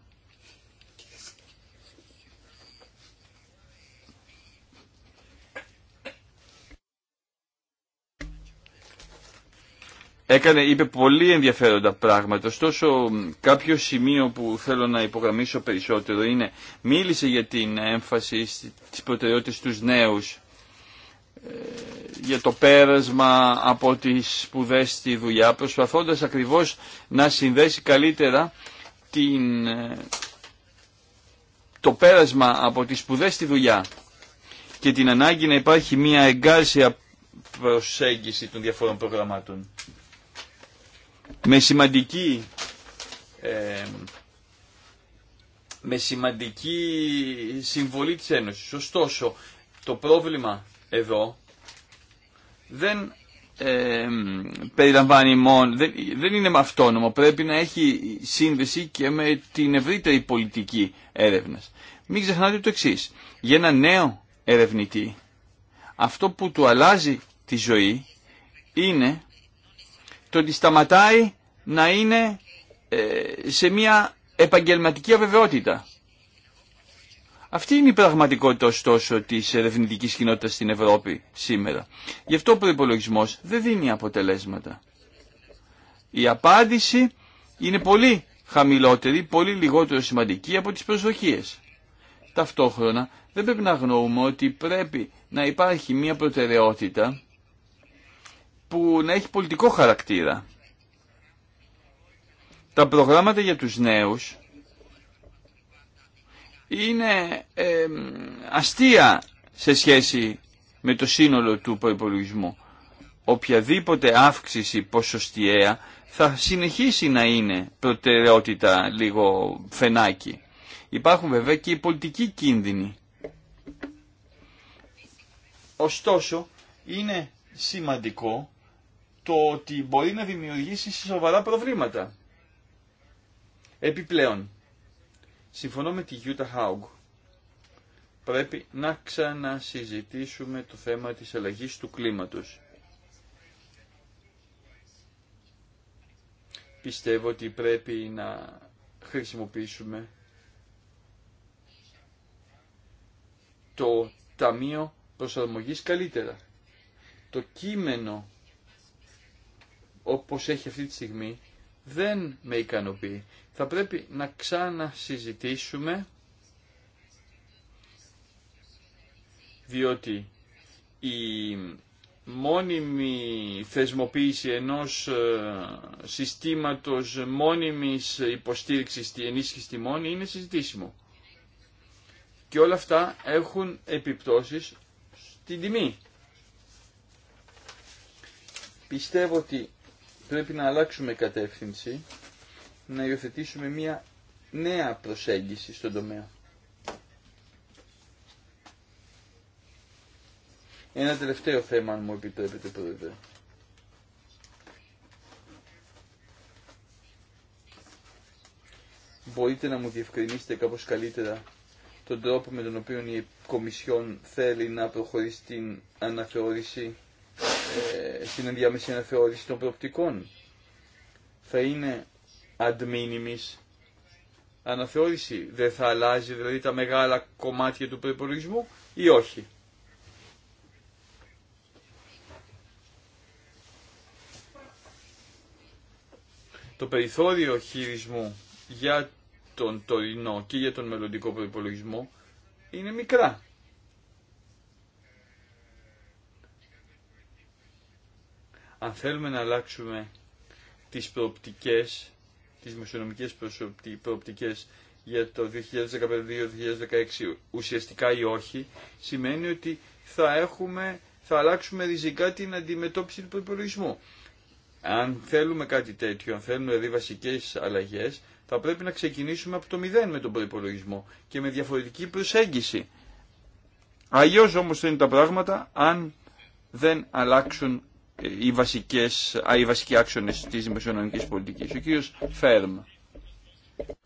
έκανε, είπε πολύ ενδιαφέροντα πράγματα. Ωστόσο, κάποιο σημείο που θέλω να υπογραμμίσω περισσότερο είναι, μίλησε για την έμφαση στις προτεραιότητες στους νέους, ε, για το πέρασμα από τις σπουδέ στη δουλειά, προσπαθώντας ακριβώς να συνδέσει καλύτερα την, ε, το πέρασμα από τις σπουδέ στη δουλειά και την ανάγκη να υπάρχει μια εγκάρσια προσέγγιση των διαφόρων προγραμμάτων με σημαντική ε, με συμβολή της Ένωσης. Ωστόσο, το πρόβλημα εδώ δεν ε, περιλαμβάνει μόνο, δεν, είναι με αυτόνομο, πρέπει να έχει σύνδεση και με την ευρύτερη πολιτική έρευνας. Μην ξεχνάτε το εξής, για ένα νέο ερευνητή, αυτό που του αλλάζει τη ζωή είναι το ότι σταματάει να είναι ε, σε μια επαγγελματική αβεβαιότητα. Αυτή είναι η πραγματικότητα ωστόσο τη ερευνητική κοινότητα στην Ευρώπη σήμερα. Γι' αυτό ο προπολογισμό δεν δίνει αποτελέσματα. Η απάντηση είναι πολύ χαμηλότερη, πολύ λιγότερο σημαντική από τις προσδοκίες. Ταυτόχρονα δεν πρέπει να γνωρούμε ότι πρέπει να υπάρχει μια προτεραιότητα που να έχει πολιτικό χαρακτήρα. Τα προγράμματα για τους νέους είναι αστεία σε σχέση με το σύνολο του προϋπολογισμού. Οποιαδήποτε αύξηση ποσοστιαία θα συνεχίσει να είναι προτεραιότητα λίγο φενάκι. Υπάρχουν βέβαια και οι πολιτικοί κίνδυνοι. Ωστόσο, είναι σημαντικό το ότι μπορεί να δημιουργήσει σοβαρά προβλήματα. Επιπλέον, συμφωνώ με τη Γιούτα Χάουγκ. Πρέπει να ξανασυζητήσουμε το θέμα της αλλαγής του κλίματος. Πιστεύω ότι πρέπει να χρησιμοποιήσουμε το Ταμείο Προσαρμογής καλύτερα. Το κείμενο όπως έχει αυτή τη στιγμή δεν με ικανοποιεί θα πρέπει να ξανασυζητήσουμε διότι η μόνιμη θεσμοποίηση ενός ε, συστήματος μόνιμης υποστήριξης τη ενίσχυση τιμών είναι συζητήσιμο. Και όλα αυτά έχουν επιπτώσεις στην τιμή. Πιστεύω ότι πρέπει να αλλάξουμε κατεύθυνση να υιοθετήσουμε μια νέα προσέγγιση στον τομέα. Ένα τελευταίο θέμα, αν μου επιτρέπετε, Πρόεδρε. Μπορείτε να μου διευκρινίσετε κάπως καλύτερα τον τρόπο με τον οποίο η Κομισιόν θέλει να προχωρήσει στην αναθεώρηση, ε, στην ενδιάμεση αναθεώρηση των προοπτικών. Θα είναι ad Αναθεώρηση δεν θα αλλάζει δηλαδή τα μεγάλα κομμάτια του προπολογισμού ή όχι. Το περιθώριο χειρισμού για τον τωρινό και για τον μελλοντικό προπολογισμό είναι μικρά. Αν θέλουμε να αλλάξουμε τις προοπτικές τις δημοσιονομικές προοπτικές για το 2015-2016 ουσιαστικά ή όχι, σημαίνει ότι θα, έχουμε, θα αλλάξουμε ριζικά την αντιμετώπιση του προπολογισμού. Αν θέλουμε κάτι τέτοιο, αν θέλουμε δηλαδή βασικέ αλλαγέ, θα πρέπει να ξεκινήσουμε από το μηδέν με τον προπολογισμό και με διαφορετική προσέγγιση. Αλλιώ όμω είναι τα πράγματα αν δεν αλλάξουν ε, οι, βασικές, α, οι βασικοί άξονες της δημοσιονομικής πολιτικής. Ο κύριος Φέρμ.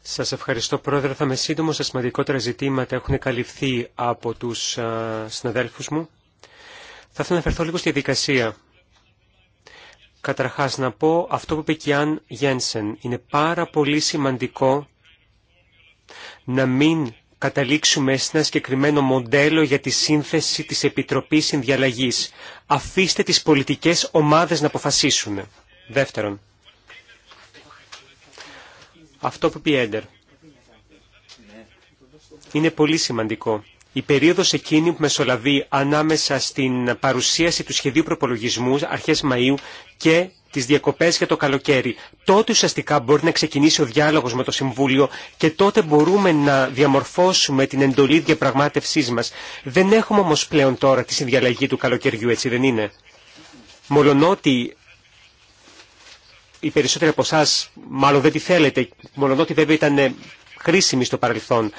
Σας ευχαριστώ πρόεδρε. Θα είμαι σύντομο. Τα σημαντικότερα ζητήματα έχουν καλυφθεί από τους συναδέλφου συναδέλφους μου. Θα ήθελα να αφαιρθώ λίγο στη διαδικασία. Καταρχάς να πω αυτό που είπε και η Αν Γένσεν. Είναι πάρα πολύ σημαντικό να μην καταλήξουμε σε ένα συγκεκριμένο μοντέλο για τη σύνθεση της Επιτροπής Συνδιαλλαγής. Αφήστε τις πολιτικές ομάδες να αποφασίσουν. Δεύτερον, αυτό που πει Έντερ είναι πολύ σημαντικό. Η περίοδος εκείνη που μεσολαβεί ανάμεσα στην παρουσίαση του σχεδίου προπολογισμού αρχές Μαΐου και τι διακοπέ για το καλοκαίρι. Τότε ουσιαστικά μπορεί να ξεκινήσει ο διάλογος με το Συμβούλιο και τότε μπορούμε να διαμορφώσουμε την εντολή διαπραγματεύσή μα. Δεν έχουμε όμω πλέον τώρα τη συνδιαλλαγή του καλοκαιριού, έτσι δεν είναι. Μολονότι οι περισσότεροι από εσά μάλλον δεν τη θέλετε, μολονότι βέβαια ήταν χρήσιμη στο παρελθόν.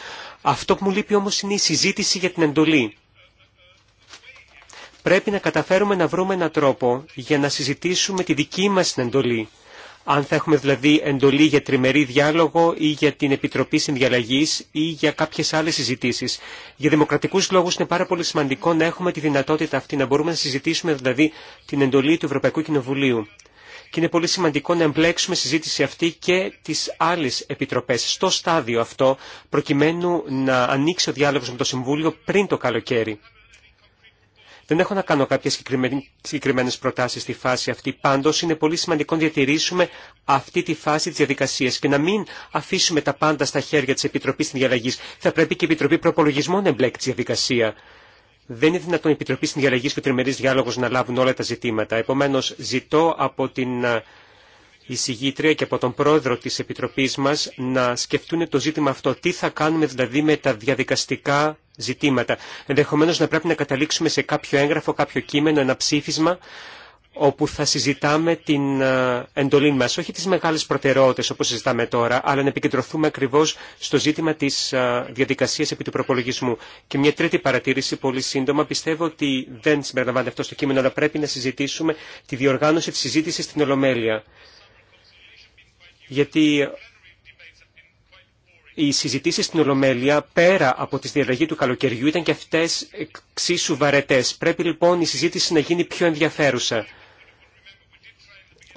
Αυτό που μου λείπει όμω είναι η συζήτηση για την εντολή πρέπει να καταφέρουμε να βρούμε έναν τρόπο για να συζητήσουμε τη δική μας εντολή. Αν θα έχουμε δηλαδή εντολή για τριμερή διάλογο ή για την Επιτροπή Συνδιαλλαγής ή για κάποιες άλλες συζητήσεις. Για δημοκρατικούς λόγους είναι πάρα πολύ σημαντικό να έχουμε τη δυνατότητα αυτή, να μπορούμε να συζητήσουμε δηλαδή την εντολή του Ευρωπαϊκού Κοινοβουλίου. Και είναι πολύ σημαντικό να εμπλέξουμε συζήτηση αυτή και τις άλλες επιτροπές στο στάδιο αυτό, προκειμένου να ανοίξει ο διάλογο με το Συμβούλιο πριν το καλοκαίρι. Δεν έχω να κάνω κάποιες συγκεκριμένες προτάσεις στη φάση αυτή. Πάντως είναι πολύ σημαντικό να διατηρήσουμε αυτή τη φάση της διαδικασίας και να μην αφήσουμε τα πάντα στα χέρια της Επιτροπής Συνδιαλλαγής. Θα πρέπει και η Επιτροπή Προπολογισμών να εμπλέκει τη διαδικασία. Δεν είναι δυνατόν η Επιτροπή Συνδιαλλαγής και ο Τριμερής Διάλογος να λάβουν όλα τα ζητήματα. Επομένως, ζητώ από την η συγγήτρια και από τον πρόεδρο της Επιτροπής μας να σκεφτούν το ζήτημα αυτό. Τι θα κάνουμε δηλαδή με τα διαδικαστικά ζητήματα. Ενδεχομένως να πρέπει να καταλήξουμε σε κάποιο έγγραφο, κάποιο κείμενο, ένα ψήφισμα όπου θα συζητάμε την ε, εντολή μας, όχι τις μεγάλες προτεραιότητες όπως συζητάμε τώρα, αλλά να επικεντρωθούμε ακριβώς στο ζήτημα της ε, διαδικασίας επί του προπολογισμού. Και μια τρίτη παρατήρηση, πολύ σύντομα, πιστεύω ότι δεν συμπεριλαμβάνεται αυτό στο κείμενο, αλλά πρέπει να συζητήσουμε τη διοργάνωση της συζήτησης στην Ολομέλεια γιατί οι συζητήσεις στην Ολομέλεια, πέρα από τη διαλλαγή του καλοκαιριού, ήταν και αυτές εξίσου βαρετές. Πρέπει λοιπόν η συζήτηση να γίνει πιο ενδιαφέρουσα.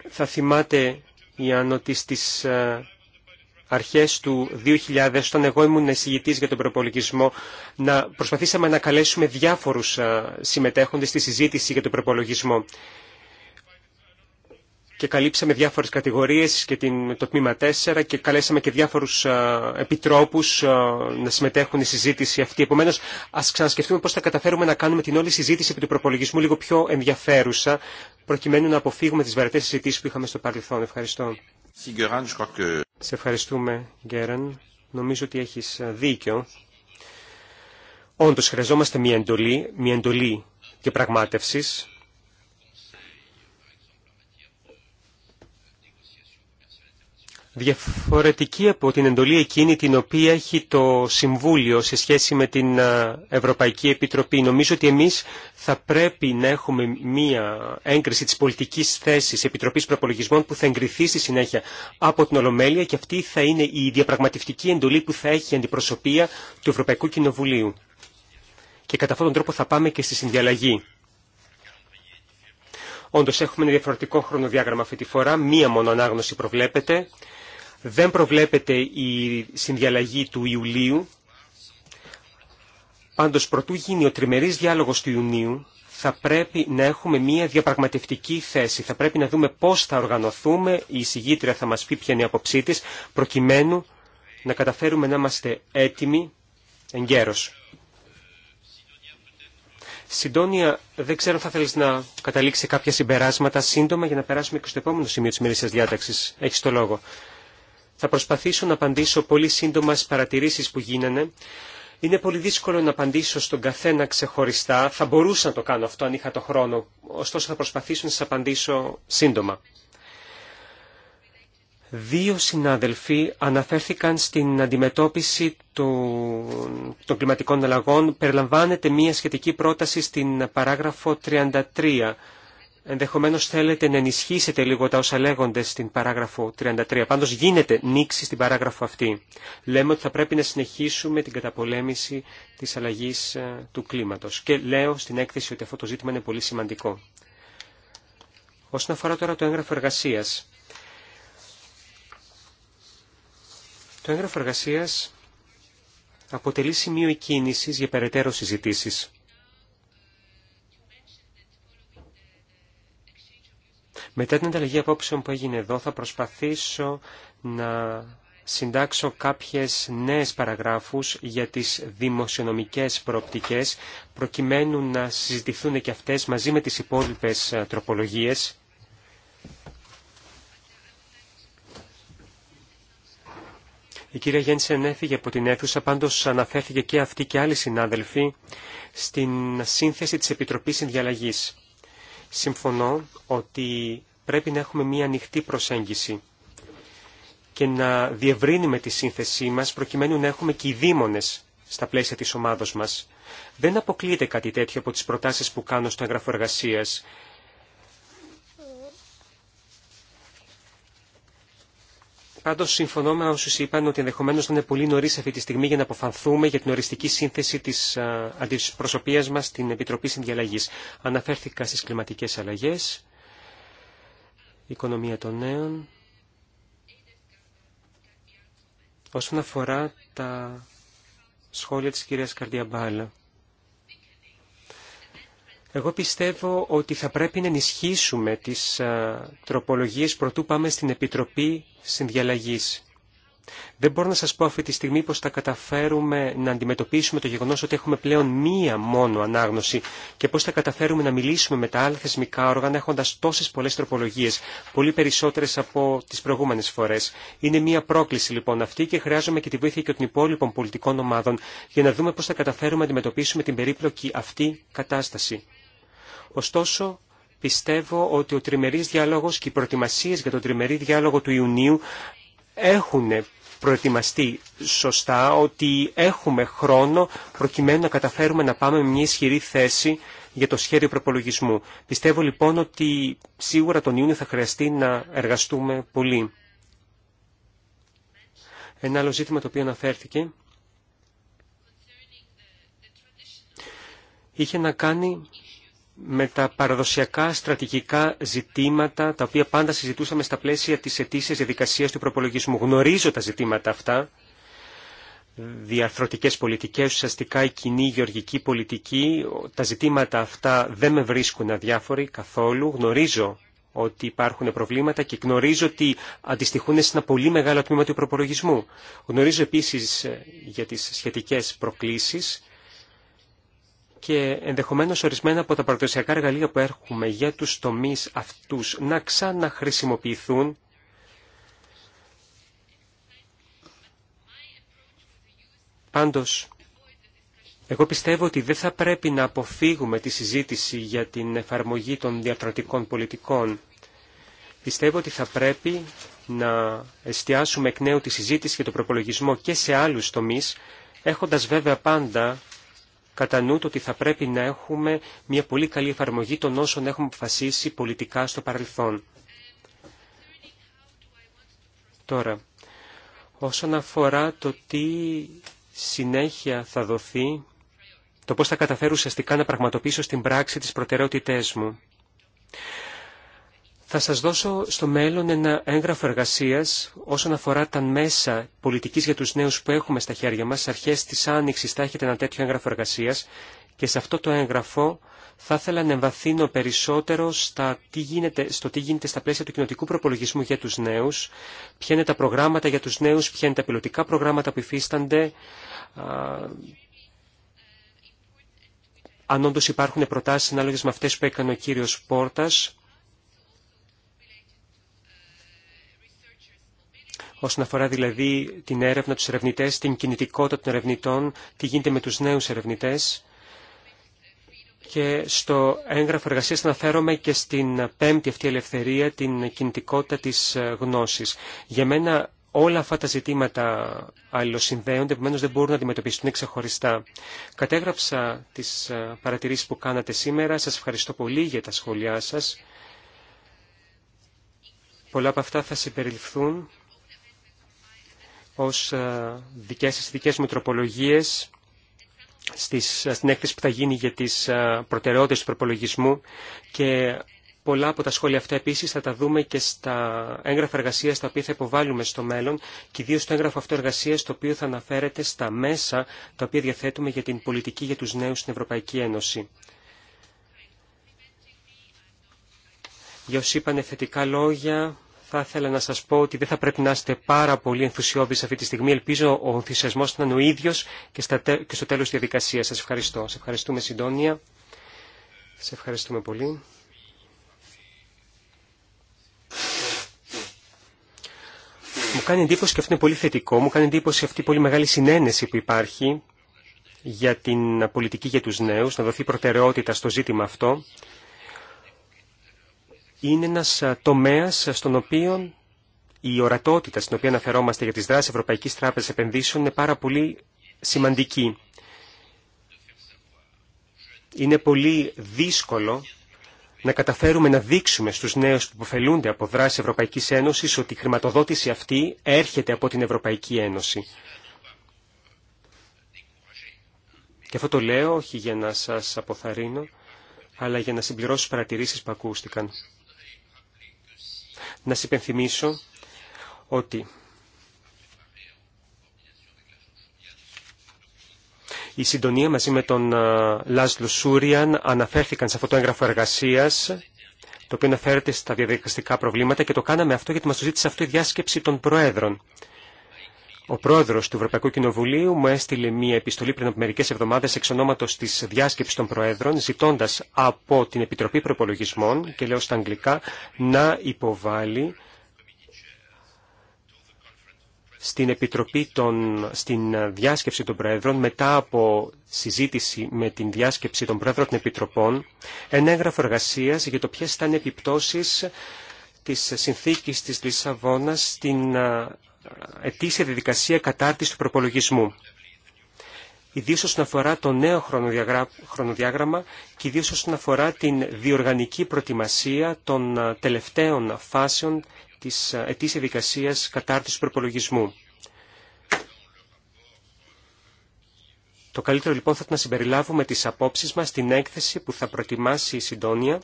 Θα θυμάται, η ότι στις αρχές του 2000, όταν εγώ ήμουν εισηγητής για τον προπολογισμό, να προσπαθήσαμε να καλέσουμε διάφορους ε, συμμετέχοντες στη συζήτηση για τον προπολογισμό και καλύψαμε διάφορες κατηγορίες και την, το τμήμα 4 και καλέσαμε και διάφορους α, ε, επιτρόπους ε, να συμμετέχουν στη συζήτηση αυτή. Επομένως, ας ξανασκεφτούμε πώς θα καταφέρουμε να κάνουμε την όλη συζήτηση επί του προπολογισμού λίγο πιο ενδιαφέρουσα, προκειμένου να αποφύγουμε τις βαρετές συζητήσεις που είχαμε στο παρελθόν. Ευχαριστώ. Σε ευχαριστούμε, Γκέραν. Νομίζω ότι έχεις ε, δίκιο. Όντως, χρειαζόμαστε μια εντολή, μια εντολή και διαφορετική από την εντολή εκείνη την οποία έχει το Συμβούλιο σε σχέση με την ε, Ευρωπαϊκή Επιτροπή. Νομίζω ότι εμείς θα πρέπει να έχουμε μία έγκριση της πολιτικής θέσης Επιτροπής Προπολογισμών που θα εγκριθεί στη συνέχεια από την Ολομέλεια και αυτή θα είναι η διαπραγματευτική εντολή που θα έχει η αντιπροσωπεία του Ευρωπαϊκού Κοινοβουλίου. Και κατά αυτόν τον τρόπο θα πάμε και στη συνδιαλλαγή. Όντω έχουμε ένα διαφορετικό χρονοδιάγραμμα αυτή τη φορά, μία μόνο ανάγνωση προβλέπεται. Δεν προβλέπεται η συνδιαλλαγή του Ιουλίου. Πάντως, προτού γίνει ο τριμερής διάλογος του Ιουνίου, θα πρέπει να έχουμε μια διαπραγματευτική θέση. Θα πρέπει να δούμε πώς θα οργανωθούμε, η εισηγήτρια θα μας πει ποια είναι η αποψή της, προκειμένου να καταφέρουμε να είμαστε έτοιμοι εγκαίρως. Συντόνια, δεν ξέρω αν θα θέλεις να καταλήξει κάποια συμπεράσματα σύντομα για να περάσουμε και στο επόμενο σημείο της μερικής διάταξης. Έχεις το λόγο. Θα προσπαθήσω να απαντήσω πολύ σύντομα στις παρατηρήσεις που γίνανε. Είναι πολύ δύσκολο να απαντήσω στον καθένα ξεχωριστά. Θα μπορούσα να το κάνω αυτό αν είχα το χρόνο. Ωστόσο θα προσπαθήσω να σα απαντήσω σύντομα. Δύο συνάδελφοι αναφέρθηκαν στην αντιμετώπιση του, των κλιματικών αλλαγών. Περιλαμβάνεται μία σχετική πρόταση στην παράγραφο 33 ενδεχομένως θέλετε να ενισχύσετε λίγο τα όσα λέγονται στην παράγραφο 33. Πάντως γίνεται νήξη στην παράγραφο αυτή. Λέμε ότι θα πρέπει να συνεχίσουμε την καταπολέμηση της αλλαγής ε, του κλίματος. Και λέω στην έκθεση ότι αυτό το ζήτημα είναι πολύ σημαντικό. Όσον αφορά τώρα το έγγραφο εργασίας. Το έγγραφο εργασίας αποτελεί σημείο κίνησης για περαιτέρω συζητήσεις. Μετά την ανταλλαγή απόψεων που έγινε εδώ θα προσπαθήσω να συντάξω κάποιες νέες παραγράφους για τις δημοσιονομικές προοπτικές προκειμένου να συζητηθούν και αυτές μαζί με τις υπόλοιπες ε, τροπολογίες. Η κυρία Γένσεν έφυγε από την αίθουσα, πάντως αναφέρθηκε και αυτή και άλλοι συνάδελφοι στην σύνθεση της Επιτροπής Συνδιαλλαγής συμφωνώ ότι πρέπει να έχουμε μία ανοιχτή προσέγγιση και να διευρύνουμε τη σύνθεσή μας προκειμένου να έχουμε και οι δήμονες στα πλαίσια της ομάδος μας. Δεν αποκλείεται κάτι τέτοιο από τις προτάσεις που κάνω στο έγγραφο εργασία Πάντω, συμφωνώ με όσου είπαν ότι ενδεχομένω να είναι πολύ νωρί αυτή τη στιγμή για να αποφανθούμε για την οριστική σύνθεση τη αντιπροσωπεία μα στην Επιτροπή Συνδιαλλαγή. Αναφέρθηκα στι κλιματικέ αλλαγέ, οικονομία των νέων. Όσον αφορά τα σχόλια της κυρίας Καρδιαμπάλα. Εγώ πιστεύω ότι θα πρέπει να ενισχύσουμε τις α, τροπολογίες προτού πάμε στην Επιτροπή Συνδιαλλαγής. Δεν μπορώ να σας πω αυτή τη στιγμή πως θα καταφέρουμε να αντιμετωπίσουμε το γεγονός ότι έχουμε πλέον μία μόνο ανάγνωση και πως θα καταφέρουμε να μιλήσουμε με τα άλλα θεσμικά όργανα έχοντας τόσες πολλές τροπολογίες, πολύ περισσότερες από τις προηγούμενες φορές. Είναι μία πρόκληση λοιπόν αυτή και χρειάζομαι και τη βοήθεια και των υπόλοιπων πολιτικών ομάδων για να δούμε πως θα καταφέρουμε να αντιμετωπίσουμε την περίπλοκη αυτή κατάσταση. Ωστόσο, πιστεύω ότι ο τριμερής διάλογος και οι προετοιμασίες για τον τριμερή διάλογο του Ιουνίου έχουν προετοιμαστεί σωστά, ότι έχουμε χρόνο προκειμένου να καταφέρουμε να πάμε με μια ισχυρή θέση για το σχέδιο προπολογισμού. Πιστεύω λοιπόν ότι σίγουρα τον Ιούνιο θα χρειαστεί να εργαστούμε πολύ. Ένα άλλο ζήτημα το οποίο αναφέρθηκε είχε να κάνει με τα παραδοσιακά στρατηγικά ζητήματα τα οποία πάντα συζητούσαμε στα πλαίσια της ετήσιας διαδικασίας του προπολογισμού. Γνωρίζω τα ζητήματα αυτά, διαρθρωτικές πολιτικές, ουσιαστικά η κοινή γεωργική πολιτική. Τα ζητήματα αυτά δεν με βρίσκουν αδιάφοροι καθόλου. Γνωρίζω ότι υπάρχουν προβλήματα και γνωρίζω ότι αντιστοιχούν σε ένα πολύ μεγάλο τμήμα του προπολογισμού. Γνωρίζω επίσης ε, για τις σχετικές προκλήσεις και ενδεχομένως ορισμένα από τα παραδοσιακά εργαλεία που έχουμε για τους τομείς αυτούς να ξαναχρησιμοποιηθούν Πάντως, εγώ πιστεύω ότι δεν θα πρέπει να αποφύγουμε τη συζήτηση για την εφαρμογή των διατροτικών πολιτικών. Πιστεύω ότι θα πρέπει να εστιάσουμε εκ νέου τη συζήτηση και τον προπολογισμό και σε άλλους τομείς, έχοντας βέβαια πάντα κατά ότι θα πρέπει να έχουμε μια πολύ καλή εφαρμογή των όσων έχουμε αποφασίσει πολιτικά στο παρελθόν. Τώρα, όσον αφορά το τι συνέχεια θα δοθεί, το πώς θα καταφέρω ουσιαστικά να πραγματοποιήσω στην πράξη τις προτεραιότητές μου. Θα σας δώσω στο μέλλον ένα έγγραφο εργασίας όσον αφορά τα μέσα πολιτικής για τους νέους που έχουμε στα χέρια μας. Στις αρχές της Άνοιξης θα έχετε ένα τέτοιο έγγραφο εργασίας και σε αυτό το έγγραφο θα ήθελα να εμβαθύνω περισσότερο στα τι γίνεται, στο τι γίνεται στα πλαίσια του κοινοτικού προπολογισμού για τους νέους, ποια είναι τα προγράμματα για τους νέους, ποια είναι τα πιλωτικά προγράμματα που υφίστανται, αν όντω υπάρχουν προτάσεις ανάλογες με αυτές που έκανε ο κύριος Πόρτας, όσον αφορά δηλαδή την έρευνα, τους ερευνητές, την κινητικότητα των ερευνητών, τι γίνεται με τους νέους ερευνητές. Και στο έγγραφο εργασίας αναφέρομαι και στην πέμπτη αυτή ελευθερία, την κινητικότητα της ε, γνώσης. Για μένα όλα αυτά τα ζητήματα αλληλοσυνδέονται, επομένως δεν μπορούν να αντιμετωπιστούν ξεχωριστά. Κατέγραψα τις ε, παρατηρήσεις που κάνατε σήμερα. Σας ευχαριστώ πολύ για τα σχόλιά σας. Πολλά από αυτά θα συμπεριληφθούν ως ε, δικές σας δικές μου στις, ε, στην έκθεση που θα γίνει για τις ε, προτεραιότητες του προπολογισμού και πολλά από τα σχόλια αυτά επίσης θα τα δούμε και στα έγγραφα εργασίας τα οποία θα υποβάλουμε στο μέλλον και ιδίως στο έγγραφο αυτό εργασίας το οποίο θα αναφέρεται στα μέσα τα οποία διαθέτουμε για την πολιτική για τους νέους στην Ευρωπαϊκή Ένωση. Για όσοι είπανε θετικά λόγια, θα ήθελα να σας πω ότι δεν θα πρέπει να είστε πάρα πολύ ενθουσιώδης αυτή τη στιγμή. Ελπίζω ο ενθουσιασμός να είναι ο ίδιος και, στο τέλος της διαδικασίας. Σας ευχαριστώ. Σε ευχαριστούμε συντόνια. Σε ευχαριστούμε πολύ. Μου κάνει εντύπωση και αυτό είναι πολύ θετικό. Μου κάνει εντύπωση αυτή η πολύ μεγάλη συνένεση που υπάρχει για την πολιτική για τους νέους, να δοθεί προτεραιότητα στο ζήτημα αυτό είναι ένας ε, τομέας στον οποίο η ορατότητα στην οποία αναφερόμαστε για τις δράσεις Ευρωπαϊκής Τράπεζας Επενδύσεων είναι πάρα πολύ σημαντική. Είναι πολύ δύσκολο να καταφέρουμε να δείξουμε στους νέους που υποφελούνται από δράσεις Ευρωπαϊκής Ένωσης ότι η χρηματοδότηση αυτή έρχεται από την Ευρωπαϊκή Ένωση. Και αυτό το λέω όχι για να σας αποθαρρύνω, αλλά για να συμπληρώσω τις παρατηρήσεις που ακούστηκαν να σας υπενθυμίσω ότι η συντονία μαζί με τον ε, Λάζλου Σούριαν αναφέρθηκαν σε αυτό το έγγραφο εργασίας το οποίο αναφέρεται στα διαδικαστικά προβλήματα και το κάναμε αυτό γιατί μας το ζήτησε αυτό η διάσκεψη των Προέδρων. Ο πρόεδρο του Ευρωπαϊκού Κοινοβουλίου μου έστειλε μία επιστολή πριν από μερικέ εβδομάδε εξ ονόματο τη διάσκεψη των Προέδρων, ζητώντα από την Επιτροπή Προπολογισμών, και λέω στα αγγλικά, να υποβάλει στην Επιτροπή των, στην διάσκεψη των Προέδρων, μετά από συζήτηση με την διάσκεψη των Προέδρων των Επιτροπών, ένα έγγραφο εργασία για το ποιε θα είναι επιπτώσει τη συνθήκη τη Λισαβόνα στην ετήσια διαδικασία κατάρτιση του προπολογισμού. Ιδίως όσον αφορά το νέο χρονοδιάγραμμα και ιδίως όσον αφορά την διοργανική προετοιμασία των ε, τελευταίων φάσεων της ε, ετήσια διαδικασίας κατάρτισης του προπολογισμού. Το καλύτερο λοιπόν θα ήταν να συμπεριλάβουμε τις απόψεις μας στην έκθεση που θα προετοιμάσει η Συντόνια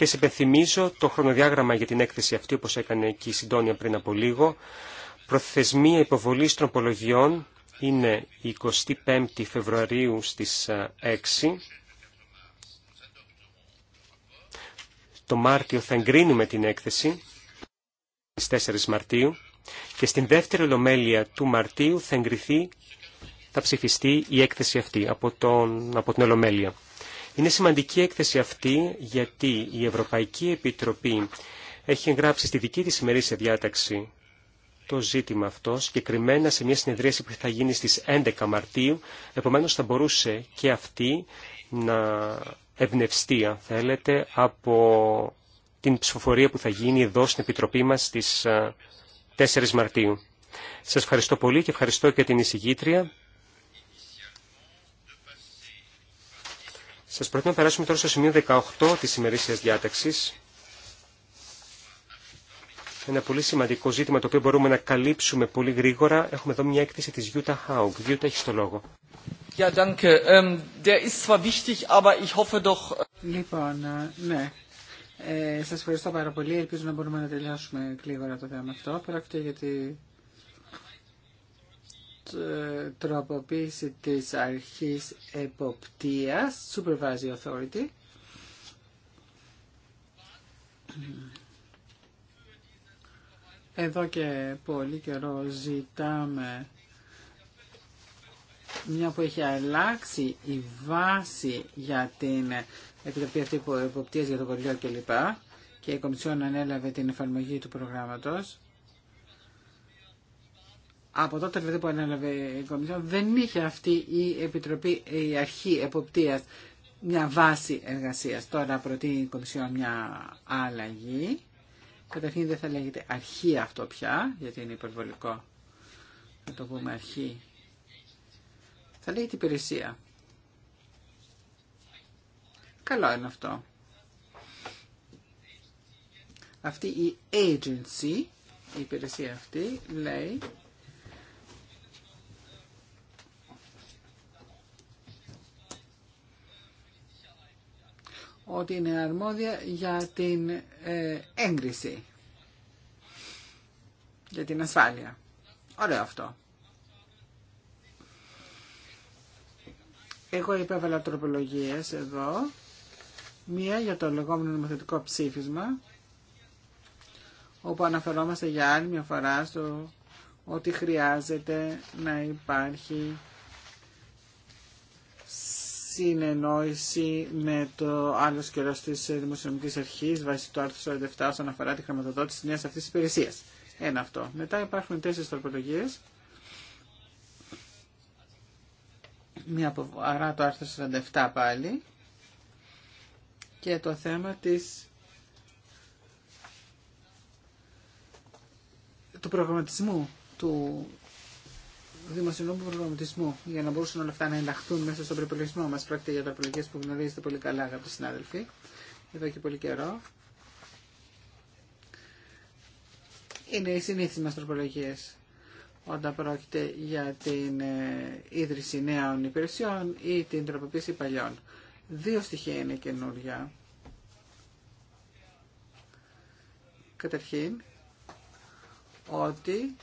και σε υπενθυμίζω το χρονοδιάγραμμα για την έκθεση αυτή, όπως έκανε και η Συντόνια πριν από λίγο. Προθεσμία υποβολής τροπολογιών είναι η 25η Φεβρουαρίου στις 6. Ε, το Μάρτιο θα εγκρίνουμε την έκθεση στις 4 Μαρτίου και στην δεύτερη ολομέλεια του Μαρτίου θα εγκριθεί, θα ψηφιστεί η έκθεση αυτή από, τον, από την ολομέλεια. Είναι σημαντική έκθεση αυτή γιατί η Ευρωπαϊκή Επιτροπή έχει εγγράψει στη δική της σε διάταξη το ζήτημα αυτό, συγκεκριμένα σε μια συνεδρίαση που θα γίνει στις 11 Μαρτίου, επομένως θα μπορούσε και αυτή να εμπνευστεί, αν θέλετε, από την ψηφοφορία που θα γίνει εδώ στην Επιτροπή μας στις 4 ε, Μαρτίου. Σας ευχαριστώ πολύ και ευχαριστώ και την εισηγήτρια. Σας προτείνω να περάσουμε τώρα στο σημείο 18 της ημερήσιας διάταξης. Ένα πολύ σημαντικό ζήτημα το οποίο μπορούμε να καλύψουμε πολύ γρήγορα. Έχουμε εδώ μια έκθεση της Γιούτα Χάουγκ. Γιούτα, έχει το λόγο. Ja, danke. Ähm, der ist zwar wichtig, aber ich hoffe doch... Λοιπόν, ε, ναι. Ε, σας ευχαριστώ πάρα πολύ. Ελπίζω να μπορούμε να τελειώσουμε γρήγορα το θέμα αυτό. Πρόκειται γιατί τροποποίηση της αρχής εποπτείας, supervisory authority, εδώ και πολύ καιρό ζητάμε μια που έχει αλλάξει η βάση για την επιτροπή αυτή που εποπτείας για το κοριό κλπ. Και η Κομισιόν ανέλαβε την εφαρμογή του προγράμματος από τότε δηλαδή που ανέλαβε η Κομισιόν δεν είχε αυτή η Επιτροπή, η Αρχή Εποπτείας μια βάση εργασίας. Τώρα προτείνει η Κομισιόν μια αλλαγή. Καταρχήν δεν θα λέγεται αρχή αυτό πια, γιατί είναι υπερβολικό να το πούμε αρχή. Θα λέγεται υπηρεσία. Καλό είναι αυτό. Αυτή η agency, η υπηρεσία αυτή, λέει ότι είναι αρμόδια για την ε, έγκριση, για την ασφάλεια. Ωραίο αυτό. Εγώ υπέβαλα τροπολογίες εδώ, μία για το λεγόμενο νομοθετικό ψήφισμα, όπου αναφερόμαστε για άλλη μια φορά στο ότι χρειάζεται να υπάρχει συνεννόηση με το άλλο σκελό τη Δημοσιονομική Αρχή βάσει του άρθρου 47 όσον αφορά τη χρηματοδότηση τη νέα αυτή υπηρεσία. Ένα αυτό. Μετά υπάρχουν τέσσερι τροπολογίε. Μία από αρά το άρθρο 47 πάλι. Και το θέμα της του προγραμματισμού του δημοσιονομικού προγραμματισμού για να μπορούσαν όλα αυτά να ενταχθούν μέσα στον προπολογισμό μα. Πρόκειται για τροπολογίε που γνωρίζετε πολύ καλά, αγαπητοί συνάδελφοι, εδώ και πολύ καιρό. Είναι οι συνήθειε μα τροπολογίε όταν πρόκειται για την ε, ίδρυση νέων υπηρεσιών ή την τροποποίηση παλιών. Δύο στοιχεία είναι καινούργια. Καταρχήν, ότι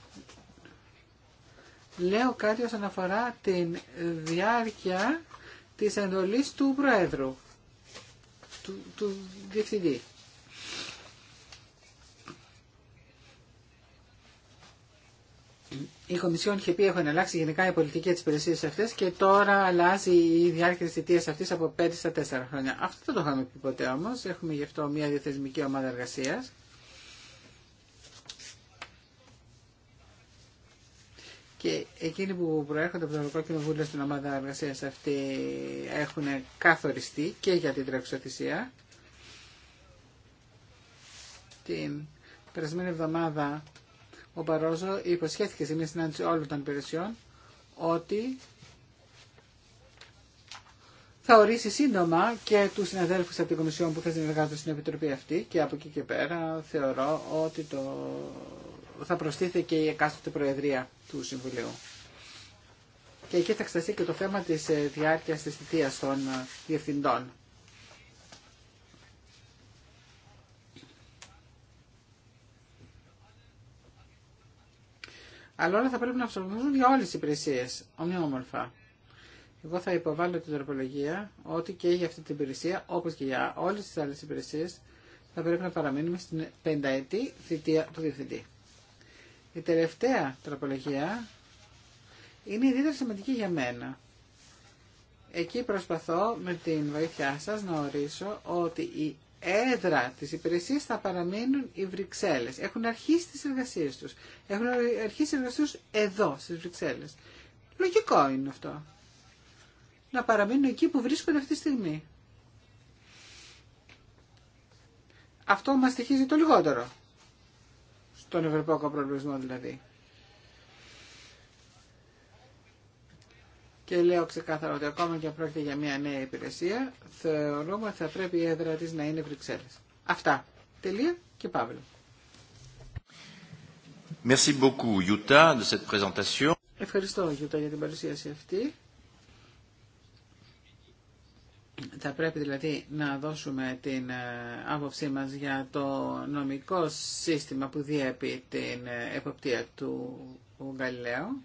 λέω κάτι όσον αφορά την διάρκεια της εντολής του Προέδρου, του, του Διευθυντή. Η Κομισιόν είχε πει έχουν αλλάξει γενικά η πολιτική της υπηρεσίας αυτές και τώρα αλλάζει η διάρκεια της θητείας αυτής από 5 στα 4 χρόνια. Αυτό δεν το είχαμε πει ποτέ όμως. Έχουμε γι' αυτό μια διαθεσμική ομάδα εργασίας. και εκείνοι που προέρχονται από το Ευρωπαϊκό Κοινοβούλιο στην ομάδα εργασία αυτή έχουν καθοριστεί και για την τρεξοθυσία. Την περασμένη εβδομάδα ο Παρόζο υποσχέθηκε σε μια συνάντηση όλων των υπηρεσιών ότι θα ορίσει σύντομα και του συναδέλφου από την Κομισιόν που θα συνεργάζονται στην Επιτροπή αυτή και από εκεί και πέρα θεωρώ ότι το θα προστίθε και η εκάστοτε Προεδρία του Συμβουλίου. Και εκεί θα εξεταστεί και το θέμα της ε, διάρκειας της θητείας των ε, διευθυντών. Αλλά όλα θα πρέπει να προσαρμοστούν για όλες τις υπηρεσίες, ομοιόμορφα. Εγώ θα υποβάλω την τροπολογία ότι και για αυτή την υπηρεσία, όπως και για όλες τις άλλες υπηρεσίες, θα πρέπει να παραμείνουμε στην πενταετή θητεία του διευθυντή. Η τελευταία τροπολογία είναι ιδιαίτερα σημαντική για μένα. Εκεί προσπαθώ με την βοήθειά σας να ορίσω ότι η έδρα της υπηρεσίας θα παραμείνουν οι Βρυξέλλες. Έχουν αρχίσει τις εργασίες τους. Έχουν αρχίσει τις εργασίες τους εδώ, στις Βρυξέλλες. Λογικό είναι αυτό. Να παραμείνουν εκεί που βρίσκονται αυτή τη στιγμή. Αυτό μας στοιχίζει το λιγότερο τον ευρωπαϊκό προβλησμό δηλαδή. Και λέω ξεκάθαρα ότι ακόμα και αν πρόκειται για μια νέα υπηρεσία, θεωρούμε ότι θα πρέπει η έδρα της να είναι Βρυξέλλες. Αυτά. Τελεία και Παύλο. Ευχαριστώ, Γιούτα, για την παρουσίαση αυτή. Θα πρέπει δηλαδή να δώσουμε την ε, άποψή μας για το νομικό σύστημα που διέπει την ε, εποπτεία του Γαλιλαίου.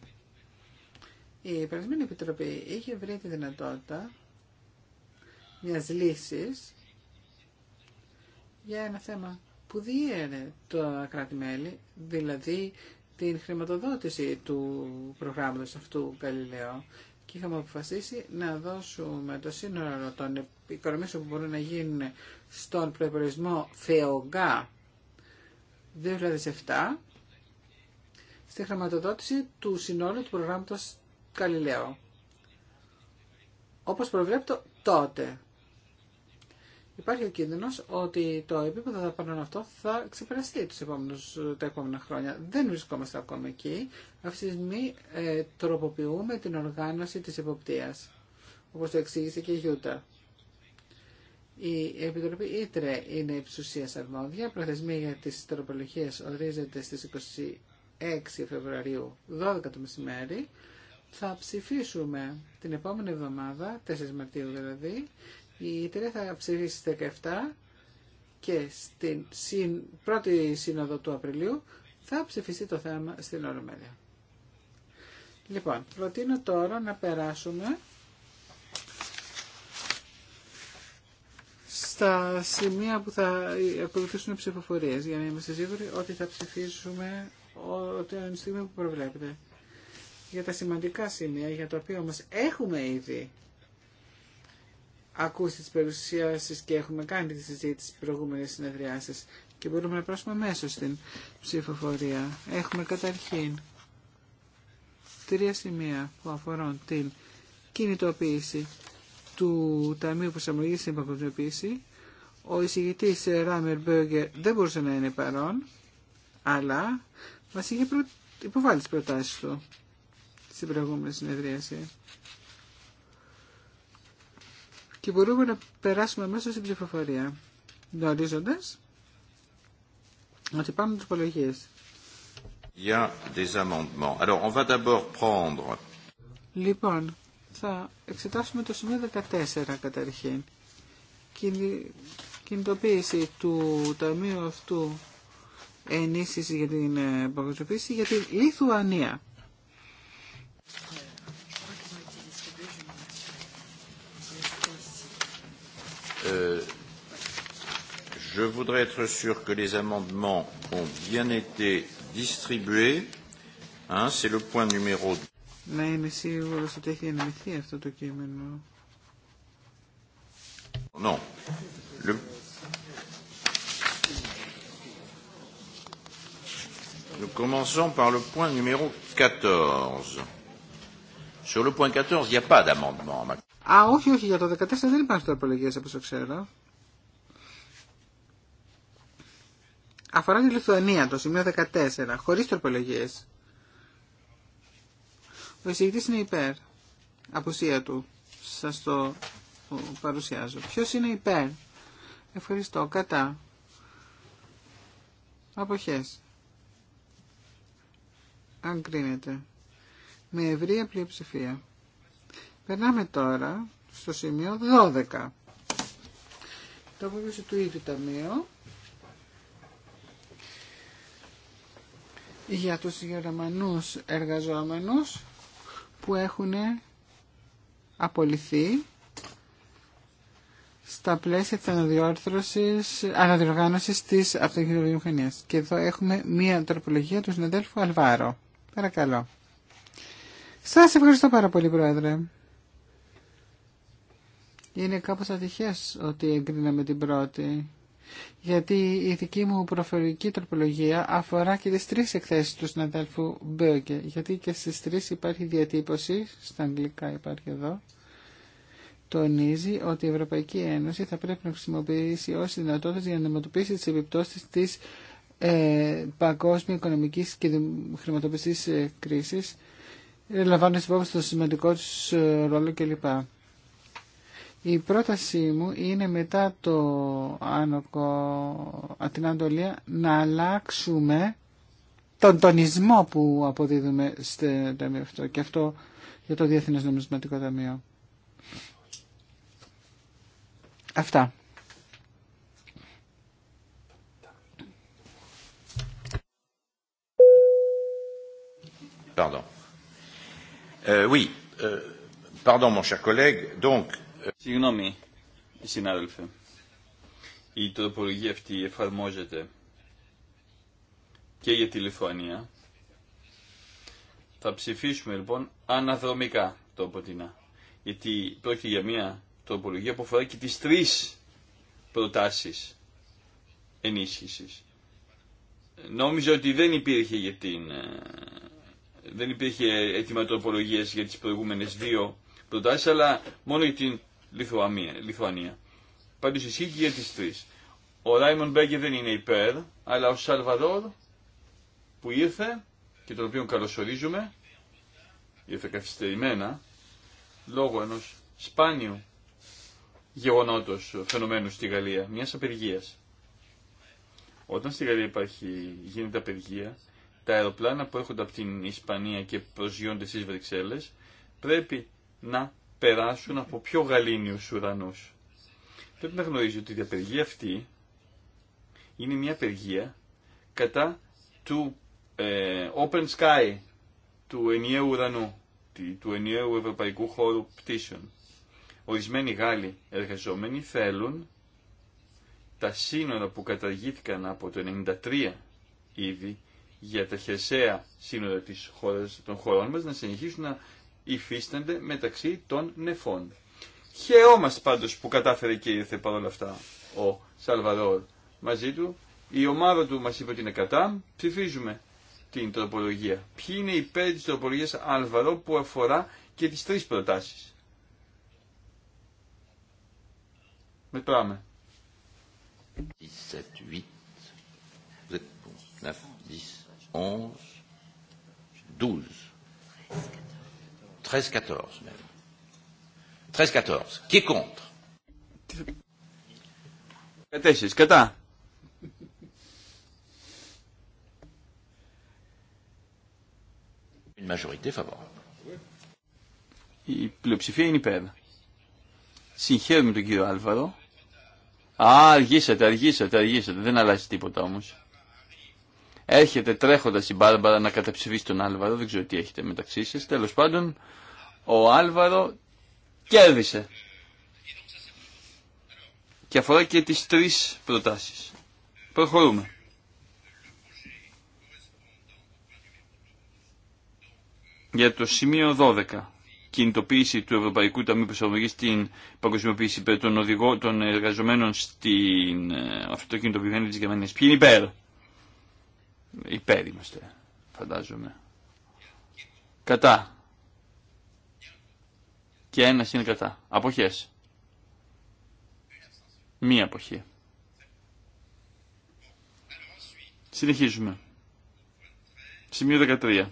Η περασμένη επιτροπή είχε βρει τη δυνατότητα μιας λύσης για ένα θέμα που διέρε το κράτη-μέλη, δηλαδή την χρηματοδότηση του προγράμματος αυτού Γαλιλαίου και είχαμε αποφασίσει να δώσουμε το σύνολο των οικονομίσεων που μπορούν να γίνουν στον προϋπολογισμό ΦΕΟΓΑ 2007 στη χρηματοδότηση του συνόλου του προγράμματος Καλλιλέο. Όπως προβλέπτω τότε υπάρχει ο κίνδυνο ότι το επίπεδο δαπανών αυτό θα ξεπεραστεί τους επόμενους, τα επόμενα χρόνια. Δεν βρισκόμαστε ακόμα εκεί. Αυτή τη στιγμή ε, τροποποιούμε την οργάνωση της εποπτείας, όπως το εξήγησε και η Γιούτα. Η Επιτροπή Ήτρε είναι υψουσία αρμόδια. Προθεσμία για τις τροπολογίες ορίζεται στις 26 Φεβρουαρίου 12 το μεσημέρι. Θα ψηφίσουμε την επόμενη εβδομάδα, 4 Μαρτίου δηλαδή, η ΙΤΡΕ θα ψηφίσει στις 17 και στην πρώτη σύνοδο του Απριλίου θα ψηφιστεί το θέμα στην Ολομέλεια. Λοιπόν, προτείνω τώρα να περάσουμε στα σημεία που θα ακολουθήσουν ψηφοφορίες, για να είμαστε σίγουροι ότι θα ψηφίσουμε ότι είναι στιγμή που προβλέπετε. Για τα σημαντικά σημεία για τα οποία όμως έχουμε ήδη ακούσει τις παρουσιάσεις και έχουμε κάνει τη συζήτηση στις προηγούμενες συνεδριάσεις και μπορούμε να πράσουμε μέσα στην ψηφοφορία. Έχουμε καταρχήν τρία σημεία που αφορούν την κινητοποίηση του Ταμείου Προσαρμογή στην Παγκοσμιοποίηση. Ο εισηγητής ε, Ράμερ Μπέγκερ δεν μπορούσε να είναι παρόν, αλλά μα είχε προ... υποβάλει τι προτάσει του στην προηγούμενη συνεδρίαση και μπορούμε να περάσουμε μέσα στην ψηφοφορία, γνωρίζοντα ότι πάμε τροπολογίε. Prendre... Λοιπόν, θα εξετάσουμε το σημείο 14 καταρχήν. Κινητοποίηση του ταμείου αυτού ενίσχυση για την ε, παγκοσμιοποίηση για τη Λιθουανία. Je voudrais être sûr que les amendements ont bien été distribués. C'est le point numéro 2. Να είναι σίγουρο ότι έχει ενημεθεί αυτό το κείμενο. Non. Le... Nous commençons par le point numéro 14. Sur le point 14, il n'y a pas d'amendement. Α, όχι, όχι, για το 14 δεν υπάρχουν τροπολογίες όπως ξέρω. Αφορά τη Λιθουανία, το σημείο 14, χωρίς τροπολογίες. Ο εισηγητής είναι υπέρ. Απουσία του. Σας το παρουσιάζω. Ποιος είναι υπέρ. Ευχαριστώ. Κατά. Αποχές. Αν κρίνεται. Με ευρία πλειοψηφία. Περνάμε τώρα στο σημείο 12. Το απόβληση του ίδιου ταμείου για τους γερμανούς εργαζόμενους που έχουν απολυθεί στα πλαίσια της αναδιόρθρωσης, αναδιοργάνωσης της αυτοκινητοβιομηχανίας. Και εδώ έχουμε μία τροπολογία του συναδέλφου Αλβάρο. Παρακαλώ. Σας ευχαριστώ πάρα πολύ, Πρόεδρε. Είναι κάπως ατυχές ότι εγκρίναμε την πρώτη. Γιατί η δική μου προφορική τροπολογία αφορά και τις τρεις εκθέσεις του συναδέλφου Μπέγκε. Γιατί και στις τρεις υπάρχει διατύπωση, στα αγγλικά υπάρχει εδώ, τονίζει ότι η Ευρωπαϊκή Ένωση θα πρέπει να χρησιμοποιήσει όσοι δυνατότητες για να αντιμετωπίσει τις επιπτώσεις της ε, παγκόσμια οικονομικής και χρηματοπιστής ε, κρίσης, λαμβάνοντας υπόψη το σημαντικό τους ε, ρόλο κλπ. Η πρότασή μου είναι μετά το άνοκο να αλλάξουμε τον τονισμό που αποδίδουμε στο ταμείο αυτό και αυτό για το Διεθνές Νομισματικό Ταμείο. Αυτά. Pardon. Euh, oui, euh, pardon mon cher collègue, donc Συγγνώμη, συνάδελφε. Η τροπολογία αυτή εφαρμόζεται και για τη Θα ψηφίσουμε λοιπόν αναδρομικά το Ποτινά. Γιατί πρόκειται για μια τροπολογία που αφορά και τις τρεις προτάσεις ενίσχυσης. Νόμιζα ότι δεν υπήρχε για την... Ε, δεν υπήρχε έτοιμα τροπολογίας για τις προηγούμενες δύο προτάσεις, αλλά μόνο για την Λιθουανία. Πάντω ισχύει και για τι τρει. Ο Ράιμον Μπέγκε δεν είναι υπέρ, αλλά ο Σαλβαδόρ που ήρθε και τον οποίο καλωσορίζουμε, ήρθε καθυστερημένα, λόγω ενός σπάνιου γεγονότο φαινομένου στη Γαλλία, μια απεργία. Όταν στη Γαλλία υπάρχει, γίνεται απεργία, τα αεροπλάνα που έρχονται από την Ισπανία και προσγειώνται στι Βρυξέλλε πρέπει να περάσουν από πιο γαλήνιους ουρανούς. Πρέπει να γνωρίζει ότι η απεργία αυτή είναι μια απεργία κατά του ε, open sky, του ενιαίου ουρανού, του ενιαίου ευρωπαϊκού χώρου πτήσεων. Ορισμένοι Γάλλοι εργαζόμενοι θέλουν τα σύνορα που καταργήθηκαν από το 1993 ήδη για τα χερσαία σύνορα της χώρας, των χωρών μας να συνεχίσουν να υφίστανται μεταξύ των νεφών. Χαιρόμαστε πάντως που κατάφερε και ήρθε παρόλα αυτά ο Σαλβαδόρ μαζί του. Η ομάδα του μας είπε ότι είναι κατά, ψηφίζουμε την τροπολογία. Ποιοι είναι υπέρ της τροπολογίας Αλβαρό που αφορά και τις τρεις προτάσεις. Μετράμε. 17, 8, 9, 10, 11, 12. 13-14 même. 13-14. Qui est contre κατά. Une majorité favorable. Η πλειοψηφία είναι υπέρ. Συγχαίρουμε τον κύριο Άλβαρο. Α, αργήσατε, αργήσατε, αργήσατε. Δεν αλλάζει τίποτα όμως. Έρχεται τρέχοντας η Μπάρμπαρα να καταψηφίσει τον Άλβαρο, δεν ξέρω τι έχετε μεταξύ σας. Τέλος πάντων, ο Άλβαρο κέρδισε. Και αφορά και τις τρεις προτάσεις. Προχωρούμε. Για το σημείο 12 κινητοποίηση του Ευρωπαϊκού Ταμείου Προσαρμογή στην παγκοσμιοποίηση των, των εργαζομένων στην ε, αυτοκινητοποιημένη τη Γερμανία. Ποιοι είναι υπέρ. Υπέρ είμαστε, φαντάζομαι. Κατά. Και ένας είναι κατά. Αποχές. Μία αποχή. Συνεχίζουμε. Σημείο 13.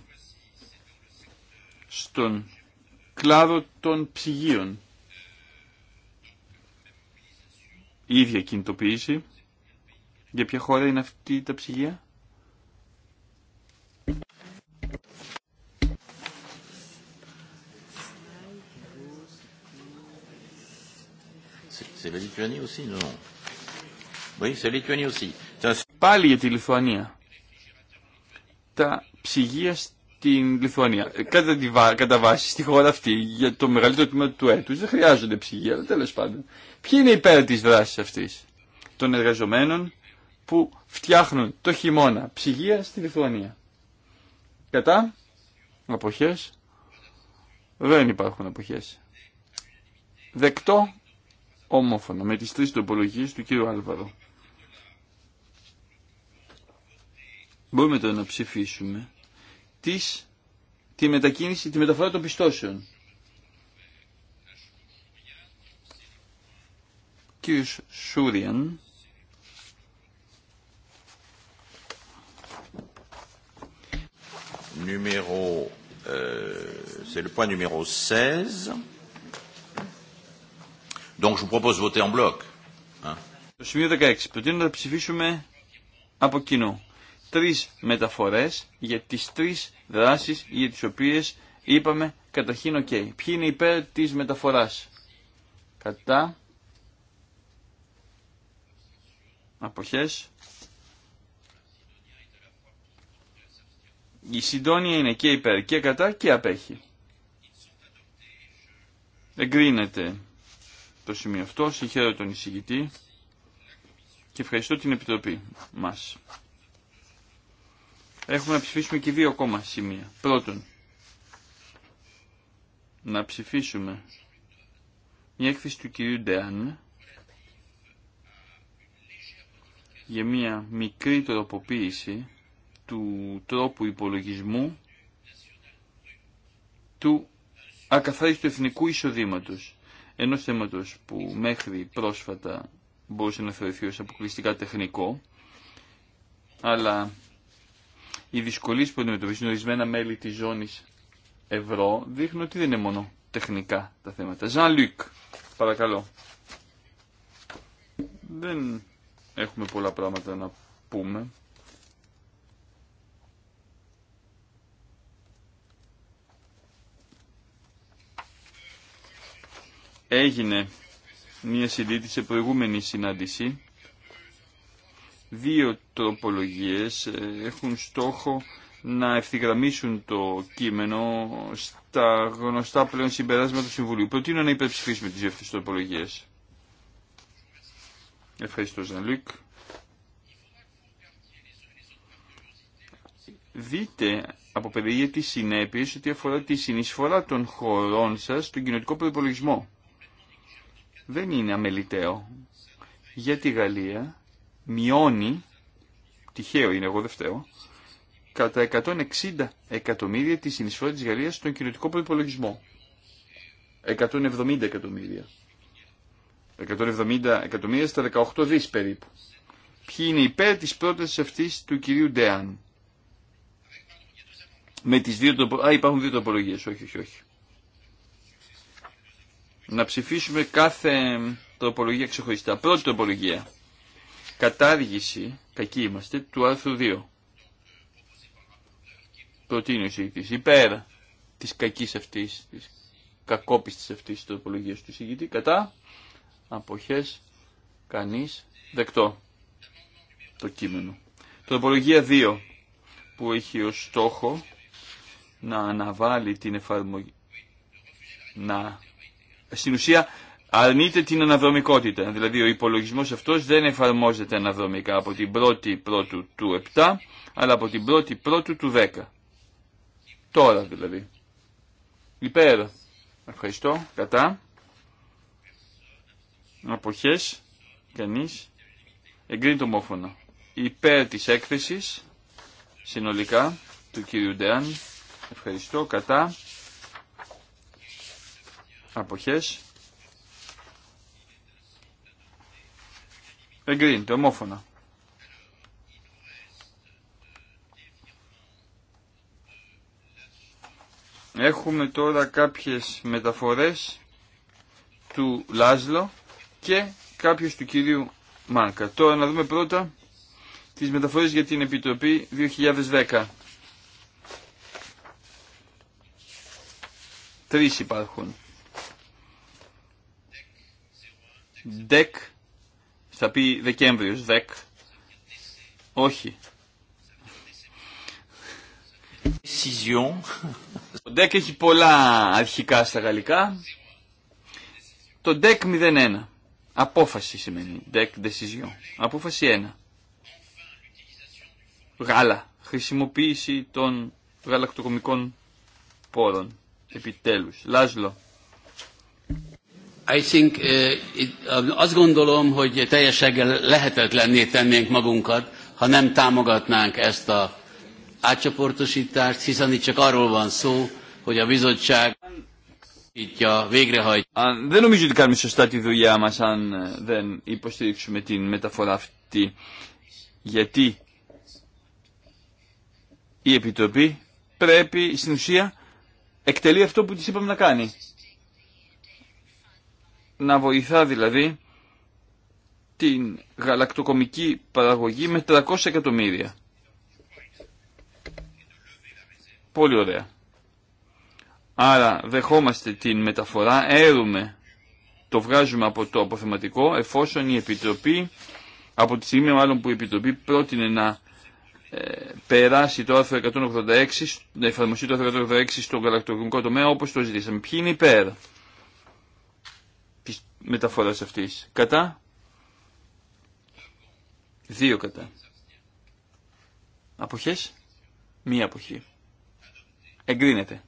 Στον κλάδο των ψυγείων. Η ίδια κινητοποίηση. Για ποια χώρα είναι αυτή τα ψυγεία? c'est la Lituanie aussi, non Oui, c'est Lituanie aussi. Πάλι για τη Λιθουανία. Τα ψυγεία στην Λιθουανία. Ε, κατά, τη, κατά βάση στη χώρα αυτή, για το μεγαλύτερο τμήμα του έτου. δεν χρειάζονται ψυγεία, αλλά τέλο πάντων. Ποιοι είναι υπέρ τη δράση αυτή των εργαζομένων που φτιάχνουν το χειμώνα ψυγεία στη Λιθουανία. Κατά, αποχές, δεν υπάρχουν αποχές. Δεκτό Ομόφωνο με τις τρεις τοπολογίες του κύριου Άλβαρο. Μπορούμε τώρα να ψηφίσουμε τις, τη μετακίνηση, τη μεταφορά των πιστώσεων. Κύριος Σούριαν Νούμερο... euh, c'est le point numéro 16. Donc Το σημείο 16. Προτείνω να ψηφίσουμε από κοινού τρεις μεταφορές για τις τρεις δράσεις για τις οποίες είπαμε καταρχήν οκ. Okay. Ποιοι είναι υπέρ της μεταφοράς. Κατά. Αποχές. Η συντόνια είναι και υπέρ και κατά και απέχει. Εγκρίνεται το σημείο αυτό. Συγχαίρω τον εισηγητή και ευχαριστώ την Επιτροπή μας. Έχουμε να ψηφίσουμε και δύο ακόμα σημεία. Πρώτον, να ψηφίσουμε μια έκθεση του κυρίου Ντεάν για μια μικρή τροποποίηση του τρόπου υπολογισμού του ακαθαρίστου εθνικού εισοδήματος. Ενό θέματο που μέχρι πρόσφατα μπορούσε να θεωρηθεί ω αποκλειστικά τεχνικό, αλλά οι δυσκολίε που αντιμετωπίζουν ορισμένα μέλη της ζώνης ευρώ δείχνουν ότι δεν είναι μόνο τεχνικά τα θέματα. Ζαν Λουικ, παρακαλώ. Δεν έχουμε πολλά πράγματα να πούμε. έγινε μία συζήτηση σε προηγούμενη συνάντηση. Δύο τροπολογίες ε, έχουν στόχο να ευθυγραμμίσουν το κείμενο στα γνωστά πλέον συμπεράσματα του Συμβουλίου. Προτείνω να υπερψηφίσουμε τις δύο αυτές τροπολογίες. Ευχαριστώ, Ζανλουίκ. Δείτε από για τις συνέπειες ότι αφορά τη συνεισφορά των χωρών σας στον κοινωτικό προπολογισμό δεν είναι αμεληταίο. Γιατί η Γαλλία μειώνει, τυχαίο είναι εγώ δεν φταίω, κατά 160 εκατομμύρια τη συνεισφορά τη Γαλλίας στον κοινωτικό προπολογισμό. 170 εκατομμύρια. 170 εκατομμύρια στα 18 δις περίπου. Ποιοι είναι υπέρ της πρότασης αυτής του κυρίου Ντέαν. Με τις δύο, α, υπάρχουν δύο τοπολογίες, όχι, όχι, όχι να ψηφίσουμε κάθε τροπολογία ξεχωριστά. Πρώτη τροπολογία. Κατάργηση, κακοί είμαστε, του άρθρου 2. Προτείνει ο εισηγητής. Υπέρ της κακή αυτή, της κακόπιστη αυτή τροπολογία του εισηγητή. Κατά αποχές κανείς δεκτό το κείμενο. Τροπολογία 2 που έχει ως στόχο να αναβάλει την εφαρμογή να στην ουσία αρνείται την αναδρομικότητα. Δηλαδή ο υπολογισμός αυτός δεν εφαρμόζεται αναδρομικά από την πρώτη πρώτου του 7 αλλά από την πρώτη πρώτου του 10. Τώρα δηλαδή. Υπέρ. Ευχαριστώ. Κατά. Αποχές. Κανείς. Εγκρίνει το μόφωνο. Υπέρ της έκθεσης συνολικά του κύριου Ντεάν. Ευχαριστώ. Κατά αποχές εγκρίνεται ομόφωνα. Έχουμε τώρα κάποιες μεταφορές του Λάζλο και κάποιες του κυρίου Μάνκα. Τώρα να δούμε πρώτα τις μεταφορές για την Επιτροπή 2010. Τρεις υπάρχουν. Δεκ, θα πει Δεκέμβριο δεκ. Όχι. Το ΔΕΚ έχει πολλά αρχικά στα γαλλικά. Το δεκ 01. Απόφαση σημαίνει. δεκ decision. Απόφαση 1. Γάλα. Χρησιμοποίηση των γαλακτοκομικών πόρων. Επιτέλους. Λάζλο. I think, azt gondolom, hogy teljesen lehetetlenné tennénk magunkat, ha nem támogatnánk ezt a átcsoportosítást, hiszen itt csak arról van szó, hogy a bizottság végrehajt. Δεν νομίζω ότι κάνουμε σωστά τη δουλειά μας αν δεν υποστηρίξουμε την μεταφορά αυτή. Γιατί η Επιτροπή πρέπει εκτελεί αυτό που της είπαμε να κάνει να βοηθά δηλαδή την γαλακτοκομική παραγωγή με 300 εκατομμύρια. Πολύ ωραία. Άρα δεχόμαστε την μεταφορά, έρουμε, το βγάζουμε από το αποθεματικό εφόσον η Επιτροπή, από τη στιγμή μάλλον που η Επιτροπή πρότεινε να ε, περάσει το άρθρο 186, να εφαρμοστεί το άρθρο 186 στον γαλακτοκομικό τομέα όπως το ζητήσαμε. Ποιοι είναι υπέρ μεταφοράς αυτής. Κατά. Δύο κατά. Αποχές. Μία αποχή. Εγκρίνεται.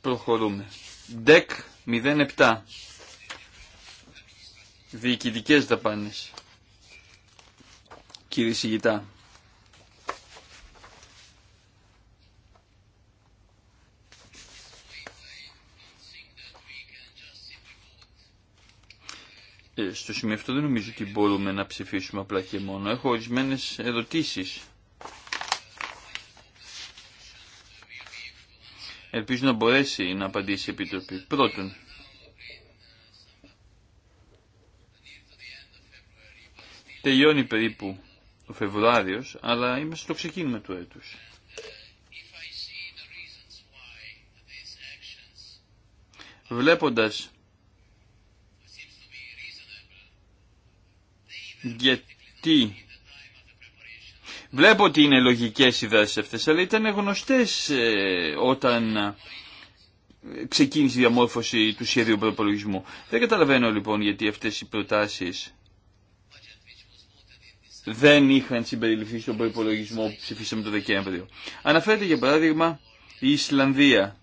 Προχωρούμε. ΔΕΚ 07. Διοικητικές δαπάνες. Κύριε Σιγητά. Ε, στο σημείο αυτό δεν νομίζω ότι μπορούμε να ψηφίσουμε απλά και μόνο. Έχω ορισμένε ερωτήσει. Ελπίζω να μπορέσει να απαντήσει η Επιτροπή. Πρώτον, τελειώνει περίπου ο Φεβρουάριο, αλλά είμαστε στο ξεκίνημα του έτους. Βλέποντας γιατί βλέπω ότι είναι λογικές οι δράσεις αυτές, αλλά ήταν γνωστές ε, όταν ε, ξεκίνησε η διαμόρφωση του σχεδίου προπολογισμού. Δεν καταλαβαίνω λοιπόν γιατί αυτές οι προτάσεις δεν είχαν συμπεριληφθεί στον προπολογισμό που ψηφίσαμε το Δεκέμβριο. Αναφέρεται για παράδειγμα η Ισλανδία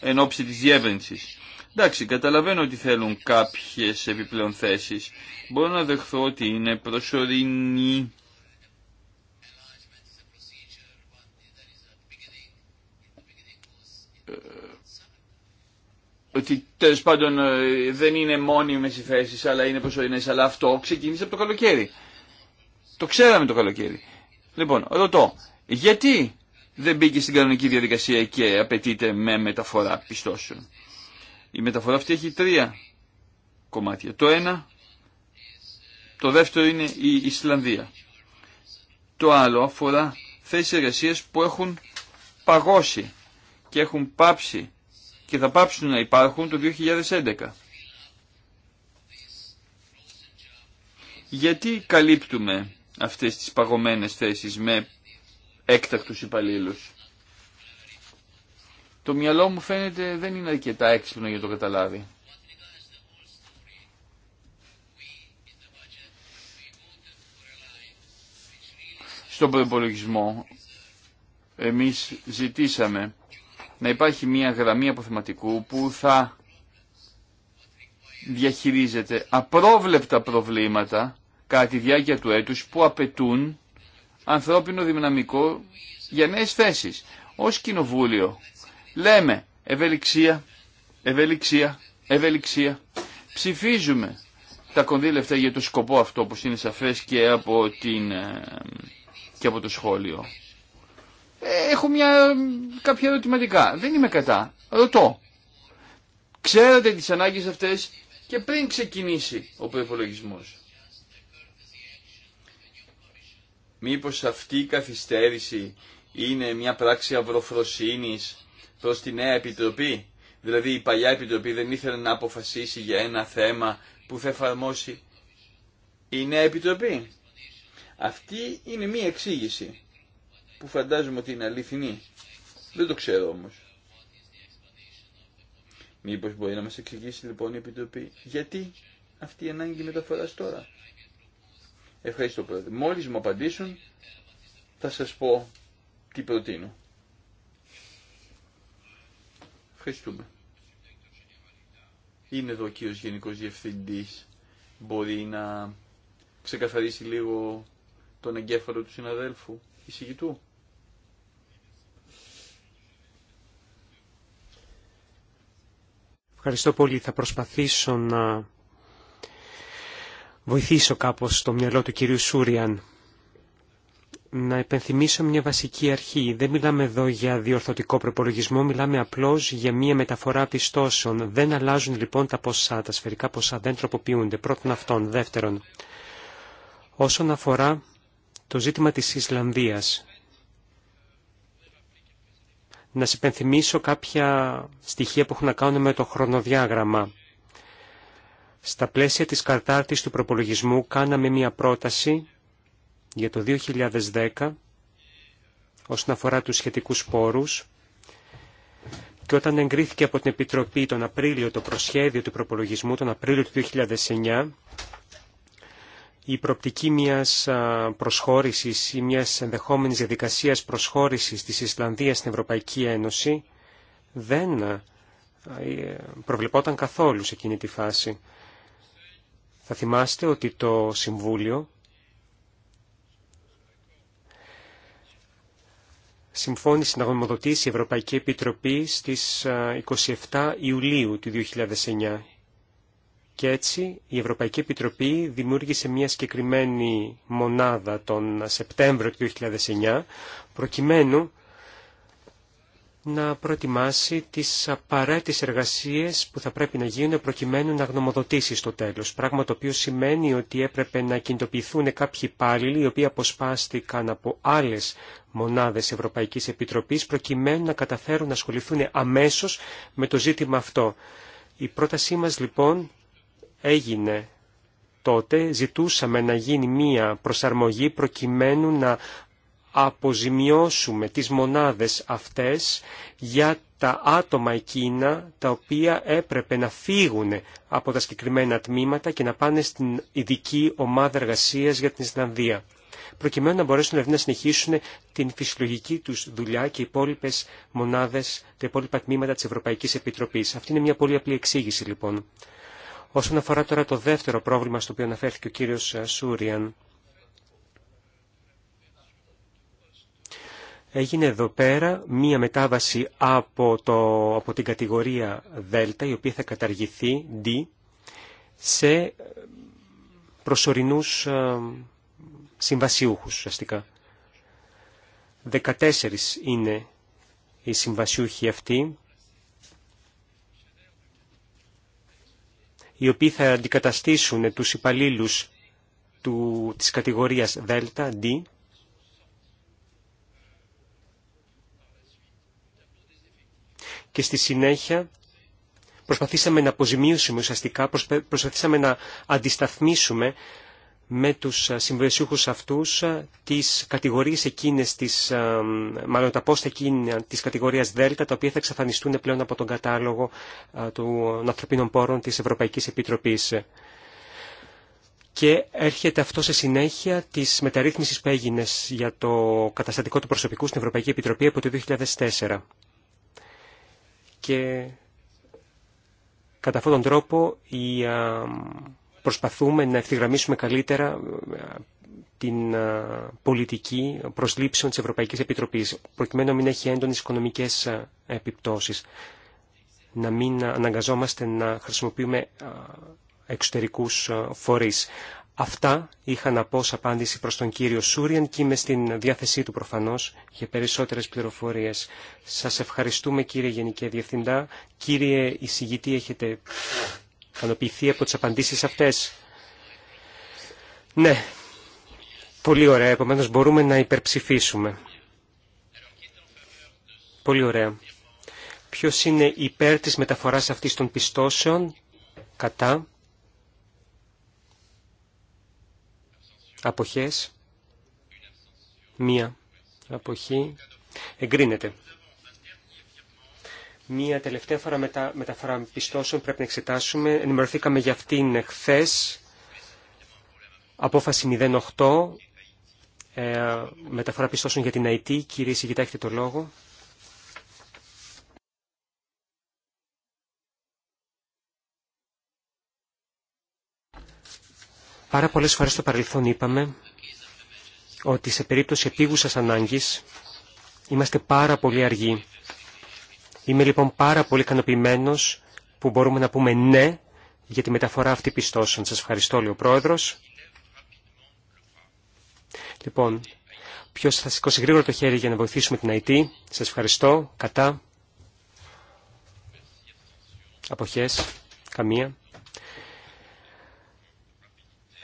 εν ώψη της διεύρυνσης. Εντάξει, καταλαβαίνω ότι θέλουν κάποιες επιπλέον θέσεις. Μπορώ να δεχθώ ότι είναι προσωρινή ε, ότι τέλο πάντων ε, δεν είναι μόνιμε οι θέσει, αλλά είναι προσωρινέ. Αλλά αυτό ξεκίνησε από το καλοκαίρι. Το ξέραμε το καλοκαίρι. Λοιπόν, ρωτώ, γιατί δεν μπήκε στην κανονική διαδικασία και απαιτείται με μεταφορά πιστώσεων. Η μεταφορά αυτή έχει τρία κομμάτια. Το ένα, το δεύτερο είναι η Ισλανδία. Το άλλο αφορά θέσεις εργασίας που έχουν παγώσει και έχουν πάψει και θα πάψουν να υπάρχουν το 2011. Γιατί καλύπτουμε αυτές τις παγωμένες θέσεις με έκτακτους υπαλλήλους. Το μυαλό μου φαίνεται δεν είναι αρκετά έξυπνο για το καταλάβει. Στον προπολογισμό εμείς ζητήσαμε να υπάρχει μια γραμμή αποθεματικού που θα διαχειρίζεται απρόβλεπτα προβλήματα κατά τη διάρκεια του έτους που απαιτούν ανθρώπινο δυναμικό για νέες θέσεις. Ως κοινοβούλιο Λέμε ευελιξία, ευελιξία, ευελιξία. Ψηφίζουμε τα κονδύλια αυτά για το σκοπό αυτό, όπως είναι σαφές και από, την, ε, και από το σχόλιο. Ε, έχω μια, ε, κάποια ερωτηματικά. Δεν είμαι κατά. Ρωτώ. Ξέρετε τις ανάγκες αυτές και πριν ξεκινήσει ο προπολογισμό. Μήπως αυτή η καθυστέρηση είναι μια πράξη αυροφροσύνης προς τη νέα επιτροπή. Δηλαδή η παλιά επιτροπή δεν ήθελε να αποφασίσει για ένα θέμα που θα εφαρμόσει η νέα επιτροπή. Αυτή είναι μία εξήγηση που φαντάζομαι ότι είναι αληθινή. Δεν το ξέρω όμως. Μήπως μπορεί να μας εξηγήσει λοιπόν η Επιτροπή γιατί αυτή η ανάγκη μεταφοράς τώρα. Ευχαριστώ πρόεδρε. Μόλις μου απαντήσουν θα σας πω τι προτείνω. Ευχαριστούμε. Είναι εδώ ο κύριος Γενικός Διευθυντής. Μπορεί να ξεκαθαρίσει λίγο τον εγκέφαλο του συναδέλφου, εισηγητού. Ευχαριστώ πολύ. Θα προσπαθήσω να βοηθήσω κάπως το μυαλό του κυρίου Σούριαν να υπενθυμίσω μια βασική αρχή. Δεν μιλάμε εδώ για διορθωτικό προπολογισμό, μιλάμε απλώς για μια μεταφορά πιστώσεων. Δεν αλλάζουν λοιπόν τα ποσά, τα σφαιρικά ποσά δεν τροποποιούνται. Πρώτον αυτόν, δεύτερον. Όσον αφορά το ζήτημα της Ισλανδίας, να σα υπενθυμίσω κάποια στοιχεία που έχουν να κάνουν με το χρονοδιάγραμμα. Στα πλαίσια της καρτάρτης του προπολογισμού κάναμε μια πρόταση για το 2010 όσον αφορά τους σχετικούς πόρους και όταν εγκρίθηκε από την Επιτροπή τον Απρίλιο το προσχέδιο του προπολογισμού, τον Απρίλιο του 2009, η προπτική μιας προσχώρησης ή μιας ενδεχόμενης διαδικασίας προσχώρησης της Ισλανδίας στην Ευρωπαϊκή Ένωση δεν ε, προβλεπόταν καθόλου σε εκείνη τη φάση. Θα θυμάστε ότι το Συμβούλιο συμφώνησε να γνωμοδοτήσει η Ευρωπαϊκή Επιτροπή στις 27 ε, Ιουλίου του 2009. Και έτσι η Ευρωπαϊκή Επιτροπή δημιούργησε μια συγκεκριμένη μονάδα τον Σεπτέμβριο του 2009, προκειμένου να προετοιμάσει τις απαραίτητες εργασίες που θα πρέπει να γίνουν προκειμένου να γνωμοδοτήσει στο τέλος. Πράγμα το οποίο σημαίνει ότι έπρεπε να κινητοποιηθούν κάποιοι υπάλληλοι οι οποίοι αποσπάστηκαν από άλλες μονάδες Ευρωπαϊκής Επιτροπής προκειμένου να καταφέρουν να ασχοληθούν αμέσως με το ζήτημα αυτό. Η πρότασή μας λοιπόν έγινε τότε ζητούσαμε να γίνει μία προσαρμογή προκειμένου να αποζημιώσουμε τις μονάδες αυτές για τα άτομα εκείνα τα οποία έπρεπε να φύγουν από τα συγκεκριμένα τμήματα και να πάνε στην ειδική ομάδα εργασίας για την Ισλανδία προκειμένου να μπορέσουν δηλαδή να συνεχίσουν την φυσιολογική τους δουλειά και οι υπόλοιπε μονάδες, τα υπόλοιπα τμήματα της Ευρωπαϊκής Επιτροπής. Αυτή είναι μια πολύ απλή εξήγηση λοιπόν. Όσον αφορά τώρα το δεύτερο πρόβλημα στο οποίο αναφέρθηκε ο κύριος Σούριαν, Έγινε εδώ πέρα μία μετάβαση από, το, από την κατηγορία ΔΕΛΤΑ, η οποία θα καταργηθεί, D, σε προσωρινούς ε, συμβασιούχους, ουσιαστικά. 14 είναι οι συμβασιούχοι αυτοί, οι οποίοι θα αντικαταστήσουν τους υπαλλήλους του, της κατηγορίας ΔΕΛΤΑ, D, και στη συνέχεια προσπαθήσαμε να αποζημίωσουμε ουσιαστικά, προσπαθήσαμε να αντισταθμίσουμε με τους συμβουλεσιούχους αυτούς τις κατηγορίες εκείνες, τις, μάλλον τα πόστα εκείνα της κατηγορίας Δέλτα, τα οποία θα εξαφανιστούν πλέον από τον κατάλογο των ανθρωπίνων πόρων της Ευρωπαϊκής Επιτροπής. Και έρχεται αυτό σε συνέχεια της μεταρρύθμισης που έγινε για το καταστατικό του προσωπικού στην Ευρωπαϊκή Επιτροπή από το 2004 και κατά αυτόν τον τρόπο η, προσπαθούμε να ευθυγραμμίσουμε καλύτερα ε, την πολιτική προσλήψεων της Ευρωπαϊκής Επιτροπής, προκειμένου να μην έχει έντονες οικονομικές επιπτώσεις, να μην αναγκαζόμαστε να χρησιμοποιούμε εξωτερικούς φορείς. Αυτά είχα να πω απάντηση προς τον κύριο Σούριαν και είμαι στην διάθεσή του προφανώς για περισσότερες πληροφορίες. Σας ευχαριστούμε κύριε Γενική Διευθυντά. Κύριε εισηγητή έχετε ικανοποιηθεί από τις απαντήσεις αυτές. Ναι, πολύ ωραία. Επομένως μπορούμε να υπερψηφίσουμε. Πολύ ωραία. Ποιος είναι υπέρ της μεταφοράς αυτής των πιστώσεων, κατά, Αποχές. Μία. Αποχή. Εγκρίνεται. Μία τελευταία φορά μετα... μεταφορά πιστώσεων πρέπει να εξετάσουμε. Ενημερωθήκαμε για αυτήν χθε. Απόφαση 08. Ε, μεταφορά πιστώσεων για την ΑΕΤ. Κύριε Σιγητά, έχετε το λόγο. Πάρα πολλές φορές στο παρελθόν είπαμε ότι σε περίπτωση επίγουσας ανάγκης είμαστε πάρα πολύ αργοί. Είμαι λοιπόν πάρα πολύ ικανοποιημένο που μπορούμε να πούμε ναι για τη μεταφορά αυτή πιστώσεων. Σας ευχαριστώ, λέει ο Πρόεδρος. Λοιπόν, ποιο θα σηκώσει γρήγορα το χέρι για να βοηθήσουμε την IT. Σας ευχαριστώ. Κατά. Αποχές. Καμία.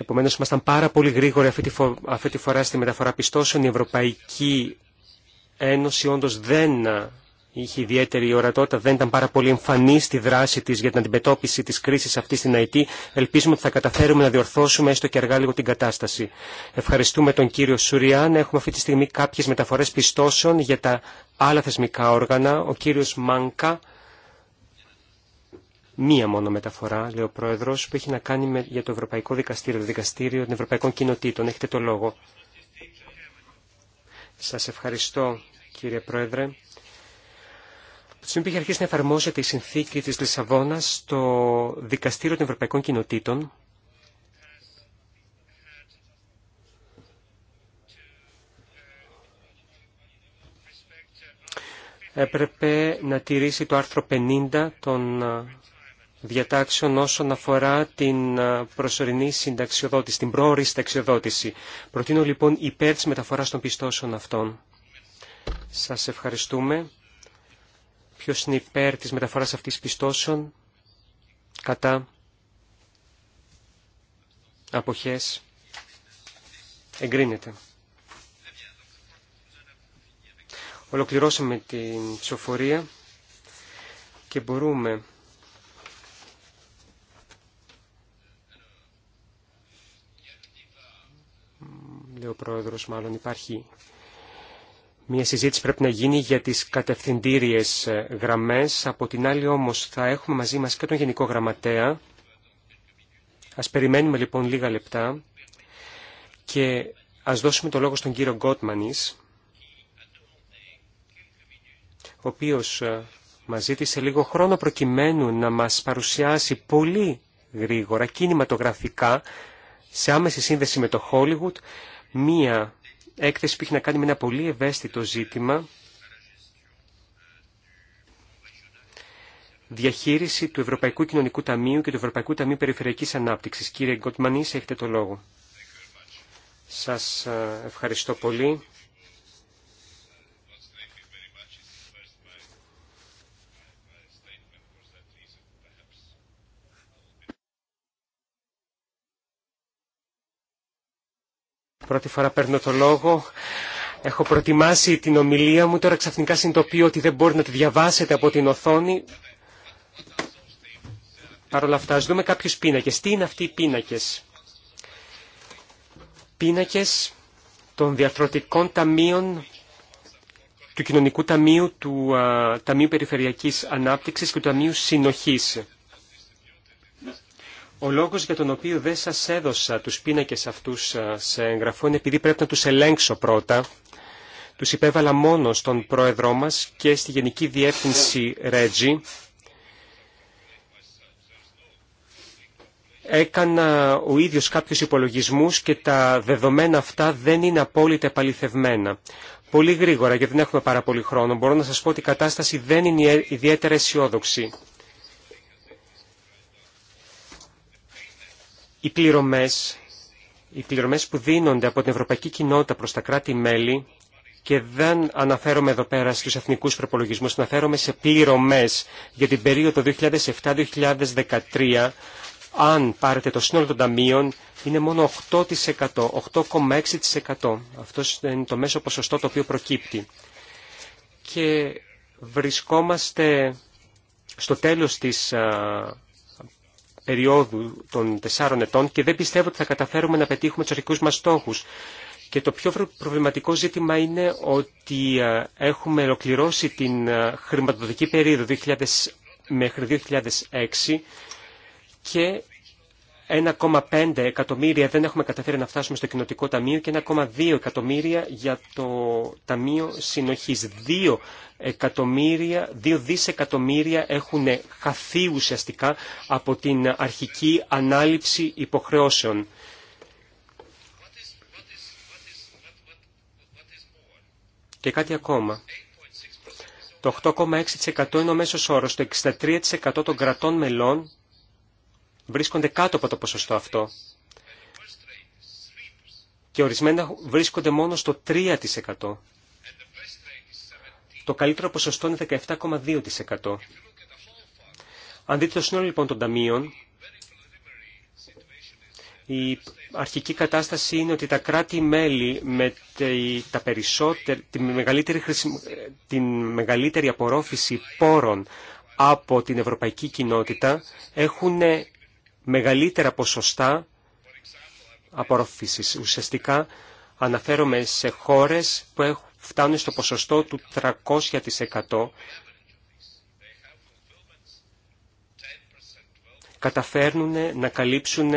Επομένως, ήμασταν πάρα πολύ γρήγοροι αυτή τη, φορά στη μεταφορά πιστώσεων. Η Ευρωπαϊκή Ένωση όντως δεν είχε ιδιαίτερη ορατότητα, δεν ήταν πάρα πολύ εμφανή στη δράση της για την αντιμετώπιση της κρίσης αυτή στην ΑΕΤ. Ελπίζουμε ότι θα καταφέρουμε να διορθώσουμε έστω και αργά λίγο την κατάσταση. Ευχαριστούμε τον κύριο Σουριάν. Έχουμε αυτή τη στιγμή κάποιες μεταφορές πιστώσεων για τα άλλα θεσμικά όργανα. Ο κύριος Μάνκα μία μόνο μεταφορά, λέει ο Πρόεδρος, που έχει να κάνει με, για το Ευρωπαϊκό Δικαστήριο, το Δικαστήριο των Ευρωπαϊκών Κοινοτήτων. Έχετε το λόγο. Σας ευχαριστώ, κύριε Πρόεδρε. Από τη στιγμή που είχε αρχίσει να εφαρμόζεται η συνθήκη της Λισαβόνα στο Δικαστήριο των Ευρωπαϊκών Κοινοτήτων, έπρεπε να τηρήσει το άρθρο 50 των διατάξεων όσον αφορά την προσωρινή συνταξιοδότηση, την πρόορη συνταξιοδότηση. Προτείνω λοιπόν υπέρ της μεταφοράς των πιστώσεων αυτών. Σας ευχαριστούμε. Ποιος είναι υπέρ της μεταφοράς αυτής πιστώσεων, κατά, αποχές, εγκρίνεται. Ολοκληρώσαμε την ψηφοφορία και μπορούμε λέει ο Πρόεδρος, μάλλον υπάρχει μια συζήτηση πρέπει να γίνει για τις κατευθυντήριες ε, γραμμές. Από την άλλη όμως θα έχουμε μαζί μας και τον Γενικό Γραμματέα. Ας περιμένουμε λοιπόν λίγα λεπτά και ας δώσουμε το λόγο στον κύριο Γκότμανης, ο οποίος ε, μας ζήτησε λίγο χρόνο προκειμένου να μας παρουσιάσει πολύ γρήγορα κινηματογραφικά σε άμεση σύνδεση με το Hollywood μία έκθεση που έχει να κάνει με ένα πολύ ευαίσθητο ζήτημα διαχείριση του Ευρωπαϊκού Κοινωνικού Ταμείου και του Ευρωπαϊκού Ταμείου Περιφερειακής Ανάπτυξης. Κύριε Γκοτμανής, έχετε το λόγο. Σας ε, ευχαριστώ πολύ. Πρώτη φορά παίρνω το λόγο. Έχω προετοιμάσει την ομιλία μου, τώρα ξαφνικά συνειδητοποιώ ότι δεν μπορεί να τη διαβάσετε από την οθόνη. Παρ' όλα αυτά, ας δούμε κάποιους πίνακες. Τι είναι αυτοί οι πίνακες. Πίνακες των διαφροντικών ταμείων του Κοινωνικού Ταμείου, του Ταμείου Περιφερειακής Ανάπτυξης και του Ταμείου Συνοχής. Ο λόγος για τον οποίο δεν σας έδωσα τους πίνακες αυτούς ε, σε έγγραφο είναι επειδή πρέπει να τους ελέγξω πρώτα. Τους υπέβαλα μόνο στον πρόεδρό μας και στη Γενική Διεύθυνση Ρέτζι. Έκανα ο ίδιος κάποιους υπολογισμούς και τα δεδομένα αυτά δεν είναι απόλυτα επαληθευμένα. Πολύ γρήγορα, γιατί δεν έχουμε πάρα πολύ χρόνο, μπορώ να σας πω ότι η κατάσταση δεν είναι ιδιαίτερα αισιόδοξη. Οι πληρωμές, που δίνονται από την Ευρωπαϊκή Κοινότητα προς τα κράτη-μέλη και δεν αναφέρομαι εδώ πέρα στους εθνικούς προπολογισμούς, αναφέρομαι σε πληρωμές για την περίοδο 2007-2013, αν πάρετε το σύνολο των ταμείων, είναι μόνο 8%, 8,6%. Αυτό είναι το μέσο ποσοστό το οποίο προκύπτει. Και βρισκόμαστε στο τέλος της περίοδου των τεσσάρων ετών και δεν πιστεύω ότι θα καταφέρουμε να πετύχουμε τους αρχικούς μας στόχους. Και το πιο προβληματικό ζήτημα είναι ότι ε, έχουμε ολοκληρώσει την ε, χρηματοδοτική περίοδο 2000 μέχρι 2006 και 1,5 εκατομμύρια δεν έχουμε καταφέρει να φτάσουμε στο κοινοτικό ταμείο και 1,2 εκατομμύρια για το Ταμείο Συνοχής. 2 εκατομμύρια, 2 δισεκατομμύρια έχουν χαθεί ουσιαστικά από την αρχική ανάληψη υποχρεώσεων. Και κάτι ακόμα. Το 8,6% είναι ο μέσος όρος. Το 63% των κρατών μελών βρίσκονται κάτω από το ποσοστό αυτό και ορισμένα βρίσκονται μόνο στο 3%. Το καλύτερο ποσοστό είναι 17,2%. Αν δείτε το σύνολο λοιπόν των ταμείων, η αρχική κατάσταση είναι ότι τα κράτη-μέλη με τα τη μεγαλύτερη, την μεγαλύτερη απορρόφηση πόρων από την ευρωπαϊκή κοινότητα έχουν μεγαλύτερα ποσοστά απορρόφησης. Ουσιαστικά αναφέρομαι σε χώρες που φτάνουν στο ποσοστό του 300% καταφέρνουν να καλύψουν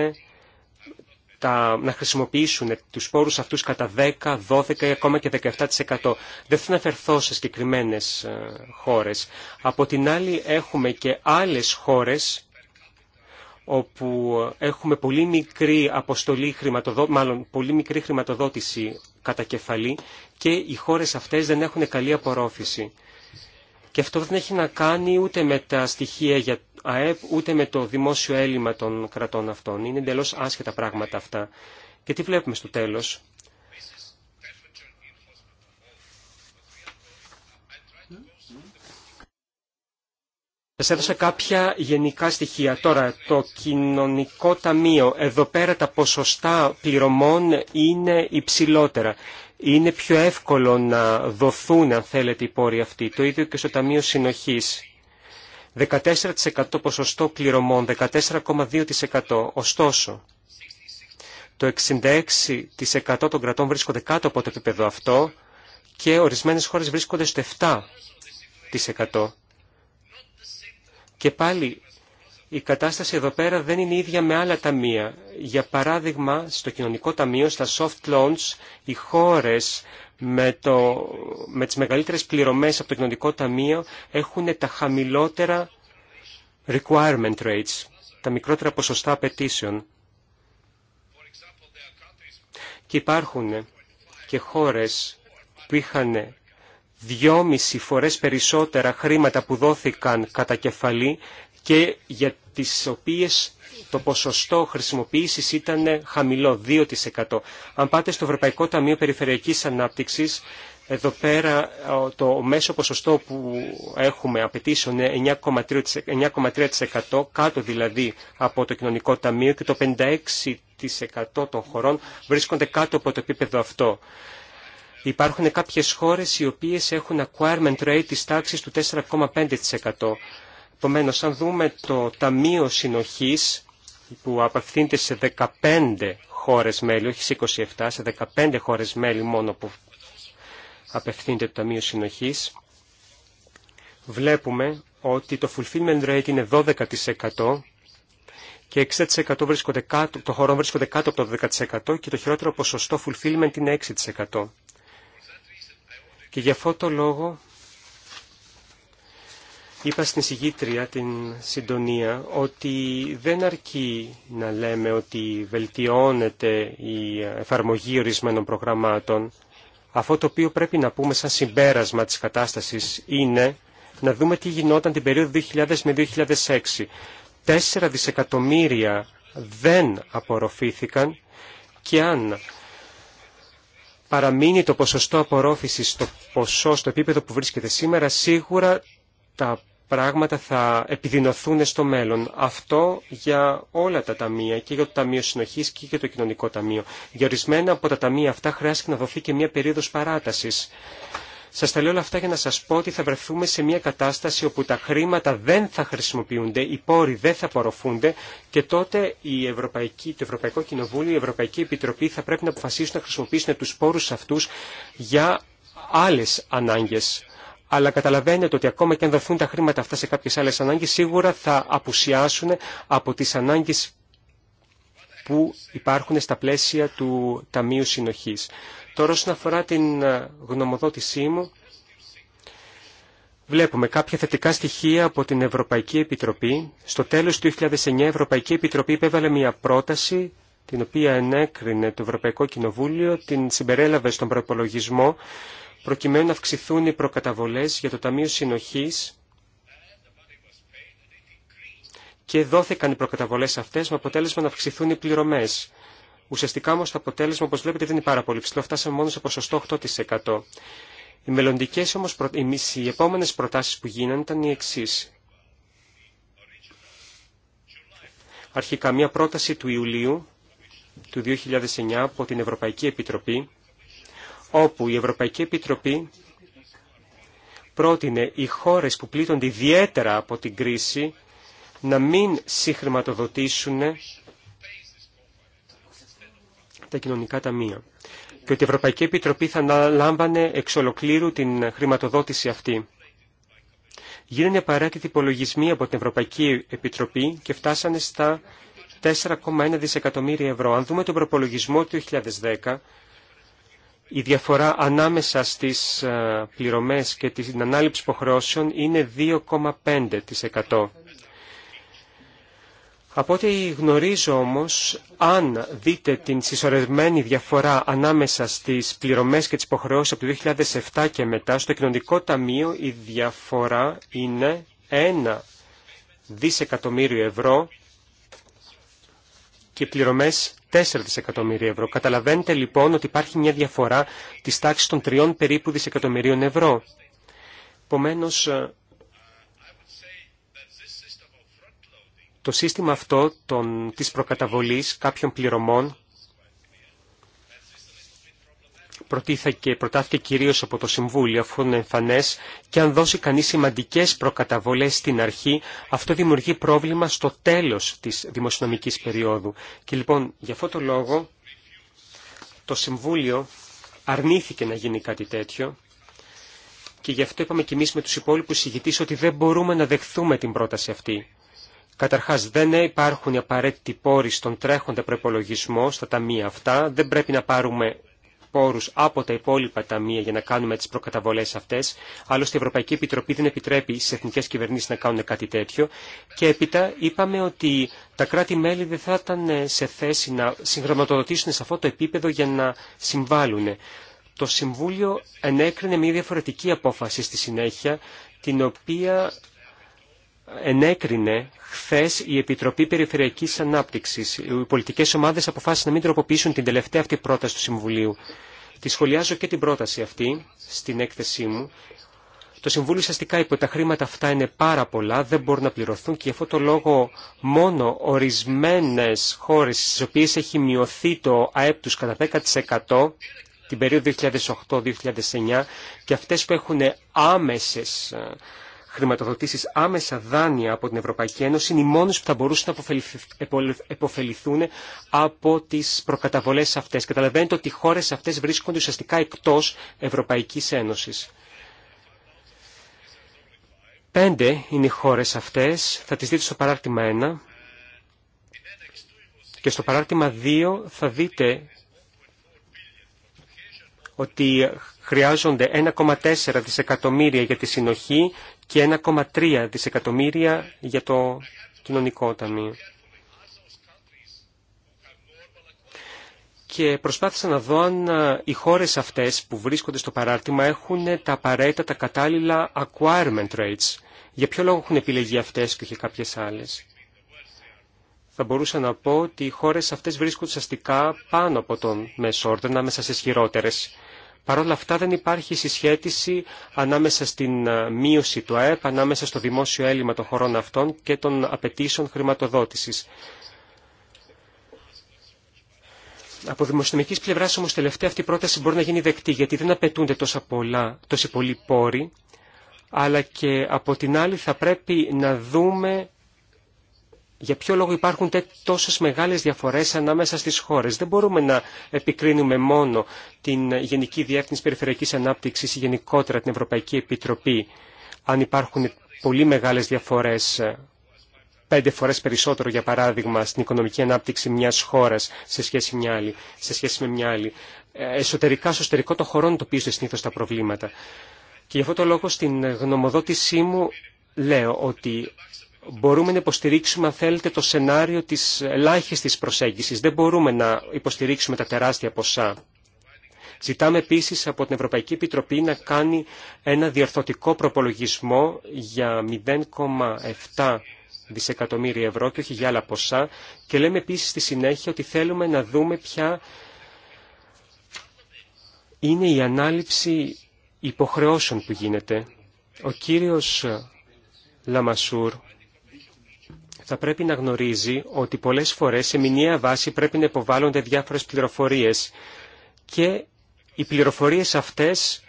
τα, να χρησιμοποιήσουν τους πόρους αυτούς κατά 10, 12 ή ακόμα και 17%. Δεν θα αναφερθώ σε συγκεκριμένε ε, χώρες. Από την άλλη έχουμε και άλλες χώρες όπου έχουμε πολύ μικρή αποστολή χρηματοδο... μάλλον πολύ μικρή χρηματοδότηση κατά κεφαλή και οι χώρες αυτές δεν έχουν καλή απορρόφηση. Και αυτό δεν έχει να κάνει ούτε με τα στοιχεία για ΑΕΠ, ούτε με το δημόσιο έλλειμμα των κρατών αυτών. Είναι εντελώς άσχετα πράγματα αυτά. Και τι βλέπουμε στο τέλος. Σας έδωσα κάποια γενικά στοιχεία. Τώρα, το κοινωνικό ταμείο, εδώ πέρα τα ποσοστά πληρωμών είναι υψηλότερα. Είναι πιο εύκολο να δοθούν, αν θέλετε, οι πόροι αυτοί. Το ίδιο και στο Ταμείο Συνοχής. 14% ποσοστό πληρωμών, 14,2%. Ωστόσο, το 66% των κρατών βρίσκονται κάτω από το επίπεδο αυτό και ορισμένες χώρες βρίσκονται στο 7%. Και πάλι η κατάσταση εδώ πέρα δεν είναι ίδια με άλλα ταμεία. Για παράδειγμα, στο κοινωνικό ταμείο, στα soft loans, οι χώρες με, το, με τις μεγαλύτερες πληρωμές από το κοινωνικό ταμείο έχουν τα χαμηλότερα requirement rates, τα μικρότερα ποσοστά απαιτήσεων. Και υπάρχουν και χώρες που είχαν δυόμιση φορές περισσότερα χρήματα που δόθηκαν κατά κεφαλή και για τις οποίες το ποσοστό χρησιμοποίησης ήταν χαμηλό, 2%. Αν πάτε στο Ευρωπαϊκό Ταμείο Περιφερειακής Ανάπτυξης, εδώ πέρα το μέσο ποσοστό που έχουμε απαιτήσει είναι 9,3%, κάτω δηλαδή από το κοινωνικό ταμείο και το 56% των χωρών βρίσκονται κάτω από το επίπεδο αυτό. Υπάρχουν κάποιες χώρες οι οποίες έχουν acquirement rate της τάξης του 4,5%. Επομένω, αν δούμε το Ταμείο Συνοχής που απευθύνεται σε 15 χώρες μέλη, όχι σε 27, σε 15 χώρες μέλη μόνο που απευθύνεται το Ταμείο Συνοχής, βλέπουμε ότι το fulfillment rate είναι 12% και 60% βρίσκονται κάτω, το χώρο βρίσκονται κάτω από το 10% και το χειρότερο ποσοστό fulfillment είναι 6%. Και γι' αυτό το λόγο είπα στην συγγήτρια την συντονία ότι δεν αρκεί να λέμε ότι βελτιώνεται η εφαρμογή ορισμένων προγραμμάτων. Αυτό το οποίο πρέπει να πούμε σαν συμπέρασμα της κατάστασης είναι να δούμε τι γινόταν την περίοδο 2000 με 2006. Τέσσερα δισεκατομμύρια δεν απορροφήθηκαν και αν παραμείνει το ποσοστό απορρόφησης στο ποσό, στο επίπεδο που βρίσκεται σήμερα, σίγουρα τα πράγματα θα επιδεινωθούν στο μέλλον. Αυτό για όλα τα ταμεία, και για το Ταμείο Συνοχής και για το Κοινωνικό Ταμείο. Για ορισμένα από τα ταμεία αυτά χρειάζεται να δοθεί και μια περίοδος παράτασης. Σας τα λέω όλα αυτά για να σας πω ότι θα βρεθούμε σε μια κατάσταση όπου τα χρήματα δεν θα χρησιμοποιούνται, οι πόροι δεν θα απορροφούνται και τότε η Ευρωπαϊκή, το Ευρωπαϊκό Κοινοβούλιο, η Ευρωπαϊκή Επιτροπή θα πρέπει να αποφασίσουν να χρησιμοποιήσουν τους πόρους αυτούς για άλλες ανάγκες. Αλλά καταλαβαίνετε ότι ακόμα και αν δοθούν τα χρήματα αυτά σε κάποιες άλλες ανάγκες, σίγουρα θα απουσιάσουν από τις ανάγκες που υπάρχουν στα πλαίσια του Ταμείου Συνοχής. Τώρα όσον αφορά την ε, γνωμοδότησή μου, Βλέπουμε κάποια θετικά στοιχεία από την Ευρωπαϊκή Επιτροπή. Στο τέλος του 2009 η Ευρωπαϊκή Επιτροπή υπέβαλε μια πρόταση την οποία ενέκρινε το Ευρωπαϊκό Κοινοβούλιο, την συμπερέλαβε στον προπολογισμό προκειμένου να αυξηθούν οι προκαταβολές για το Ταμείο Συνοχής και δόθηκαν οι προκαταβολές αυτές με αποτέλεσμα να αυξηθούν οι πληρωμές. Ουσιαστικά όμω το αποτέλεσμα, όπως βλέπετε, δεν είναι πάρα πολύ ψηλό. Φτάσαμε μόνο σε ποσοστό 8%. Οι επόμενε όμως, οι επόμενες προτάσεις που γίνανε ήταν οι εξή. Αρχικά μια πρόταση του Ιουλίου του 2009 από την Ευρωπαϊκή Επιτροπή, όπου η Ευρωπαϊκή Επιτροπή πρότεινε οι χώρες που πλήττονται ιδιαίτερα από την κρίση να μην συγχρηματοδοτήσουν τα κοινωνικά ταμεία και ότι η Ευρωπαϊκή Επιτροπή θα αναλάμβανε εξ ολοκλήρου την χρηματοδότηση αυτή. Γίνανε απαραίτητοι υπολογισμοί από την Ευρωπαϊκή Επιτροπή και φτάσανε στα 4,1 δισεκατομμύρια ευρώ. Αν δούμε τον προπολογισμό του 2010, η διαφορά ανάμεσα στις ε, πληρωμές και την ανάληψη υποχρεώσεων είναι 2,5%. Από ό,τι γνωρίζω όμως, αν δείτε την συσσωρευμένη διαφορά ανάμεσα στις πληρωμές και τις υποχρεώσεις από το 2007 και μετά, στο κοινωνικό ταμείο η διαφορά είναι 1 δισεκατομμύριο ευρώ και πληρωμές 4 δισεκατομμύρια ευρώ. Καταλαβαίνετε λοιπόν ότι υπάρχει μια διαφορά της τάξης των τριών περίπου δισεκατομμυρίων ευρώ. Το σύστημα αυτό των, της προκαταβολής κάποιων πληρωμών προτάθηκε κυρίως από το Συμβούλιο, αφού είναι εμφανές, και αν δώσει κανείς σημαντικές προκαταβολές στην αρχή, αυτό δημιουργεί πρόβλημα στο τέλος της δημοσιονομικής περίοδου. Και λοιπόν, για αυτό το λόγο, το Συμβούλιο αρνήθηκε να γίνει κάτι τέτοιο και γι' αυτό είπαμε κι εμείς με τους υπόλοιπους συγητήσεις ότι δεν μπορούμε να δεχθούμε την πρόταση αυτή. Καταρχά δεν υπάρχουν οι απαραίτητοι πόροι στον τρέχοντα προπολογισμό στα ταμεία αυτά. Δεν πρέπει να πάρουμε πόρους από τα υπόλοιπα ταμεία για να κάνουμε τις προκαταβολές αυτές. Άλλωστε η Ευρωπαϊκή Επιτροπή δεν επιτρέπει στις εθνικές κυβερνήσεις να κάνουν κάτι τέτοιο. Και έπειτα είπαμε ότι τα κράτη-μέλη δεν θα ήταν σε θέση να συγχρονοτοδοτήσουν σε αυτό το επίπεδο για να συμβάλλουν. Το Συμβούλιο ενέκρινε μια διαφορετική απόφαση στη συνέχεια, την οποία ενέκρινε χθε η Επιτροπή Περιφερειακή Ανάπτυξη. Οι πολιτικέ ομάδε αποφάσισαν να μην τροποποιήσουν την τελευταία αυτή πρόταση του Συμβουλίου. Τη σχολιάζω και την πρόταση αυτή στην έκθεσή μου. Το Συμβούλιο ουσιαστικά είπε ότι τα χρήματα αυτά είναι πάρα πολλά, δεν μπορούν να πληρωθούν και γι' αυτό το λόγο μόνο ορισμένε χώρε στι οποίε έχει μειωθεί το ΑΕΠ του κατά 10% την περίοδο 2008-2009 και αυτές που έχουν άμεσες ε, Χρηματοδοτήσει άμεσα δάνεια από την Ευρωπαϊκή Ένωση είναι οι μόνε που θα μπορούσαν να επωφεληθούν από τι προκαταβολέ αυτέ. Καταλαβαίνετε ότι οι χώρε αυτέ βρίσκονται ουσιαστικά εκτό Ευρωπαϊκή Ένωση. Πέντε είναι οι χώρε αυτέ, θα τι δείτε στο παράρτημα 1 και στο παράρτημα 2 θα δείτε ότι χρειάζονται 1,4 δισεκατομμύρια για τη συνοχή και 1,3 δισεκατομμύρια για το κοινωνικό ταμείο. και προσπάθησα να δω αν οι χώρες αυτές που βρίσκονται στο παράρτημα έχουν ε, τα απαραίτητα τα κατάλληλα acquirement rates. Για ποιο λόγο έχουν επιλεγεί αυτές και όχι κάποιες άλλες. Θα μπορούσα να πω ότι οι χώρες αυτές βρίσκονται σαστικά πάνω από τον μέσο να μέσα στις χειρότερες. Παρ' όλα αυτά δεν υπάρχει συσχέτιση ανάμεσα στην ε, μείωση του ΑΕΠ, ανάμεσα στο δημόσιο έλλειμμα των χωρών αυτών και των απαιτήσεων χρηματοδότησης. Από δημοσιονομικής πλευράς όμως τελευταία αυτή η πρόταση μπορεί να γίνει δεκτή, γιατί δεν απαιτούνται τόσα πολλά, τόσοι πολλοί πόροι, αλλά και από την άλλη θα πρέπει να δούμε για ποιο λόγο υπάρχουν τόσες μεγάλες διαφορές ανάμεσα στις χώρες. Δεν μπορούμε να επικρίνουμε μόνο την Γενική Διεύθυνση περιφερειακή ανάπτυξη, ή γενικότερα την Ευρωπαϊκή Επιτροπή αν υπάρχουν πολύ μεγάλες διαφορές πέντε φορές περισσότερο, για παράδειγμα, στην οικονομική ανάπτυξη μιας χώρας σε σχέση, μια σε σχέση με μια άλλη. Ε, εσωτερικά, στο εσωτερικό των χωρών το τοπίζονται συνήθως τα προβλήματα. Και γι' αυτό το λόγο στην γνωμοδότησή μου λέω ότι μπορούμε να υποστηρίξουμε, αν θέλετε, το σενάριο της ελάχιστης προσέγγισης. Δεν μπορούμε να υποστηρίξουμε τα τεράστια ποσά. Ζητάμε επίσης από την Ευρωπαϊκή Επιτροπή να κάνει ένα διορθωτικό προπολογισμό για 0,7 δισεκατομμύρια ευρώ και όχι για άλλα ποσά και λέμε επίσης στη συνέχεια ότι θέλουμε να δούμε ποια είναι η ανάληψη υποχρεώσεων που γίνεται. Ο κύριος Λαμασούρ θα πρέπει να γνωρίζει ότι πολλές φορές σε μηνιαία βάση πρέπει να υποβάλλονται διάφορες πληροφορίες και οι πληροφορίες αυτές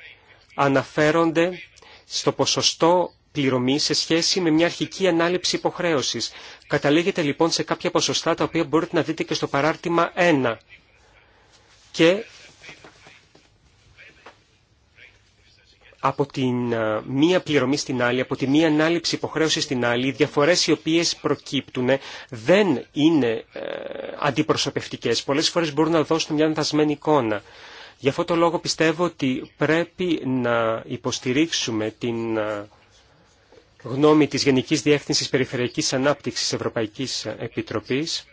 αναφέρονται στο ποσοστό πληρωμή σε σχέση με μια αρχική ανάληψη υποχρέωσης. Καταλήγεται λοιπόν σε κάποια ποσοστά τα οποία μπορείτε να δείτε και στο παράρτημα 1 και από την ε, μία πληρωμή στην άλλη, από τη μία ανάληψη υποχρέωση στην άλλη, οι διαφορές οι οποίες προκύπτουν δεν είναι ε, αντιπροσωπευτικές. Πολλές φορές μπορούν να δώσουν μια ανθασμένη εικόνα. Γι' αυτό το λόγο πιστεύω ότι πρέπει να υποστηρίξουμε την ε, γνώμη της Γενικής Διεύθυνσης Περιφερειακής Ανάπτυξης Ευρωπαϊκής Επιτροπής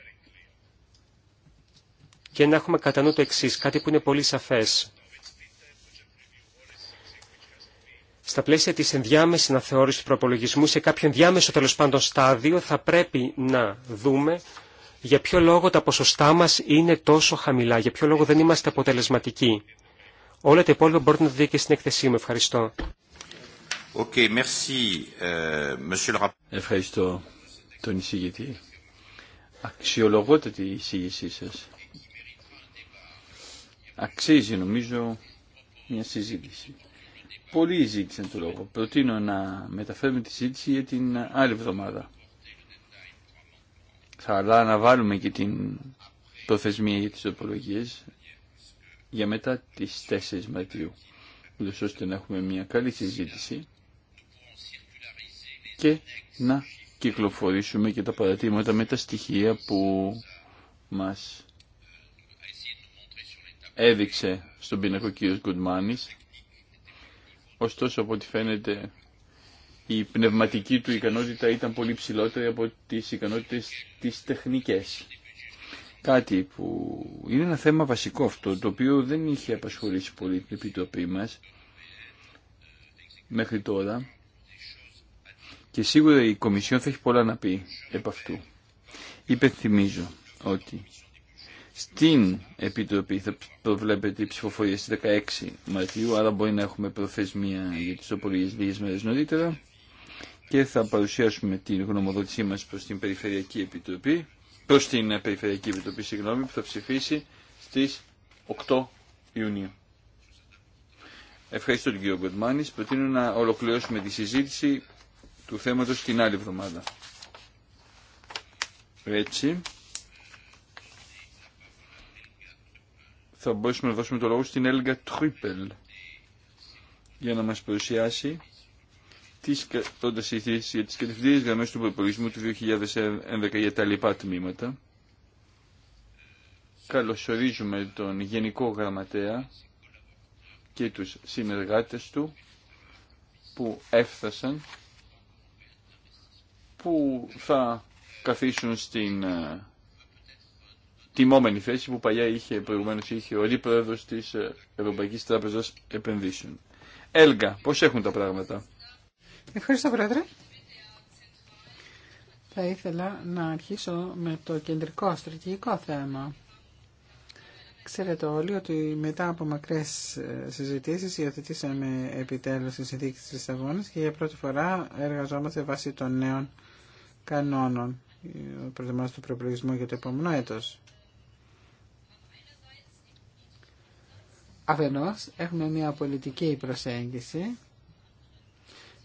και να έχουμε κατά νου το εξής, κάτι που είναι πολύ σαφές. στα πλαίσια της ενδιάμεσης αναθεώρησης του προπολογισμού, σε κάποιο ενδιάμεσο τέλο πάντων στάδιο, θα πρέπει να δούμε για ποιο λόγο τα ποσοστά μας είναι τόσο χαμηλά, για ποιο λόγο δεν είμαστε αποτελεσματικοί. Όλα τα υπόλοιπα μπορείτε να δείτε και στην εκθεσή μου. Ευχαριστώ. Okay, merci, euh, Ευχαριστώ τον εισηγητή. αξιολογώτε η εισηγησή σας. Αξίζει νομίζω μια συζήτηση. Πολλοί ζήτησαν το λόγο. Προτείνω να μεταφέρουμε τη συζήτηση για την άλλη εβδομάδα. Θα βάλουμε και την προθεσμία για τις οπολογίες για μετά τις 4 Μαρτίου, ούτως ώστε να έχουμε μια καλή συζήτηση και να κυκλοφορήσουμε και τα παρατήματα με τα στοιχεία που μας έδειξε στον πίνακο ο κ. Ωστόσο, από ό,τι φαίνεται, η πνευματική του ικανότητα ήταν πολύ ψηλότερη από τις ικανότητες τις τεχνικές. Κάτι που είναι ένα θέμα βασικό αυτό, το οποίο δεν είχε απασχολήσει πολύ την Επιτροπή μας μέχρι τώρα και σίγουρα η Κομισιόν θα έχει πολλά να πει επ' αυτού. Υπενθυμίζω ότι στην Επιτροπή θα προβλέπεται η ψηφοφορία στις 16 Μαρτίου, άρα μπορεί να έχουμε προθεσμία για τις απολύγες λίγε μέρες νωρίτερα και θα παρουσιάσουμε την γνωμοδότησή μας προς την Περιφερειακή Επιτροπή, προς την Περιφερειακή Επιτροπή, συγγνώμη, που θα ψηφίσει στις 8 Ιουνίου. Ευχαριστώ τον κύριο Γκοντμάνης. Προτείνω να ολοκληρώσουμε τη συζήτηση του θέματος την άλλη εβδομάδα. Έτσι. θα μπορέσουμε να δώσουμε το λόγο στην Έλγα Τρίπελ για να μας παρουσιάσει τις κατώντας ειδήσεις για τις κατευθυντήριες γραμμές του προπολογισμού του 2011 για τα λοιπά τμήματα. Καλωσορίζουμε τον Γενικό Γραμματέα και τους συνεργάτες του που έφτασαν που θα καθίσουν στην ε, τιμόμενη θέση που παλιά είχε, προηγουμένως είχε ο πρόεδρος της ε, Ευρωπαϊκής Τράπεζας Επενδύσεων. Έλγα, πώς έχουν τα πράγματα. Ευχαριστώ πρόεδρε. Θα ήθελα να αρχίσω με το κεντρικό στρατηγικό θέμα. Ξέρετε όλοι ότι μετά από μακρές ε, συζητήσεις υιοθετήσαμε επιτέλους τις συνθήκη της Λισαβόνας και για πρώτη φορά εργαζόμαστε βάσει των νέων κανόνων ε, προετοιμάζει του προπολογισμού για το επόμενο έτος. Αφενός έχουμε μια πολιτική προσέγγιση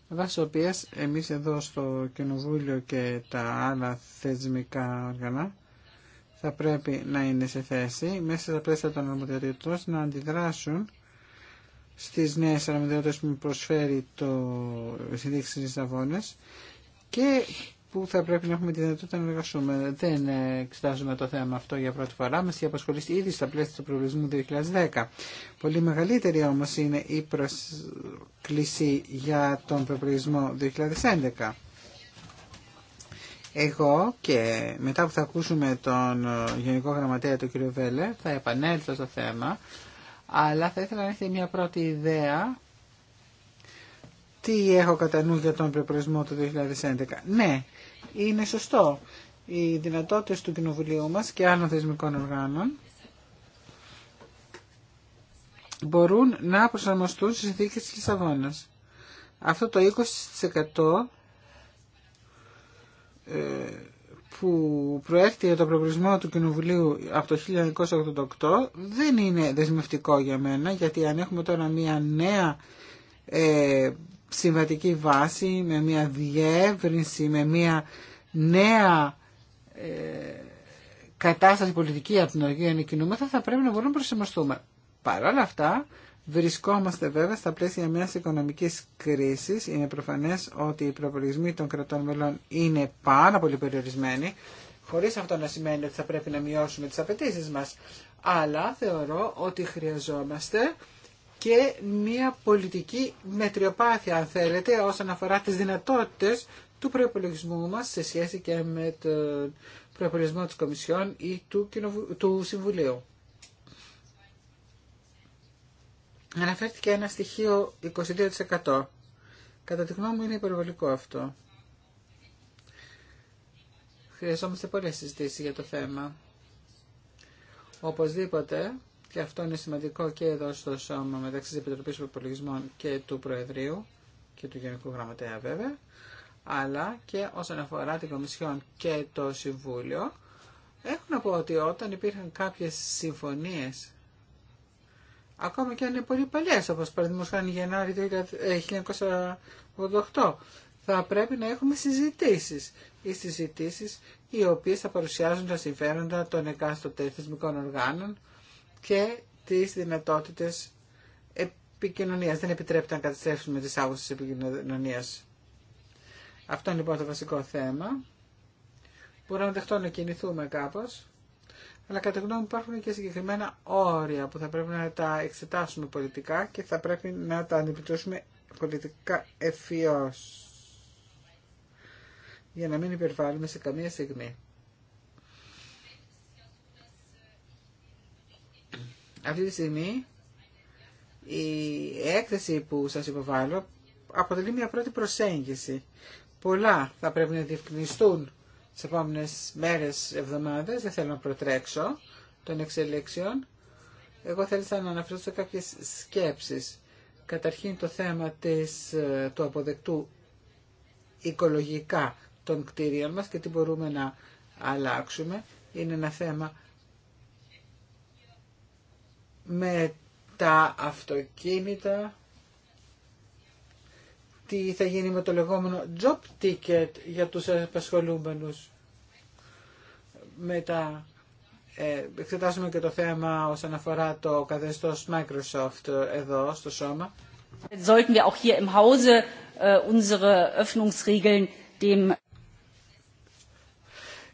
βάσει οποίας εμείς εδώ στο Κοινοβούλιο και τα άλλα θεσμικά όργανα θα πρέπει να είναι σε θέση μέσα στα πλαίσια των αρμοδιοτήτων να αντιδράσουν στις νέες αρμοδιότητες που προσφέρει το συνδείξη της και που θα πρέπει να έχουμε τη δυνατότητα να εργαστούμε. Δεν εξετάζουμε το θέμα αυτό για πρώτη φορά. Μα έχει απασχολήσει ήδη στα πλαίσια του προβλησμού 2010. Πολύ μεγαλύτερη όμω είναι η προσκλήση για τον προβλησμό 2011. Εγώ και μετά που θα ακούσουμε τον Γενικό Γραμματέα τον κύριο Βέλε θα επανέλθω στο θέμα αλλά θα ήθελα να έχετε μια πρώτη ιδέα τι έχω κατά νου για τον προπολογισμό του 2011. Ναι, είναι σωστό. Οι δυνατότητες του Κοινοβουλίου μας και άλλων θεσμικών οργάνων μπορούν να προσαρμοστούν στις συνθήκες της Λισαβόνας. Αυτό το 20% ε, που προέρχεται για τον προπορισμό του Κοινοβουλίου από το 1988 δεν είναι δεσμευτικό για μένα γιατί αν έχουμε τώρα μια νέα ε, συμβατική βάση, με μια διεύρυνση, με μια νέα ε, κατάσταση πολιτική από την οποία ανεκκινούμεθα, θα πρέπει να μπορούμε να προσαρμοστούμε. Παρ' όλα αυτά, βρισκόμαστε βέβαια στα πλαίσια μιας οικονομικής κρίσης. Είναι προφανές ότι οι προπολογισμοί των κρατών μελών είναι πάρα πολύ περιορισμένοι, χωρίς αυτό να σημαίνει ότι θα πρέπει να μειώσουμε τις απαιτήσει μας. Αλλά θεωρώ ότι χρειαζόμαστε και μια πολιτική μετριοπάθεια, αν θέλετε, όσον αφορά τις δυνατότητες του προπολογισμού μας σε σχέση και με τον προπολογισμό της Κομισιόν ή του, του Συμβουλίου. Αναφέρθηκε ένα στοιχείο 22%. Κατά τη γνώμη μου είναι υπερβολικό αυτό. Χρειαζόμαστε πολλές συζητήσεις για το θέμα. Οπωσδήποτε και αυτό είναι σημαντικό και εδώ στο σώμα μεταξύ της Επιτροπής Προπολογισμών και του Προεδρείου και του Γενικού Γραμματέα βέβαια, αλλά και όσον αφορά την Κομισιόν και το Συμβούλιο, έχουν να πω ότι όταν υπήρχαν κάποιες συμφωνίες, ακόμα και αν είναι πολύ παλιές, όπως παραδείγματος χάνει Γενάρη 1988, ε, θα πρέπει να έχουμε συζητήσεις. ή συζητήσεις οι οποίες θα παρουσιάζουν τα συμφέροντα των εκάστοτε θεσμικών οργάνων, και τις δυνατότητες επικοινωνίας. Δεν επιτρέπεται να καταστρέψουμε τις άγουσες της επικοινωνίας. Αυτό είναι λοιπόν το βασικό θέμα. Μπορούμε να δεχτώ να κινηθούμε κάπως, αλλά κατά γνώμη υπάρχουν και συγκεκριμένα όρια που θα πρέπει να τα εξετάσουμε πολιτικά και θα πρέπει να τα αντιμετωπίσουμε πολιτικά ευφυώς για να μην υπερβάλλουμε σε καμία στιγμή. Αυτή τη στιγμή η έκθεση που σας υποβάλλω αποτελεί μια πρώτη προσέγγιση. Πολλά θα πρέπει να διευκρινιστούν τις επόμενες μέρες, εβδομάδες, δεν θέλω να προτρέξω των εξελίξεων. Εγώ θέλησα να αναφερθώ σε κάποιες σκέψεις. Καταρχήν το θέμα της, ε, του αποδεκτού οικολογικά των κτίριων μας και τι μπορούμε να αλλάξουμε. Είναι ένα θέμα με τα αυτοκίνητα, τι θα γίνει με το λεγόμενο job ticket για τους απασχολούμενους. Μετά ε, εξετάσουμε και το θέμα όσον αφορά το καθεστώς Microsoft εδώ στο σώμα. Sollten wir auch hier im Hause äh, unsere Öffnungsregeln dem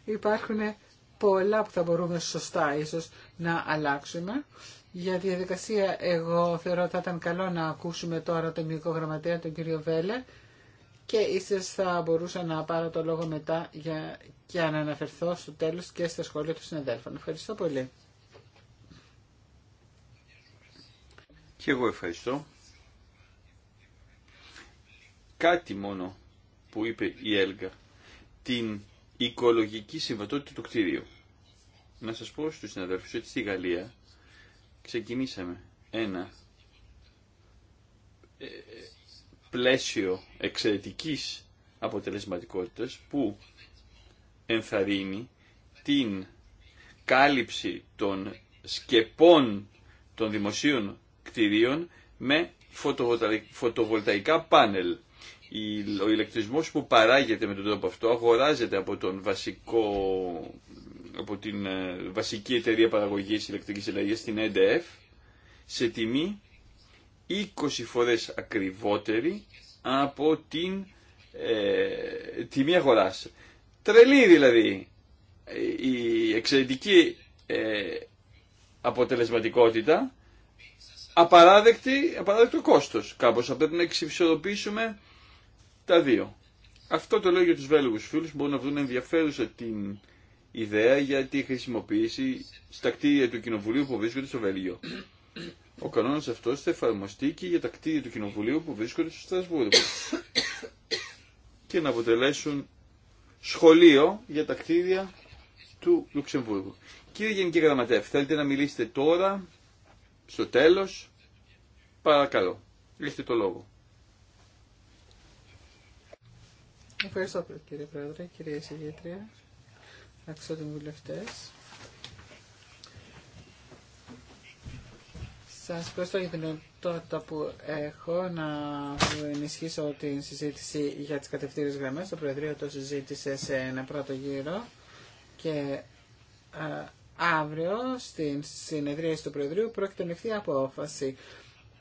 Υπάρχουν πολλά που θα μπορούμε σωστά ίσως να αλλάξουμε. Για διαδικασία, εγώ θεωρώ ότι θα ήταν καλό να ακούσουμε τώρα τον Γραμματέα, τον κύριο Βέλε, και ίσως θα μπορούσα να πάρω το λόγο μετά για, και να αναφερθώ στο τέλος και στα σχόλια του συναδέλφων. Ευχαριστώ πολύ. Και εγώ ευχαριστώ. Κάτι μόνο που είπε η Έλγα, την οικολογική συμβατότητα του κτίριου. Να σας πω στους συναδέλφους ότι στη Γαλλία Ξεκινήσαμε ένα ε, πλαίσιο εξαιρετικής αποτελεσματικότητας που ενθαρρύνει την κάλυψη των σκεπών των δημοσίων κτηρίων με φωτοβολταϊκά πάνελ. Ο ηλεκτρισμός που παράγεται με τον τρόπο αυτό αγοράζεται από τον βασικό από την ε, βασική εταιρεία παραγωγής ηλεκτρικής ενέργειας, στην EDF, σε τιμή 20 φορές ακριβότερη από την ε, τιμή αγοράς. Τρελή δηλαδή ε, η εξαιρετική ε, αποτελεσματικότητα, απαράδεκτη, απαράδεκτο κόστος κάπως. Θα πρέπει να εξισορροπήσουμε τα δύο. Αυτό το λέω για τους Βέλγους φίλους, μπορούν να βρουν ενδιαφέρουσα την ιδέα για τη χρησιμοποίηση στα κτίρια του Κοινοβουλίου που βρίσκονται στο Βέλγιο. Ο κανόνα αυτό θα εφαρμοστεί και για τα κτίρια του Κοινοβουλίου που βρίσκονται στο Στρασβούργο και να αποτελέσουν σχολείο για τα κτίρια του Λουξεμβούργου. Κύριε Γενική Γραμματεύ, θέλετε να μιλήσετε τώρα, στο τέλος, παρακαλώ. λύστε το λόγο. Ευχαριστώ κύριε Πρόεδρε, κυρία Συγγήτρια αξιότιμοι βουλευτέ. Σα ευχαριστώ για την δυνατότητα που έχω να ενισχύσω την συζήτηση για τις κατευθύνες γραμμέ. Το Προεδρείο το συζήτησε σε ένα πρώτο γύρο και αύριο στην συνεδρίαση του Προεδρείου πρόκειται να απόφαση.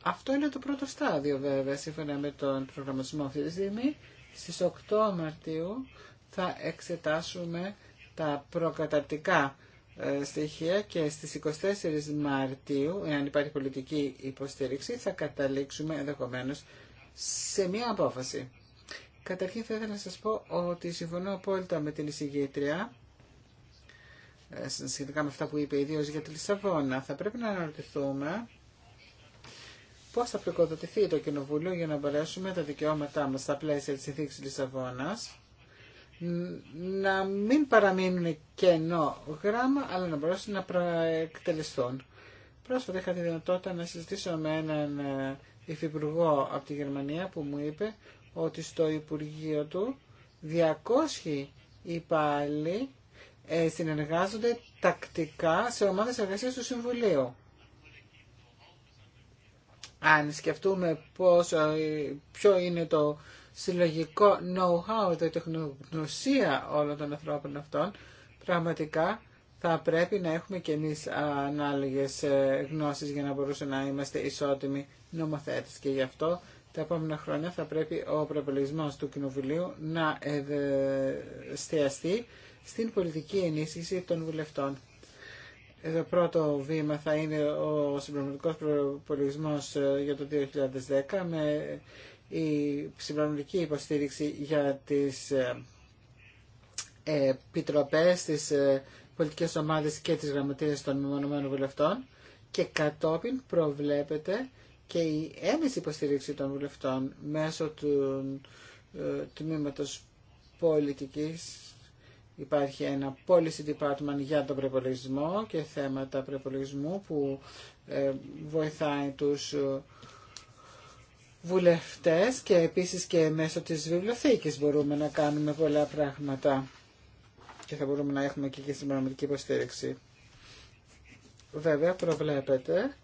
Αυτό είναι το πρώτο στάδιο βέβαια σύμφωνα με τον προγραμματισμό αυτή τη στιγμή. Στις 8 Μαρτίου θα εξετάσουμε τα προκαταρτικά ε, στοιχεία και στις 24 Μαρτίου, εάν υπάρχει πολιτική υποστήριξη, θα καταλήξουμε ενδεχομένω σε μία απόφαση. Καταρχήν θα ήθελα να σας πω ότι συμφωνώ απόλυτα με την εισηγήτρια ε, σχετικά με αυτά που είπε ιδίως για τη Λισαβόνα. Θα πρέπει να αναρωτηθούμε πώς θα προκοδοτηθεί το Κοινοβούλιο για να μπορέσουμε τα δικαιώματά μας στα πλαίσια της συνθήκης Λισαβόνας να μην παραμείνουν κενό γράμμα, αλλά να μπορέσουν να προεκτελεστούν. Πρόσφατα είχα τη δυνατότητα να συζητήσω με έναν ε, υφυπουργό από τη Γερμανία που μου είπε ότι στο Υπουργείο του 200 υπάλληλοι ε, συνεργάζονται τακτικά σε ομάδες εργασίας του Συμβουλίου. Αν σκεφτούμε πόσο, ε, ποιο είναι το συλλογικό know-how, το τεχνογνωσία όλων των ανθρώπων αυτών, πραγματικά θα πρέπει να έχουμε και εμείς ανάλογες ε, γνώσεις για να μπορούσαμε να είμαστε ισότιμοι νομοθέτες. Και γι' αυτό τα επόμενα χρόνια θα πρέπει ο προπολογισμό του Κοινοβουλίου να εστιαστεί στην πολιτική ενίσχυση των βουλευτών. Το πρώτο βήμα θα είναι ο συμπληρωματικός προπολογισμό ε, για το 2010 με η ψηφοαναλυτική υποστήριξη για τις ε, επιτροπέ τις ε, πολιτικές ομάδες και τις γραμματείες των μεμονωμένων βουλευτών και κατόπιν προβλέπεται και η έμεση υποστήριξη των βουλευτών μέσω του ε, τμήματος πολιτικής υπάρχει ένα policy department για τον προπολογισμό και θέματα προπολογισμού που βοηθάει τους βουλευτές και επίσης και μέσω της βιβλιοθήκης μπορούμε να κάνουμε πολλά πράγματα και θα μπορούμε να έχουμε και, και στην πραγματική υποστήριξη. Βέβαια προβλέπεται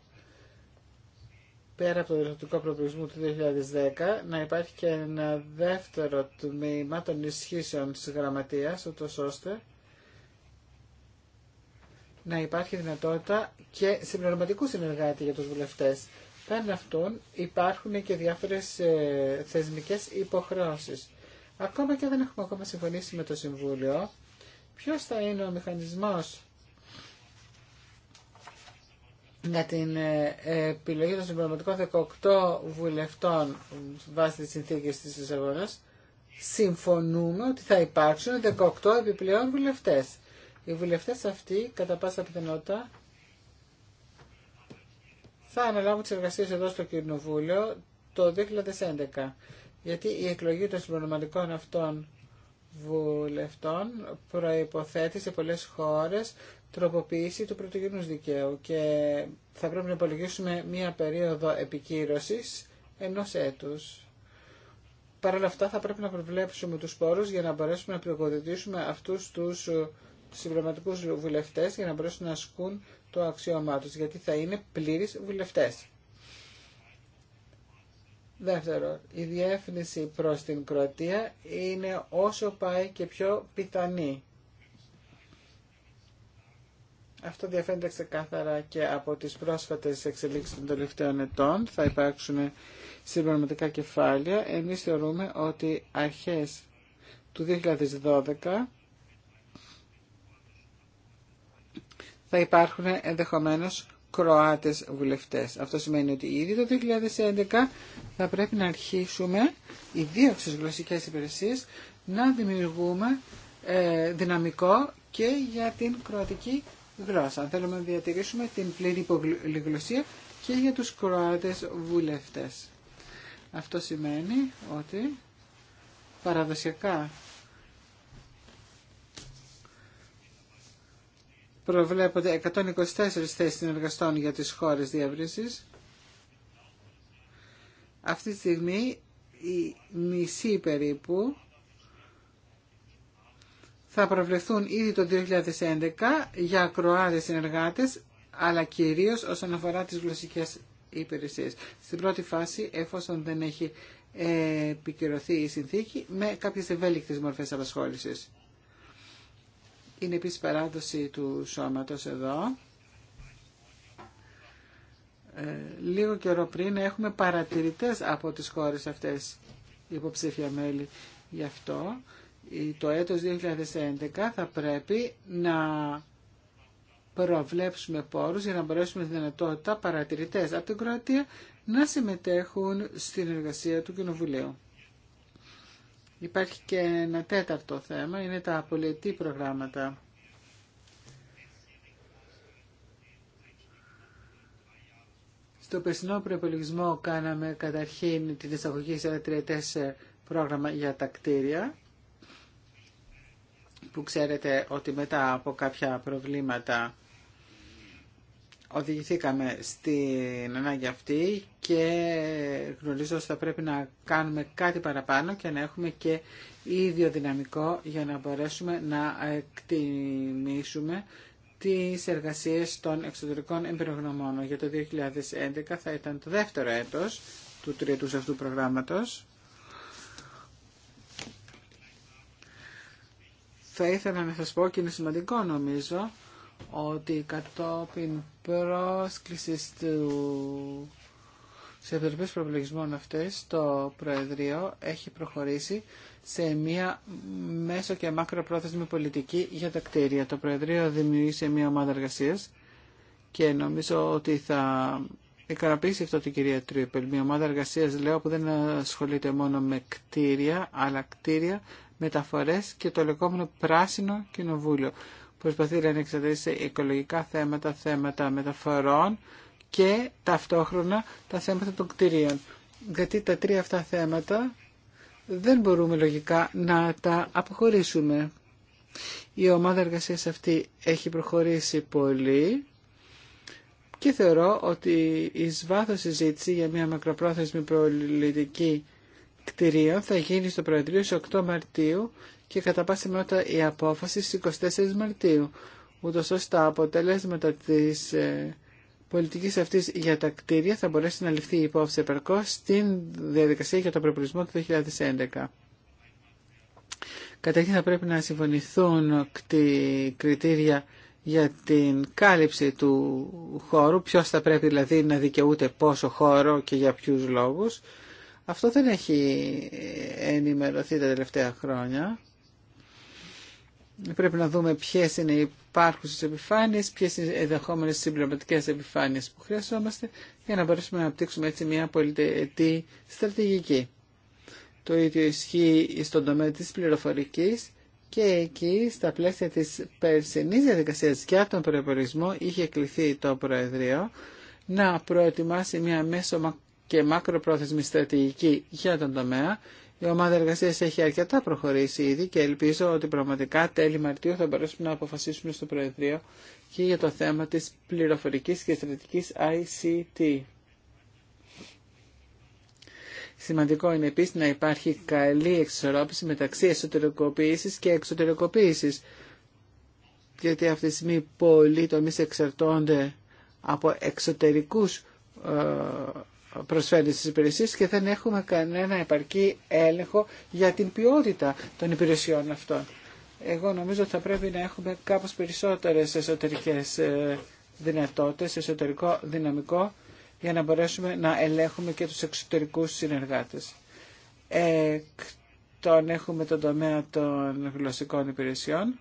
πέρα από το διευθυντικό προπολογισμό του 2010 να υπάρχει και ένα δεύτερο τμήμα των ισχύσεων της γραμματείας ούτως ώστε να υπάρχει δυνατότητα και συμπληρωματικού συνεργάτη για τους βουλευτές. Πέραν αυτών υπάρχουν και διάφορες ε, θεσμικές υποχρεώσεις. Ακόμα και δεν έχουμε ακόμα συμφωνήσει με το Συμβούλιο, ποιος θα είναι ο μηχανισμός για την ε, επιλογή των συμπληρωματικών 18 βουλευτών βάσει της συνθήκης της Λισαβόνας, συμφωνούμε ότι θα υπάρξουν 18 επιπλέον βουλευτές. Οι βουλευτές αυτοί, κατά πάσα πιθανότητα, θα αναλάβουμε τι εργασίε εδώ στο Κοινοβούλιο το 2011. Γιατί η εκλογή των συμπληρωματικών αυτών βουλευτών προϋποθέτει σε πολλές χώρες τροποποίηση του πρωτογενούς δικαίου και θα πρέπει να υπολογίσουμε μία περίοδο επικύρωσης ενός έτους. Παρ' όλα αυτά θα πρέπει να προβλέψουμε τους πόρους για να μπορέσουμε να προκοδητήσουμε αυτούς τους συμπληρωματικούς βουλευτές για να μπορέσουν να ασκούν το αξιωμά τους, γιατί θα είναι πλήρης βουλευτές. Δεύτερο, η διεύθυνση προς την Κροατία είναι όσο πάει και πιο πιθανή. Αυτό διαφαίνεται ξεκάθαρα και από τις πρόσφατες εξελίξεις των τελευταίων ετών. Θα υπάρξουν συμπληρωματικά κεφάλαια. Εμείς θεωρούμε ότι αρχές του 2012 θα υπάρχουν ενδεχομένως Κροάτες βουλευτές. Αυτό σημαίνει ότι ήδη το 2011 θα πρέπει να αρχίσουμε, οι δύο γλωσσικές υπηρεσίες, να δημιουργούμε ε, δυναμικό και για την κροατική γλώσσα. Αν θέλουμε να διατηρήσουμε την πλήρη υπογλωσία και για τους Κροάτες βουλευτές. Αυτό σημαίνει ότι παραδοσιακά προβλέπονται 124 θέσεις συνεργαστών για τις χώρες διεύρυνσης. Αυτή τη στιγμή η μισή περίπου θα προβλεφθούν ήδη το 2011 για Κροάτες συνεργάτες, αλλά κυρίως όσον αφορά τις γλωσσικές υπηρεσίες. Στην πρώτη φάση, εφόσον δεν έχει ε, επικυρωθεί η συνθήκη, με κάποιες ευέλικτες μορφές απασχόλησης. Είναι επίσης παράδοση του σώματος εδώ. Ε, λίγο καιρό πριν έχουμε παρατηρητές από τις χώρες αυτές υποψήφια μέλη. Γι' αυτό το έτος 2011 θα πρέπει να προβλέψουμε πόρους για να μπορέσουμε δυνατότητα παρατηρητές από την Κροατία να συμμετέχουν στην εργασία του Κοινοβουλίου. Υπάρχει και ένα τέταρτο θέμα, είναι τα απολετή προγράμματα. Στο περσινό προπολογισμό κάναμε καταρχήν την εισαγωγή σε ένα τριετές ε, πρόγραμμα για τα κτίρια, που ξέρετε ότι μετά από κάποια προβλήματα οδηγηθήκαμε στην ανάγκη αυτή και γνωρίζω ότι θα πρέπει να κάνουμε κάτι παραπάνω και να έχουμε και ίδιο δυναμικό για να μπορέσουμε να εκτιμήσουμε τις εργασίες των εξωτερικών εμπειρογνωμών. Για το 2011 θα ήταν το δεύτερο έτος του τρίτου αυτού προγράμματος. Θα ήθελα να σας πω και είναι σημαντικό νομίζω ότι κατόπιν πρόσκλησης του σε επιτροπές προπολογισμών αυτές το Προεδρείο έχει προχωρήσει σε μια μέσο και μακροπρόθεσμη πολιτική για τα κτίρια. Το Προεδρείο δημιουργήσε μια ομάδα εργασία και νομίζω ότι θα ικανοποιήσει αυτό την κυρία Τρίπελ. Μια ομάδα εργασία λέω που δεν ασχολείται μόνο με κτίρια, αλλά κτίρια, μεταφορές και το λεγόμενο πράσινο κοινοβούλιο προσπαθεί να εξετάσει οικολογικά θέματα, θέματα μεταφορών και ταυτόχρονα τα θέματα των κτηρίων. Γιατί τα τρία αυτά θέματα δεν μπορούμε λογικά να τα αποχωρήσουμε. Η ομάδα εργασίας αυτή έχει προχωρήσει πολύ και θεωρώ ότι η σβάθο συζήτηση για μια μακροπρόθεσμη προληπτική κτηρίων θα γίνει στο Προεδρείο στις 8 Μαρτίου και κατά πάση μετά η απόφαση στις 24 Μαρτίου, ούτως ώστε τα αποτελέσματα της ε, πολιτικής αυτής για τα κτίρια θα μπορέσει να ληφθεί υπόψη επαρκώ στην διαδικασία για τον προπολισμό του 2011. Καταρχήν θα πρέπει να συμφωνηθούν κριτήρια για την κάλυψη του χώρου, ποιος θα πρέπει δηλαδή να δικαιούται πόσο χώρο και για ποιους λόγους. Αυτό δεν έχει ε, ενημερωθεί τα τελευταία χρόνια. Πρέπει να δούμε ποιε είναι οι υπάρχουσε επιφάνειε, ποιε είναι οι ενδεχόμενε συμπληρωματικέ επιφάνειε που χρειαζόμαστε για να μπορέσουμε να αναπτύξουμε έτσι μια πολιτετή στρατηγική. Το ίδιο ισχύει στον τομέα τη πληροφορική και εκεί στα πλαίσια τη περσινή διαδικασία για τον προεπορισμό είχε κληθεί το Προεδρείο να προετοιμάσει μια μέσο και μακροπρόθεσμη στρατηγική για τον τομέα η ομάδα εργασία έχει αρκετά προχωρήσει ήδη και ελπίζω ότι πραγματικά τέλη Μαρτίου θα μπορέσουμε να αποφασίσουμε στο Προεδρείο και για το θέμα της πληροφορικής και στρατηγικής ICT. Σημαντικό είναι επίση να υπάρχει καλή εξορρόπηση μεταξύ εσωτερικόποίηση και εξωτερικοποίηση, γιατί αυτή τη στιγμή πολλοί τομεί εξαρτώνται από εξωτερικούς ε, προσφέρει στις υπηρεσίες και δεν έχουμε κανένα επαρκή έλεγχο για την ποιότητα των υπηρεσιών αυτών. Εγώ νομίζω ότι θα πρέπει να έχουμε κάπως περισσότερες εσωτερικές ε, δυνατότητες, εσωτερικό δυναμικό, για να μπορέσουμε να ελέγχουμε και τους εξωτερικούς συνεργάτες. Εκ έχουμε τον τομέα των γλωσσικών υπηρεσιών,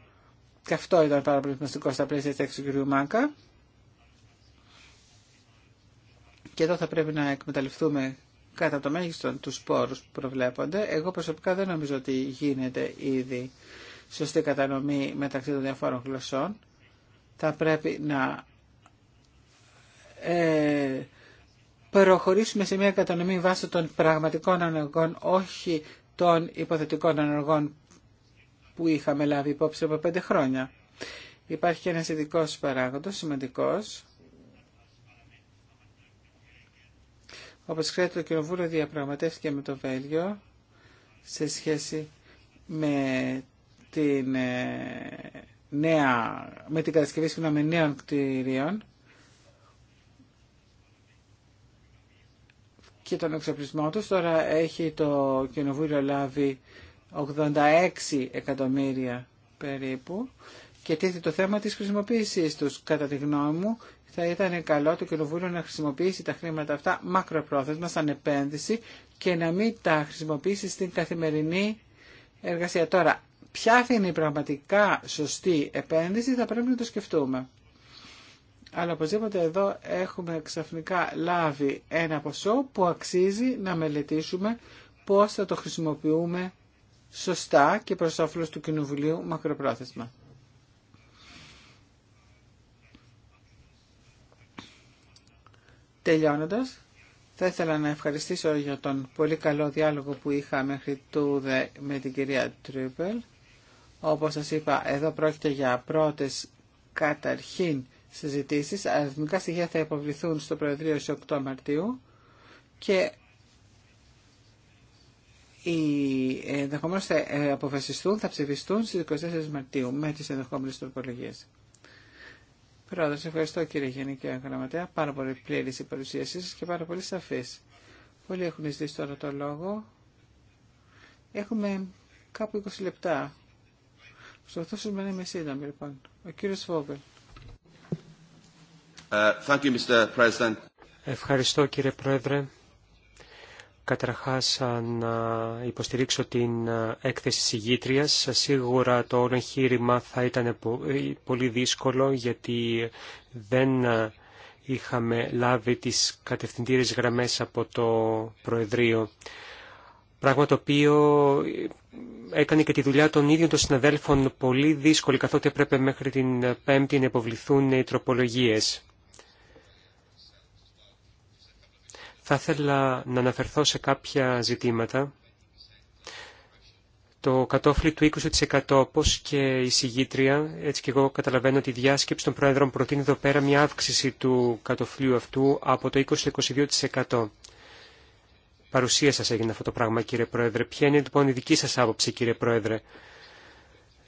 και αυτό ήταν πάρα πολύ στα πλαίσια της Μάκα. και εδώ θα πρέπει να εκμεταλλευτούμε κατά το μέγιστο τους πόρους που προβλέπονται. Εγώ προσωπικά δεν νομίζω ότι γίνεται ήδη σωστή κατανομή μεταξύ των διαφόρων γλωσσών. Θα πρέπει να ε, προχωρήσουμε σε μια κατανομή βάσει των πραγματικών αναγκών, όχι των υποθετικών αναγκών που είχαμε λάβει υπόψη από πέντε χρόνια. Υπάρχει και ένας ειδικό παράγοντος, σημαντικός Όπω ξέρετε το Κοινοβούλιο διαπραγματεύτηκε με το Βέλγιο σε σχέση με την ε, νέα, με την κατασκευή συγγνώμη, νέων κτηρίων και τον εξοπλισμό του. Τώρα έχει το Κοινοβούλιο λάβει 86 εκατομμύρια περίπου και τίθεται το θέμα της χρησιμοποίησης τους. Κατά τη γνώμη μου θα ήταν καλό το Κοινοβούλιο να χρησιμοποιήσει τα χρήματα αυτά μακροπρόθεσμα σαν επένδυση και να μην τα χρησιμοποιήσει στην καθημερινή εργασία. Τώρα, ποια θα είναι η πραγματικά σωστή επένδυση θα πρέπει να το σκεφτούμε. Αλλά οπωσδήποτε εδώ έχουμε ξαφνικά λάβει ένα ποσό που αξίζει να μελετήσουμε πώς θα το χρησιμοποιούμε σωστά και προς όφελος του Κοινοβουλίου μακροπρόθεσμα. Τελειώνοντας, θα ήθελα να ευχαριστήσω για τον πολύ καλό διάλογο που είχα μέχρι τούδε με την κυρία Τρίπελ. Όπως σας είπα, εδώ πρόκειται για πρώτες καταρχήν συζητήσεις. Αριθμικά στοιχεία θα υποβληθούν στο Προεδρείο στις 8 Μαρτίου και οι ενδεχομένω θα ε, αποφασιστούν, θα ψηφιστούν στις 24 Μαρτίου με τις ενδεχόμενες τροπολογίες. Πρόεδρος, ευχαριστώ κύριε Γενική Γραμματέα. Πάρα πολύ πλήρη η παρουσίασή σα και πάρα πολύ σαφή. Πολλοί έχουν ζητήσει τώρα το λόγο. Έχουμε κάπου 20 λεπτά. Προσπαθώ να είμαι σύντομη λοιπόν. Ο κύριο Φόβελ. Uh, Ευχαριστώ κύριε Πρόεδρε. Καταρχάς να υποστηρίξω την ε, έκθεση συγγήτριας. Σίγουρα το όλο εγχείρημα θα ήταν ε, πολύ δύσκολο γιατί δεν ε, είχαμε λάβει τις κατευθυντήρες γραμμές από το Προεδρείο. Πράγμα το οποίο έκανε και τη δουλειά των ίδιων των συναδέλφων πολύ δύσκολη καθότι έπρεπε μέχρι την Πέμπτη να υποβληθούν οι τροπολογίες. Θα ήθελα να αναφερθώ σε κάποια ζητήματα. Το κατόφλι του 20% όπως και η συγγήτρια, έτσι και εγώ καταλαβαίνω ότι η διάσκεψη των Πρόεδρων προτείνει εδώ πέρα μια αύξηση του κατοφλίου αυτού από το 20% στο 22%. Παρουσία σας έγινε αυτό το πράγμα κύριε Πρόεδρε. Ποια είναι λοιπόν η δική σας άποψη κύριε Πρόεδρε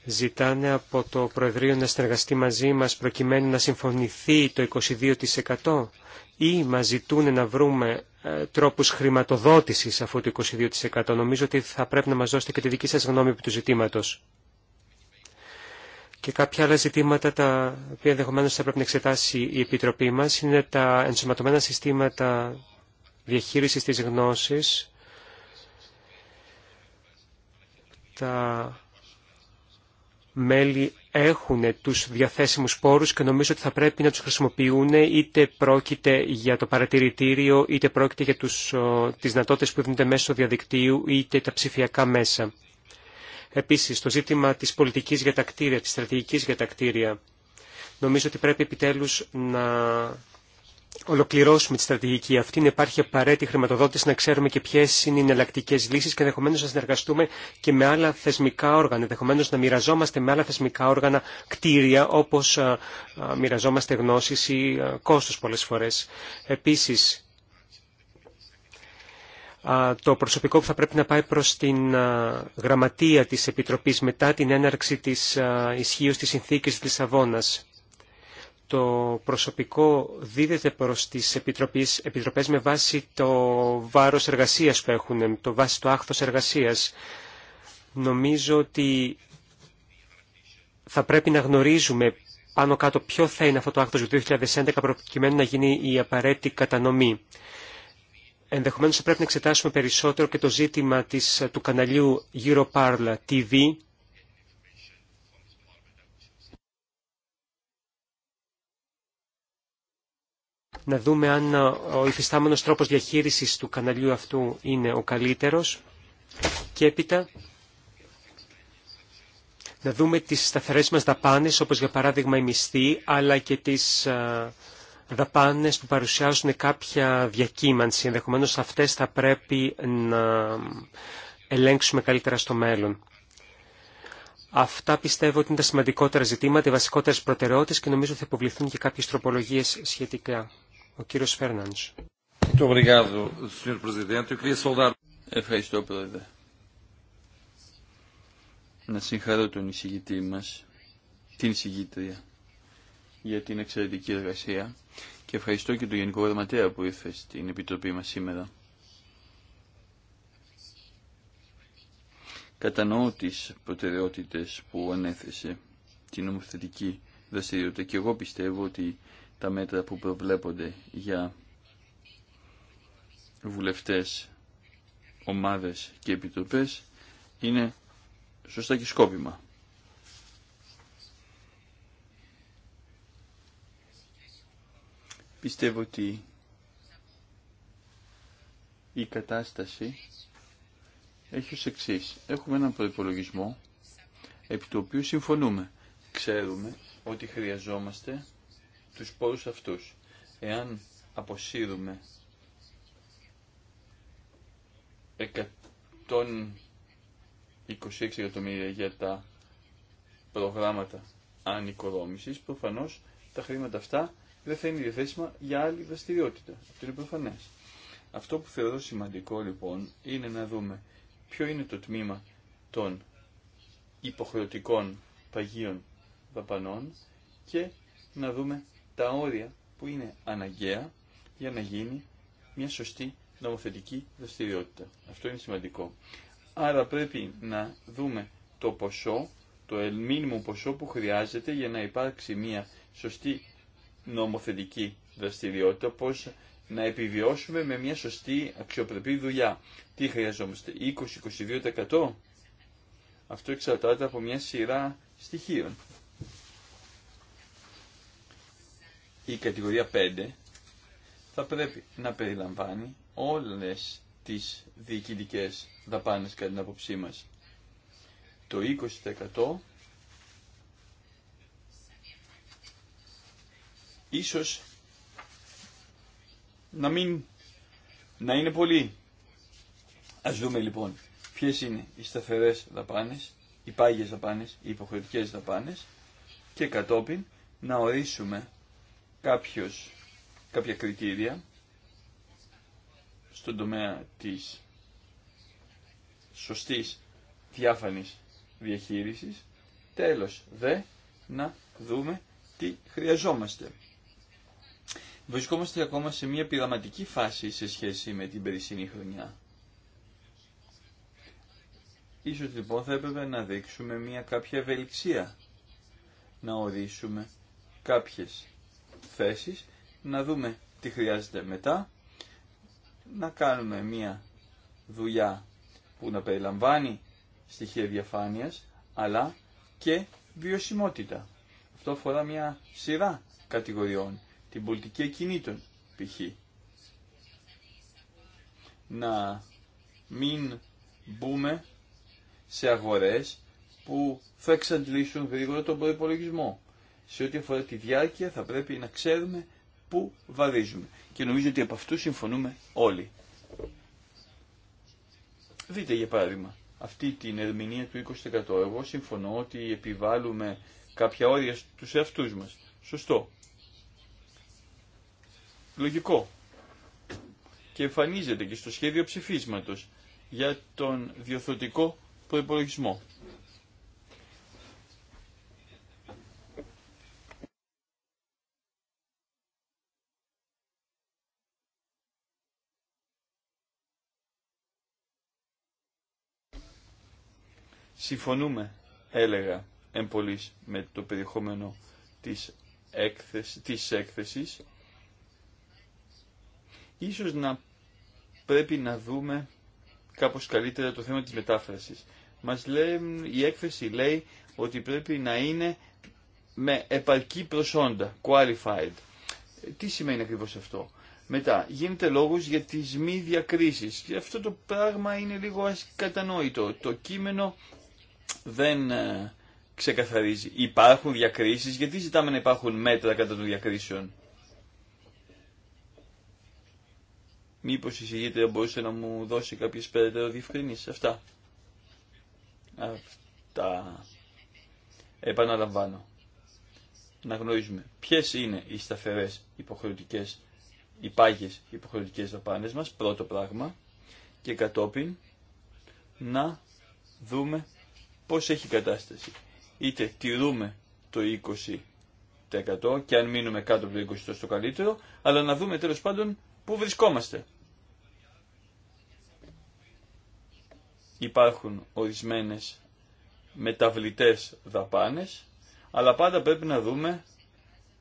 ζητάνε από το Προεδρείο να συνεργαστεί μαζί μας προκειμένου να συμφωνηθεί το 22% ή μας ζητούν να βρούμε ε, τρόπους χρηματοδότησης αφού το 22%. Νομίζω ότι θα πρέπει να μας δώσετε και τη δική σας γνώμη του ζητήματος. Και κάποια άλλα ζητήματα τα οποία ενδεχομένω θα πρέπει να εξετάσει η Επιτροπή μας είναι τα ενσωματωμένα συστήματα διαχείρισης της γνώσης, τα μέλη έχουν τους διαθέσιμους πόρους και νομίζω ότι θα πρέπει να τους χρησιμοποιούν είτε πρόκειται για το παρατηρητήριο, είτε πρόκειται για τους, ο, τις δυνατότητες που δίνονται μέσω διαδικτύου, είτε τα ψηφιακά μέσα. Επίσης, το ζήτημα της πολιτικής για τα κτίρια, της στρατηγικής για τα κτίρια. Νομίζω ότι πρέπει επιτέλους να ολοκληρώσουμε τη στρατηγική αυτή, να υπάρχει απαραίτητη χρηματοδότηση, να ξέρουμε και ποιε είναι οι εναλλακτικέ λύσει και ενδεχομένω να συνεργαστούμε και με άλλα θεσμικά όργανα. Ενδεχομένω να μοιραζόμαστε με άλλα θεσμικά όργανα κτίρια, όπω μοιραζόμαστε γνώσει ή κόστο πολλέ φορέ. Επίση, το προσωπικό που θα πρέπει να πάει προς την γραμματεία της Επιτροπής μετά την έναρξη της ισχύω της συνθήκης της Λισαβόνα το προσωπικό δίδεται προς τις επιτροπές, με βάση το βάρος εργασίας που έχουν, το βάση το άχθος εργασίας. Νομίζω ότι θα πρέπει να γνωρίζουμε πάνω κάτω ποιο θα είναι αυτό το άκθος του 2011 προκειμένου να γίνει η απαραίτητη κατανομή. Ενδεχομένως θα πρέπει να εξετάσουμε περισσότερο και το ζήτημα της, του καναλιού Europarla TV να δούμε αν ε, ο υφιστάμενος τρόπος διαχείρισης του καναλιού αυτού είναι ο καλύτερος και έπειτα να δούμε τις σταθερές μας δαπάνες, όπως για παράδειγμα η μισθή, αλλά και τις ε, δαπάνες που παρουσιάζουν κάποια διακύμανση. Ενδεχομένως αυτές θα πρέπει να ελέγξουμε καλύτερα στο μέλλον. Αυτά πιστεύω ότι είναι τα σημαντικότερα ζητήματα, οι βασικότερες προτεραιότητες και νομίζω θα υποβληθούν και κάποιες τροπολογίες σχετικά. Ο κύριος Φέρναντς. Ευχαριστώ, Πρόεδρε. Να συγχαρώ τον εισηγητή μας, την εισηγήτρια, για την εξαιρετική εργασία και ευχαριστώ και τον Γενικό Γραμματέα που ήρθε στην Επιτροπή μας σήμερα. Κατανοώ τις προτεραιότητες που ανέθεσε την νομοθετική δραστηριότητα και εγώ πιστεύω ότι τα μέτρα που προβλέπονται για βουλευτές, ομάδες και επιτροπές είναι σωστά και σκόπιμα. Πιστεύω ότι η κατάσταση έχει ως εξής. Έχουμε έναν προϋπολογισμό επί του οποίου συμφωνούμε. Ξέρουμε ότι χρειαζόμαστε τους πόρους αυτούς. Εάν αποσύρουμε 126 εκατομμύρια για τα προγράμματα ανοικοδόμησης, προφανώς τα χρήματα αυτά δεν θα είναι διαθέσιμα για άλλη δραστηριότητα. Αυτό είναι προφανές. Αυτό που θεωρώ σημαντικό λοιπόν είναι να δούμε ποιο είναι το τμήμα των υποχρεωτικών παγίων δαπανών και να δούμε τα όρια που είναι αναγκαία για να γίνει μια σωστή νομοθετική δραστηριότητα. Αυτό είναι σημαντικό. Άρα πρέπει να δούμε το ποσό, το μήνυμο ποσό που χρειάζεται για να υπάρξει μια σωστή νομοθετική δραστηριότητα, πώς να επιβιώσουμε με μια σωστή αξιοπρεπή δουλειά. Τι χρειαζόμαστε, 20-22%? Αυτό εξαρτάται από μια σειρά στοιχείων. η κατηγορία 5 θα πρέπει να περιλαμβάνει όλες τις διοικητικές δαπάνες κατά την άποψή μας. Το 20% ίσως να μην να είναι πολύ. Ας δούμε λοιπόν ποιες είναι οι σταθερές δαπάνες, οι πάγιες δαπάνες, οι υποχρεωτικές δαπάνες και κατόπιν να ορίσουμε κάποιος, κάποια κριτήρια στον τομέα της σωστής διάφανης διαχείρισης. Τέλος, δε, να δούμε τι χρειαζόμαστε. Βρισκόμαστε ακόμα σε μια πειραματική φάση σε σχέση με την περσινή χρονιά. Ίσως λοιπόν θα έπρεπε να δείξουμε μια κάποια ευελιξία, να ορίσουμε κάποιες θέσεις, να δούμε τι χρειάζεται μετά, να κάνουμε μία δουλειά που να περιλαμβάνει στοιχεία διαφάνειας, αλλά και βιωσιμότητα. Αυτό αφορά μια σειρά κατηγοριών, την πολιτική ακινήτων π.χ. Να μην μπούμε σε αγορές που θα εξαντλήσουν γρήγορα τον προϋπολογισμό σε ό,τι αφορά τη διάρκεια θα πρέπει να ξέρουμε πού βαρίζουμε. Και νομίζω ότι από αυτού συμφωνούμε όλοι. Δείτε για παράδειγμα αυτή την ερμηνεία του 20%. Εγώ συμφωνώ ότι επιβάλλουμε κάποια όρια στους εαυτούς μας. Σωστό. Λογικό. Και εμφανίζεται και στο σχέδιο ψηφίσματος για τον διοθωτικό προπολογισμό. Συμφωνούμε, έλεγα, εμπολής με το περιεχόμενο της, έκθεση, της έκθεσης. Ίσως να πρέπει να δούμε κάπως καλύτερα το θέμα της μετάφρασης. Μας λέει, η έκθεση λέει ότι πρέπει να είναι με επαρκή προσόντα, qualified. Τι σημαίνει ακριβώς αυτό. Μετά, γίνεται λόγος για τις μη διακρίσεις. Και αυτό το πράγμα είναι λίγο ασκατανόητο. Το κείμενο δεν ε, ξεκαθαρίζει. Υπάρχουν διακρίσεις, γιατί ζητάμε να υπάρχουν μέτρα κατά των διακρίσεων. Μήπως η συγγήτρια μπορούσε να μου δώσει κάποιες περαιτέρω διευκρινήσεις. Αυτά. Αυτά. Επαναλαμβάνω. Να γνωρίζουμε ποιες είναι οι σταθερές υποχρεωτικές, οι πάγιες υποχρεωτικές δαπάνες μας, πρώτο πράγμα, και κατόπιν να δούμε πώς έχει η κατάσταση. Είτε τηρούμε το 20% και αν μείνουμε κάτω από το 20% στο καλύτερο, αλλά να δούμε τέλος πάντων πού βρισκόμαστε. Υπάρχουν ορισμένες μεταβλητές δαπάνες, αλλά πάντα πρέπει να δούμε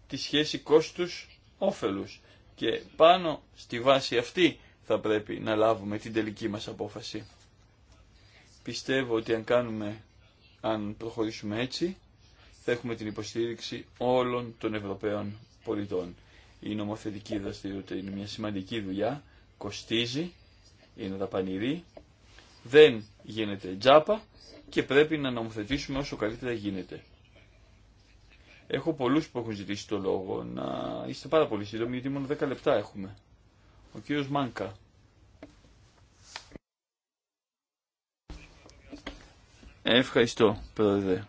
τη σχέση κόστους όφελους και πάνω στη βάση αυτή θα πρέπει να λάβουμε την τελική μας απόφαση. Πιστεύω ότι αν κάνουμε αν προχωρήσουμε έτσι, θα έχουμε την υποστήριξη όλων των Ευρωπαίων πολιτών. Η νομοθετική δραστηριότητα είναι μια σημαντική δουλειά, κοστίζει, είναι δαπανηρή, δεν γίνεται τζάπα και πρέπει να νομοθετήσουμε όσο καλύτερα γίνεται. Έχω πολλούς που έχουν ζητήσει το λόγο να είστε πάρα πολύ σύντομοι γιατί μόνο 10 λεπτά έχουμε. Ο κύριος Μάνκα. Ευχαριστώ, Πρόεδρε.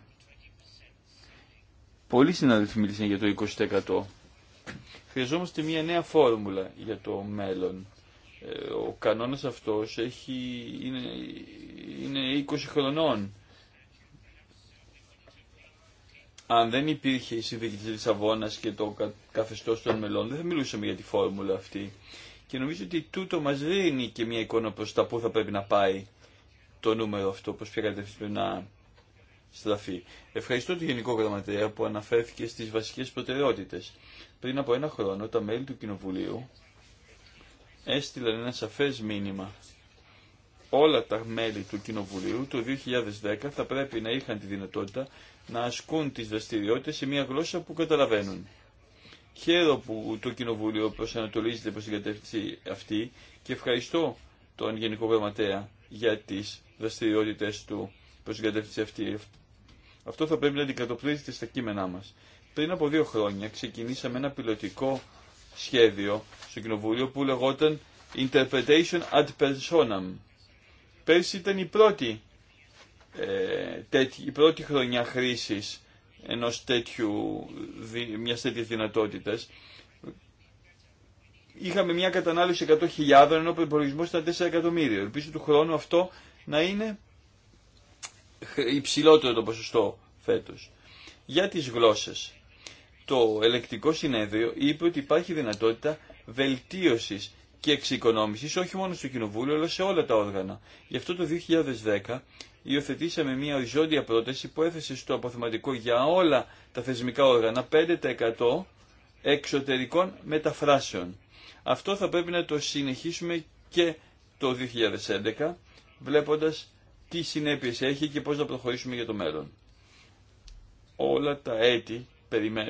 Πολλοί συνάδελφοι μίλησαν για το 20%. Χρειαζόμαστε μια νέα φόρμουλα για το μέλλον. Ε, ο κανόνας αυτός έχει, είναι, είναι 20 χρονών. Αν δεν υπήρχε η συνθήκη της Λισαβόνας και το καθεστώς των μελών, δεν θα μιλούσαμε για τη φόρμουλα αυτή. Και νομίζω ότι τούτο μας δίνει και μια εικόνα προς τα πού θα πρέπει να πάει το νούμερο αυτό, πώ πια κατεύθυνση να στραφεί. Ευχαριστώ τον Γενικό Γραμματέα που αναφέρθηκε στις βασικές προτεραιότητες. Πριν από ένα χρόνο τα μέλη του Κοινοβουλίου έστειλαν ένα σαφές μήνυμα. Όλα τα μέλη του Κοινοβουλίου το 2010 θα πρέπει να είχαν τη δυνατότητα να ασκούν τις δραστηριότητες σε μια γλώσσα που καταλαβαίνουν. Χαίρο που το Κοινοβούλιο προσανατολίζεται προς την κατεύθυνση αυτή και ευχαριστώ τον Γενικό Γραμματέα για τις δραστηριότητε του προ την κατεύθυνση αυτή. Αυτό θα πρέπει να αντικατοπτρίζεται στα κείμενά μα. Πριν από δύο χρόνια ξεκινήσαμε ένα πιλωτικό σχέδιο στο Κοινοβούλιο που λεγόταν Interpretation ad personam. Πέρσι ήταν η πρώτη, ε, τέτοι, η πρώτη χρονιά χρήση ενός τέτοιου, μιας τέτοιας δυνατότητας. Είχαμε μια κατανάλωση 100.000 ενώ ο προπολογισμό ήταν 4 εκατομμύρια. Ελπίζω του χρόνου αυτό να είναι υψηλότερο το ποσοστό φέτος. Για τις γλώσσες, το ελεκτικό συνέδριο είπε ότι υπάρχει δυνατότητα βελτίωσης και εξοικονόμησης όχι μόνο στο Κοινοβούλιο αλλά σε όλα τα όργανα. Γι' αυτό το 2010 υιοθετήσαμε μια οριζόντια πρόταση που έθεσε στο αποθεματικό για όλα τα θεσμικά όργανα 5% εξωτερικών μεταφράσεων. Αυτό θα πρέπει να το συνεχίσουμε και το 2011 βλέποντας τι συνέπειες έχει και πώς να προχωρήσουμε για το μέλλον. Όλα τα έτη,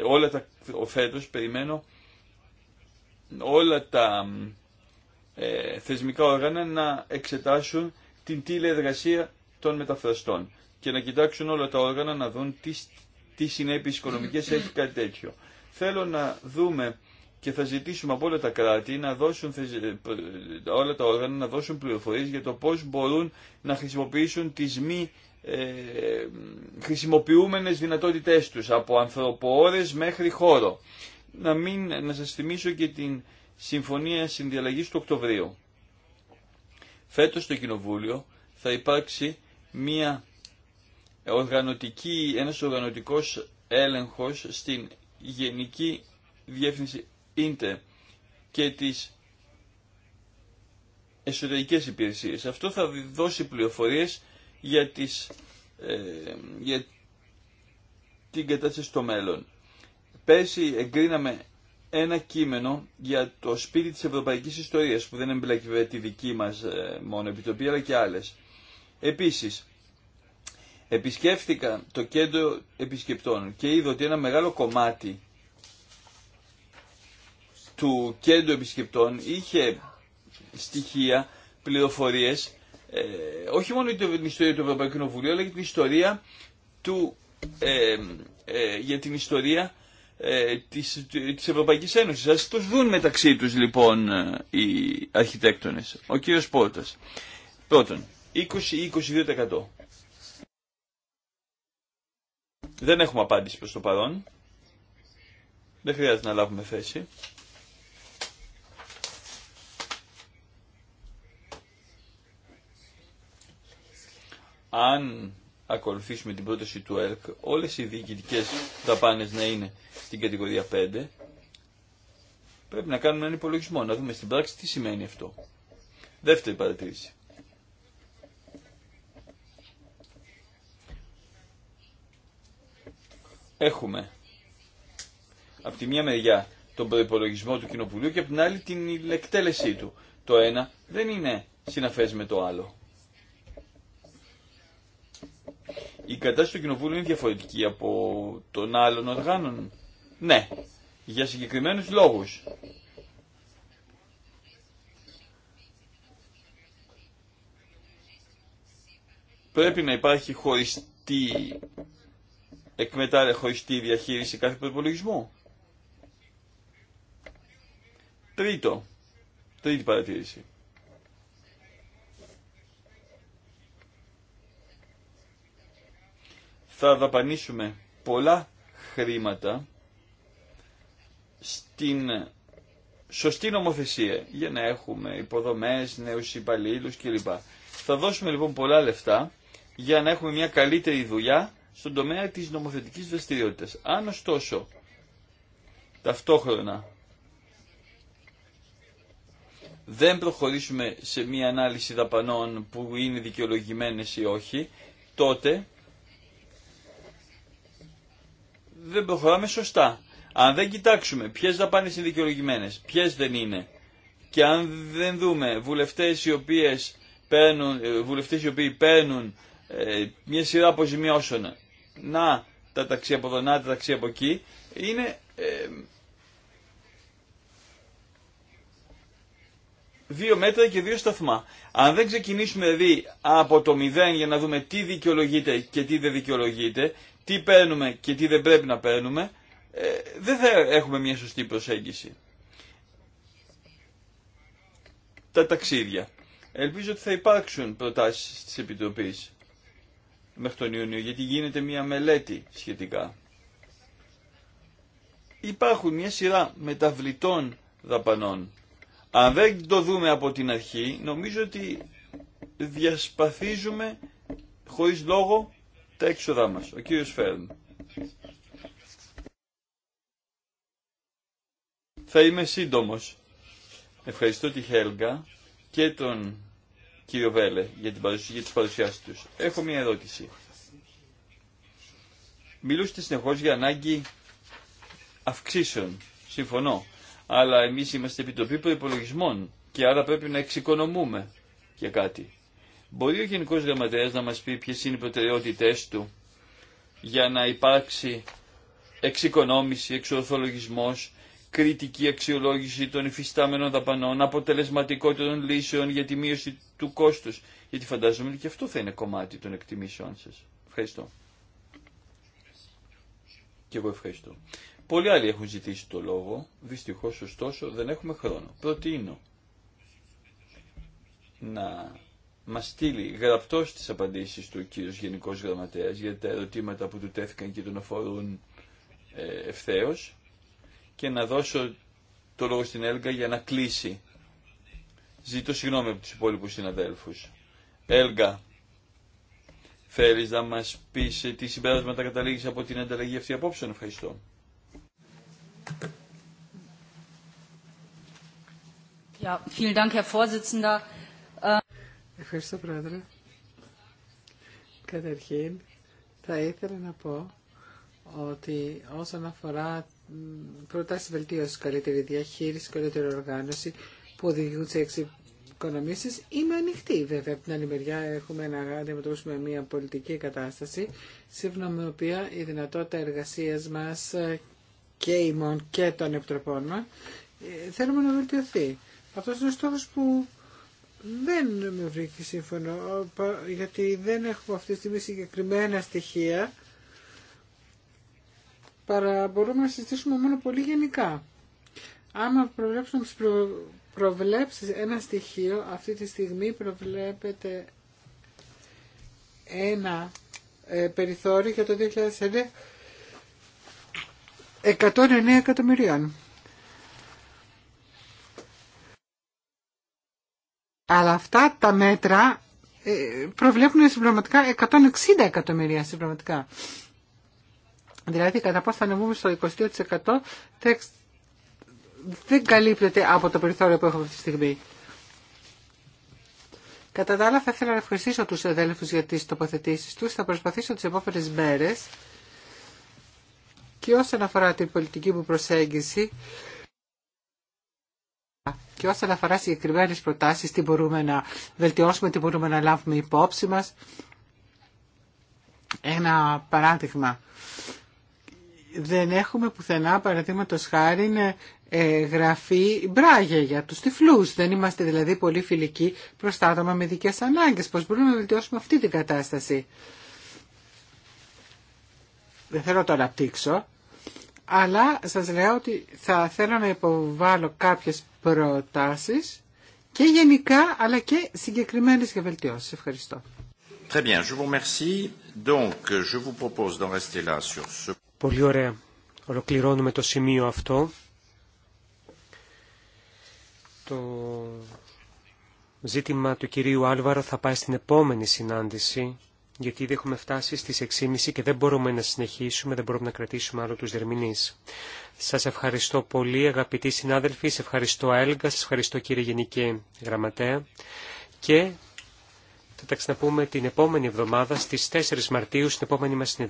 όλα τα ο φέτος περιμένω όλα τα ε, θεσμικά όργανα να εξετάσουν την τηλεεργασία των μεταφραστών και να κοιτάξουν όλα τα όργανα να δουν τι, τι συνέπειες οικονομικές έχει κάτι τέτοιο. Θέλω να δούμε και θα ζητήσουμε από όλα τα κράτη να δώσουν, ε, ε, όλα τα όργανα να δώσουν πληροφορίες για το πώς μπορούν να χρησιμοποιήσουν τις μη ε, χρησιμοποιούμενες δυνατότητές τους από ανθρωποόρες μέχρι χώρο. Να, μην, να σας θυμίσω και την Συμφωνία Συνδιαλλαγής του Οκτωβρίου. Φέτος στο Κοινοβούλιο θα υπάρξει μια οργανωτική, ένας οργανωτικός έλεγχος στην Γενική Διεύθυνση και τις εσωτερικές υπηρεσίες. Αυτό θα δώσει πληροφορίες για, τις, ε, για την κατάσταση στο μέλλον. Πέρσι εγκρίναμε ένα κείμενο για το σπίτι της ευρωπαϊκής ιστορίας που δεν εμπλέκει τη δική μας ε, μόνο επιτροπή αλλά και άλλες. Επίσης, επισκέφθηκα το κέντρο επισκεπτών και είδα ότι ένα μεγάλο κομμάτι του κέντρου επισκεπτών είχε στοιχεία, πληροφορίε, ε, όχι μόνο για την ιστορία του Ευρωπαϊκού Κοινοβουλίου, αλλά και την ιστορία του, ε, ε, για την ιστορία ε, της, της Ευρωπαϊκής Ένωσης. Ας τους δουν μεταξύ τους λοιπόν ε, οι αρχιτέκτονες. Ο κύριος Πόρτας. Πρώτον, 20-22%. Δεν έχουμε απάντηση προς το παρόν. Δεν χρειάζεται να λάβουμε θέση. αν ακολουθήσουμε την πρόταση του ΕΡΚ, όλες οι διοικητικές δαπάνες να είναι στην κατηγορία 5, πρέπει να κάνουμε έναν υπολογισμό, να δούμε στην πράξη τι σημαίνει αυτό. Δεύτερη παρατήρηση. Έχουμε από τη μία μεριά τον προπολογισμό του Κοινοβουλίου και από την άλλη την εκτέλεσή του. Το ένα δεν είναι συναφές με το άλλο. η κατάσταση του Κοινοβούλου είναι διαφορετική από των άλλων οργάνων. Ναι, για συγκεκριμένους λόγους. Πρέπει να υπάρχει χωριστή εκμετάλλευση, χωριστή διαχείριση κάθε προπολογισμού. Τρίτο, τρίτη παρατήρηση. θα δαπανίσουμε πολλά χρήματα στην σωστή νομοθεσία για να έχουμε υποδομές, νέους υπαλλήλους κλπ. Θα δώσουμε λοιπόν πολλά λεφτά για να έχουμε μια καλύτερη δουλειά στον τομέα της νομοθετικής δραστηριότητα. Αν ωστόσο ταυτόχρονα δεν προχωρήσουμε σε μια ανάλυση δαπανών που είναι δικαιολογημένες ή όχι, τότε δεν προχωράμε σωστά. Αν δεν κοιτάξουμε ποιες δαπάνες είναι δικαιολογημένε, ποιες δεν είναι και αν δεν δούμε βουλευτές οι, οποίες παίρνουν, ε, βουλευτές οι οποίοι παίρνουν ε, μια σειρά αποζημιώσεων, να τα ταξί από εδώ, να τα ταξί από εκεί, είναι... Ε, δύο μέτρα και δύο σταθμά. Αν δεν ξεκινήσουμε δηλαδή από το μηδέν για να δούμε τι δικαιολογείται και τι δεν δικαιολογείται, τι παίρνουμε και τι δεν πρέπει να παίρνουμε, ε, δεν θα έχουμε μια σωστή προσέγγιση. Τα ταξίδια. Ελπίζω ότι θα υπάρξουν προτάσεις της Επιτροπής μέχρι τον Ιούνιο, γιατί γίνεται μια μελέτη σχετικά. Υπάρχουν μια σειρά μεταβλητών δαπανών. Αν δεν το δούμε από την αρχή, νομίζω ότι διασπαθίζουμε χωρίς λόγο τα έξοδά μας. Ο κύριος Φέρν. Θα είμαι σύντομος. Ευχαριστώ τη Χέλγα και τον κύριο Βέλε για, την παρουσία, για τις παρουσιάσεις τους. Έχω μία ερώτηση. Μιλούσατε συνεχώς για ανάγκη αυξήσεων. Συμφωνώ. Αλλά εμείς είμαστε επιτροπή προπολογισμών και άρα πρέπει να εξοικονομούμε για κάτι. Μπορεί ο Γενικό Γραμματέα να μα πει ποιε είναι οι προτεραιότητέ του για να υπάρξει εξοικονόμηση, εξορθολογισμό, κριτική αξιολόγηση των υφιστάμενων δαπανών, αποτελεσματικότητα των λύσεων για τη μείωση του κόστου. Γιατί φαντάζομαι ότι και αυτό θα είναι κομμάτι των εκτιμήσεών σα. Ευχαριστώ. Και εγώ ευχαριστώ. Πολλοί άλλοι έχουν ζητήσει το λόγο. Δυστυχώ, ωστόσο, δεν έχουμε χρόνο. Προτείνω να Μα στείλει γραπτό τι απαντήσεις του κύριος Γενικό Γραμματέας για τα ερωτήματα που του τέθηκαν και τον αφορούν ε, ευθέω και να δώσω το λόγο στην Έλγα για να κλείσει. Ζήτω συγγνώμη από του υπόλοιπου συναδέλφου. Έλγα, Θέλει να μας πεις τι συμπέρασματα καταλήγει από την ανταλλαγή αυτή απόψε. Ευχαριστώ. Ja, vielen Dank, Herr Vorsitzender. Ευχαριστώ, Πρόεδρε. Καταρχήν, θα ήθελα να πω ότι όσον αφορά προτάσει βελτίωση, καλύτερη διαχείριση, καλύτερη οργάνωση που οδηγούν σε εξοικονομήσει, είμαι ανοιχτή. Βέβαια, από την άλλη μεριά έχουμε να αντιμετωπίσουμε μια πολιτική κατάσταση, σύμφωνα με οποία η δυνατότητα εργασία μα ε, και ημών και των επιτροπών μα ε, θέλουμε να βελτιωθεί. Αυτό είναι ο στόχο που δεν με βρήκε σύμφωνο, γιατί δεν έχουμε αυτή τη στιγμή συγκεκριμένα στοιχεία, παρά μπορούμε να συζητήσουμε μόνο πολύ γενικά. Άμα προβλέψουμε τις προ... προβλέψεις ένα στοιχείο, αυτή τη στιγμή προβλέπεται ένα ε, περιθώριο για το 2009 109 εκατομμυρίων. Αλλά αυτά τα μέτρα ε, προβλέπουν συμπληρωματικά 160 εκατομμύρια συμπληρωματικά. Δηλαδή κατά πώ θα ανεβούμε στο 22% δεν καλύπτεται από το περιθώριο που έχουμε αυτή τη στιγμή. Κατά τα άλλα θα ήθελα να ευχαριστήσω τους αδέλφους για τις τοποθετήσεις τους. Θα προσπαθήσω τις επόμενες μέρες και όσον αφορά την πολιτική μου προσέγγιση και όσον αφορά συγκεκριμένε προτάσει, τι μπορούμε να βελτιώσουμε, τι μπορούμε να λάβουμε υπόψη μα. Ένα παράδειγμα. Δεν έχουμε πουθενά, παραδείγματο χάρη, είναι γραφή μπράγια για του τυφλού. Δεν είμαστε δηλαδή πολύ φιλικοί προ τα άτομα με δικές ανάγκε. Πώς μπορούμε να βελτιώσουμε αυτή την κατάσταση. Δεν θέλω να το αναπτύξω, αλλά σας λέω ότι θα θέλω να υποβάλω κάποιες προτάσεις και γενικά αλλά και συγκεκριμένες για βελτιώσεις. Ευχαριστώ. Très bien, je vous remercie. Donc, je vous propose rester là sur ce... Πολύ ωραία. Ολοκληρώνουμε το σημείο αυτό. Το ζήτημα του κυρίου Άλβαρο θα πάει στην επόμενη συνάντηση γιατί ήδη έχουμε φτάσει στις 6.30 και δεν μπορούμε να συνεχίσουμε, δεν μπορούμε να κρατήσουμε άλλο τους δερμηνείς. Σας ευχαριστώ πολύ αγαπητοί συνάδελφοι, σας ευχαριστώ Αέλγα, σας ευχαριστώ κύριε Γενική Γραμματέα και θα τα ξαναπούμε την επόμενη εβδομάδα στις 4 Μαρτίου στην επόμενη μας συνεδρία.